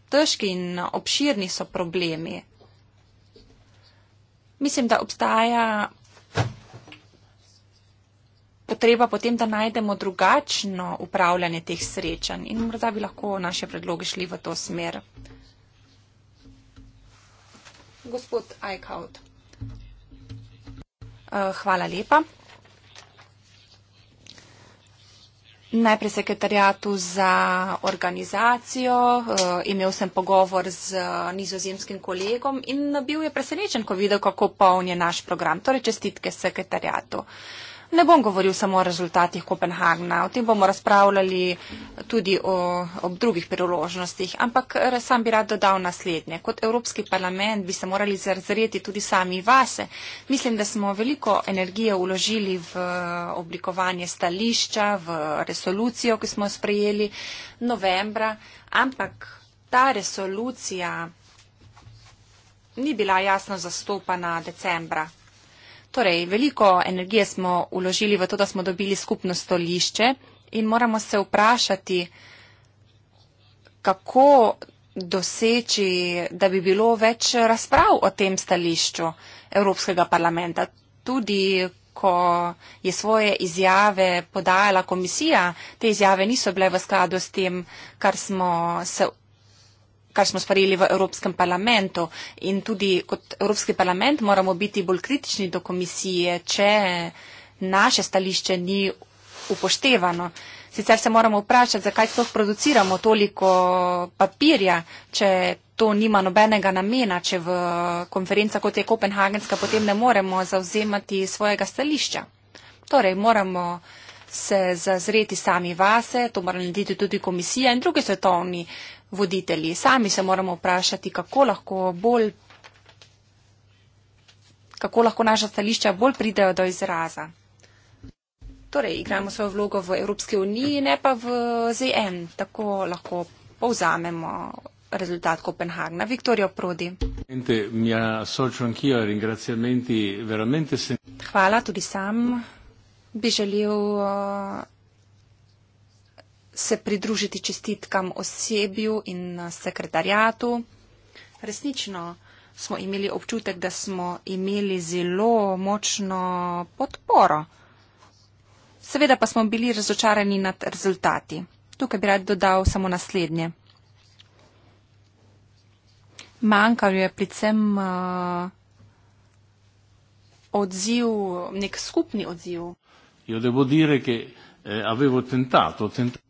težki in obširni so problemi. Mislim, da obstaja potreba potem, da najdemo drugačno upravljanje teh srečanj in morda bi lahko naše predloge šli v to smer. Gospod Eichhout. Eh, hvala lepa. Najprej sekretarjatu za organizacijo, eh, imel sem pogovor z eh, nizozemskim kolegom in bil je presenečen, ko videl, kako poln je naš program. Torej čestitke sekretarjatu. Uh, ne bom govoril samo o rezultatih Kopenhagna, o tem bomo razpravljali tudi o, ob drugih priložnostih, ampak eh, sam bi rad dodal naslednje. Kot Evropski parlament bi se morali zazreti tudi sami vase. Mislim, da smo veliko energije uložili v eh, oblikovanje stališča, v resolucijo, ki smo jo sprejeli novembra, ampak ta resolucija ni bila jasno zastopana decembra Torej, veliko energije smo vložili v to, da smo dobili skupno stolišče in moramo se vprašati, kako doseči, da bi bilo več razprav o tem stališču Evropskega parlamenta. Tudi, ko je svoje izjave podajala komisija, te izjave niso bile v skladu s tem, kar smo se kar smo sprejeli v Evropskem parlamentu. In tudi kot Evropski parlament moramo biti bolj kritični do komisije, če naše stališče ni upoštevano. Sicer se moramo vprašati, zakaj sploh produciramo toliko papirja, če to nima nobenega namena, če v konferenca kot je Kopenhagenska potem ne moremo zauzemati svojega stališča. Torej, moramo se zazreti sami vase, to mora narediti tudi komisija in druge svetovni uh, voditelji. Sami se moramo vprašati, kako lahko, bolj, kako lahko naša stališča bolj pridejo do izraza. Torej, igramo svojo vlogo v Evropski uniji, ne pa v ZN. Tako lahko povzamemo rezultat Kopenhagna. Viktorijo Prodi. Hvala tudi sam. Bi želel. Uh, se pridružiti čestitkam osebju in eh, sekretarjatu. Resnično smo imeli občutek, da smo imeli zelo močno podporo. Seveda pa smo bili razočarani nad rezultati. Tukaj bi rad dodal samo naslednje. Manjkal je predvsem uh, odziv, nek skupni odziv. Io devo dire che eh, avevo tentato, tentato.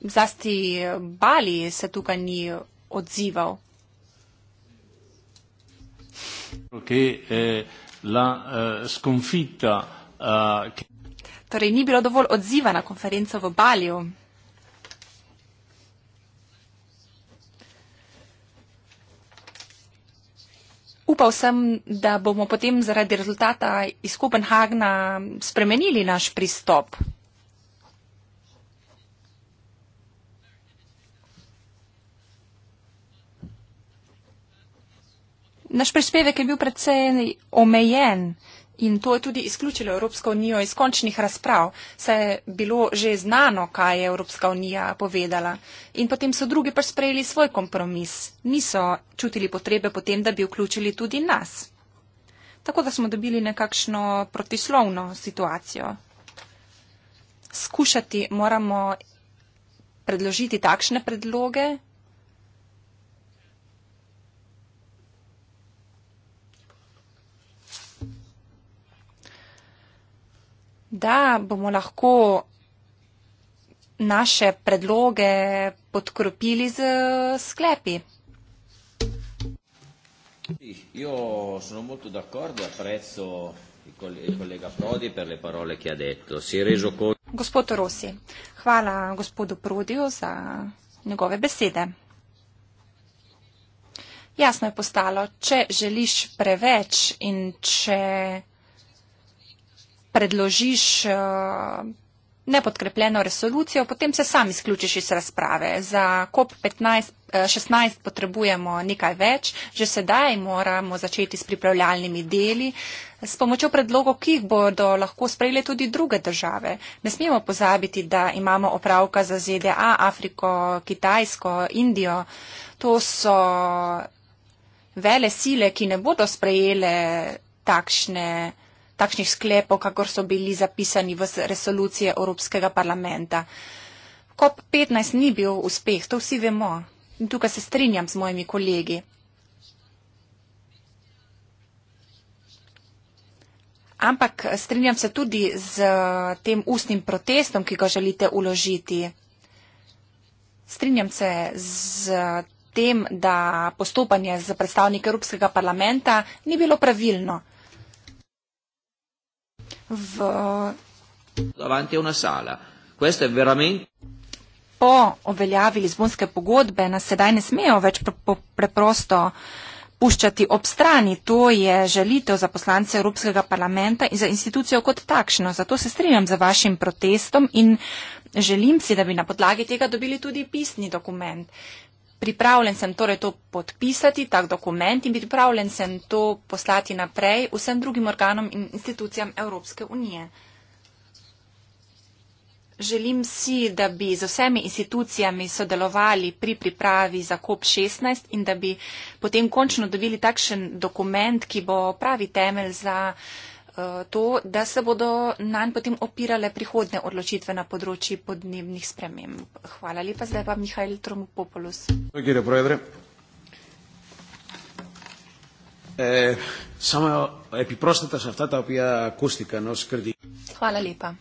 Zlasti eh, Bali se tukaj ni odzival. Eh, eh, torej ni bilo dovolj odziva na konferenco v Balju. Upal sem, da bomo potem zaradi rezultata iz Kopenhagna spremenili naš pristop. naš prispevek je bil predvsej omejen in to je tudi izključilo Evropsko unijo iz končnih razprav, saj je bilo že znano, kaj je Evropska unija povedala. In potem so drugi pač sprejeli svoj kompromis, niso čutili potrebe potem, da bi vključili tudi nas. Tako da smo dobili nekakšno protislovno situacijo. Skušati moramo predložiti takšne predloge, da bomo lahko naše predloge podkropili z sklepi. Io sono molto d'accordo, e apprezzo il collega Prodi per le parole che ha detto. Si è reso conto. Gospod Rossi, hvala gospodu Prodiju za njegove besede. Jasno je postalo, če želiš preveč in če predložiš eh, nepodkrepljeno resolucijo, potem se sam izključiš iz razprave. Za COP15. 16 eh, potrebujemo nekaj več, že sedaj moramo začeti s pripravljalnimi deli, s pomočjo predlogov, ki jih bodo lahko sprejeli tudi druge države. Ne smemo pozabiti, da imamo opravka za ZDA, Afriko, Kitajsko, Indijo. To so vele sile, ki ne bodo sprejele takšne takšnih sklepov, kakor so bili zapisani v resolucije Evropskega parlamenta. COP15 ni bil uspeh, to vsi vemo. In tukaj se strinjam s mojimi kolegi. Ampak strinjam se tudi z tem ustnim protestom, ki ga želite uložiti. Strinjam se z tem, da postopanje z predstavniki Evropskega parlamenta ni bilo pravilno v... davanti a una sala. Questo è veramente. Po uveljavi Lizbonske pogodbe nas sedaj ne smejo več preprosto puščati ob strani. To je želitev za poslance Evropskega parlamenta in za institucijo kot takšno. Zato se strinjam za vašim protestom in želim si, da bi na podlagi tega dobili tudi pisni dokument pripravljen sem torej to podpisati, tak dokument in pripravljen sem to poslati naprej vsem drugim organom in institucijam Evropske unije. Želim si, da bi z vsemi institucijami sodelovali pri pripravi za COP16 in da bi potem končno dobili takšen dokument, ki bo pravi temelj za Eh, to, da se bodo na njem potem opirale prihodne odločitve na področji podnebnih sprememb. Hvala lepa, zdaj pa Mihajl Tromopopolus. Eh, eh, no, Hvala lepa.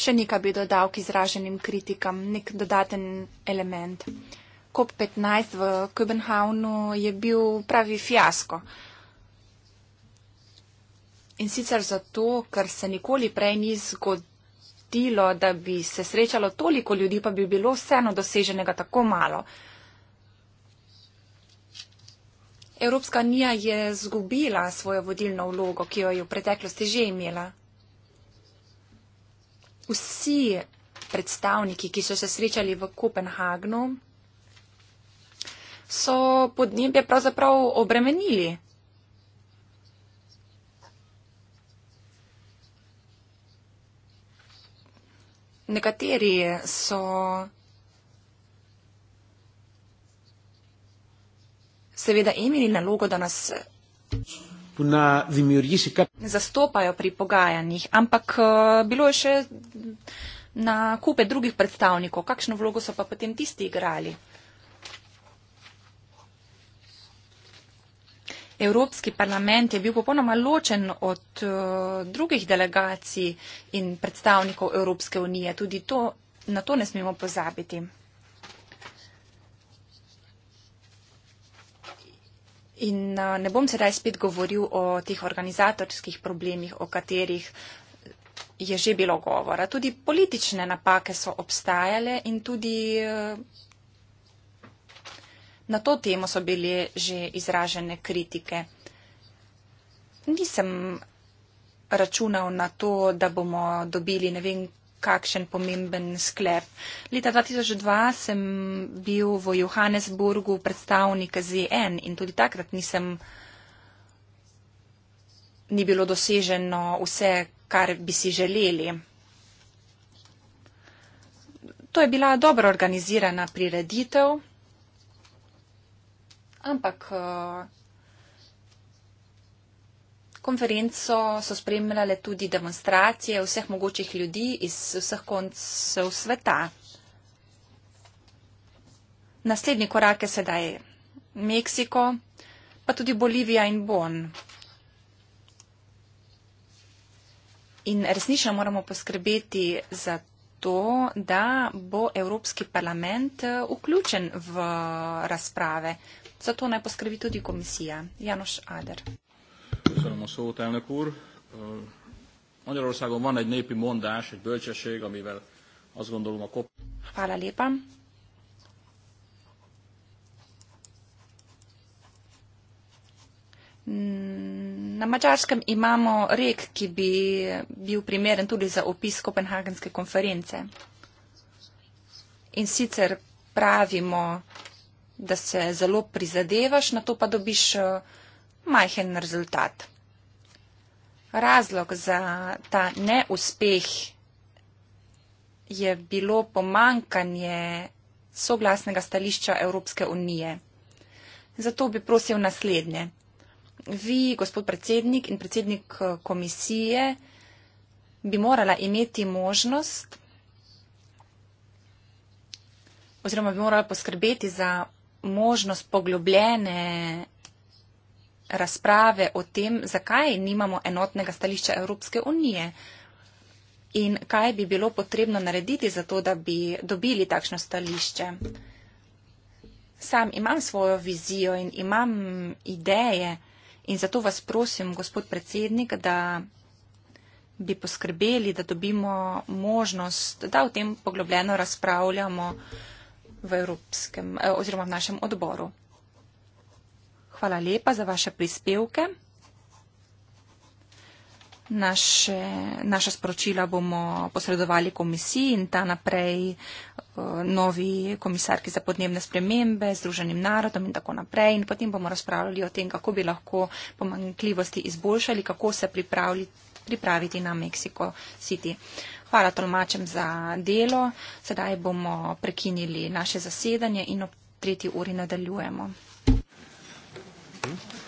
Še nekaj bi dodal k izraženim kritikam, nek dodaten element. COP15 v Kopenhavnu je bil pravi fiasko. Uh, In sicer zato, ker se nikoli prej ni zgodilo, da bi se srečalo toliko ljudi, pa bi bilo vseeno doseženega tako malo. Evropska unija je zgubila svojo vodilno vlogo, ki jo je v preteklosti že imela. Vsi predstavniki, ki so se srečali v Kopenhagnu, so podnebje pravzaprav obremenili. Nekateri so seveda imeli nalogo, da nas zastopajo pri pogajanjih, ampak eh, bilo je še na kupe drugih predstavnikov. Kakšno vlogo so pa potem tisti igrali? Evropski parlament je bil popolnoma ločen od uh, drugih delegacij in predstavnikov Evropske unije. Tudi to, na to ne smemo pozabiti. In uh, ne bom sedaj spet govoril o teh organizatorskih problemih, o katerih je že bilo govora. Tudi politične napake so obstajale in tudi. Uh, Na to temo so bile že izražene kritike. Nisem računal na to, da bomo dobili ne vem kakšen pomemben sklep. Leta 2002 sem bil v Johannesburgu predstavnik ZN in tudi takrat nisem, ni bilo doseženo vse, kar bi si želeli. To je bila dobro organizirana prireditev. Ampak eh, konferenco so spremljale tudi demonstracije vseh mogočih ljudi iz vseh koncev sveta. Naslednji korak je sedaj Meksiko, pa tudi Bolivija in Bon. In resnično moramo poskrbeti za to, da bo Evropski parlament eh, vključen v razprave. Za to naj poskrbi tudi komisija. Janoš Ader. Köszönöm a szót, elnök úr. Magyarországon van egy népi mondás, egy bölcsesség, amivel azt gondolom a kop... Hvala lepa. Na mačarskem imamo rek, ki bi bil primeren tudi za opis kopenhagenske konference. In sicer pravimo, da se zelo prizadevaš, na to pa dobiš eh, majhen rezultat. Razlog za ta neuspeh je bilo pomankanje soglasnega stališča Evropske unije. Zato bi prosil naslednje. Vi, gospod predsednik in predsednik eh, komisije, bi morala imeti možnost oziroma bi morala poskrbeti za možnost poglobljene razprave o tem, zakaj nimamo enotnega stališča Evropske unije in kaj bi bilo potrebno narediti za to, da bi dobili takšno stališče. Sam imam svojo vizijo in imam ideje in zato vas prosim, gospod predsednik, da bi poskrbeli, da dobimo možnost, da o tem poglobljeno razpravljamo v Evropskem eh, oziroma v našem odboru. Hvala lepa za vaše prispevke. Naše, naša sporočila bomo posredovali komisiji in ta naprej eh, novi komisarki za podnebne spremembe, Združenim narodom in tako naprej. In potem bomo razpravljali o tem, kako bi lahko pomankljivosti izboljšali, kako se pripraviti na Meksiko City. Uh, Hvala tolmačem za delo. Sedaj bomo prekinili naše zasedanje in ob tretji uri nadaljujemo. Hm?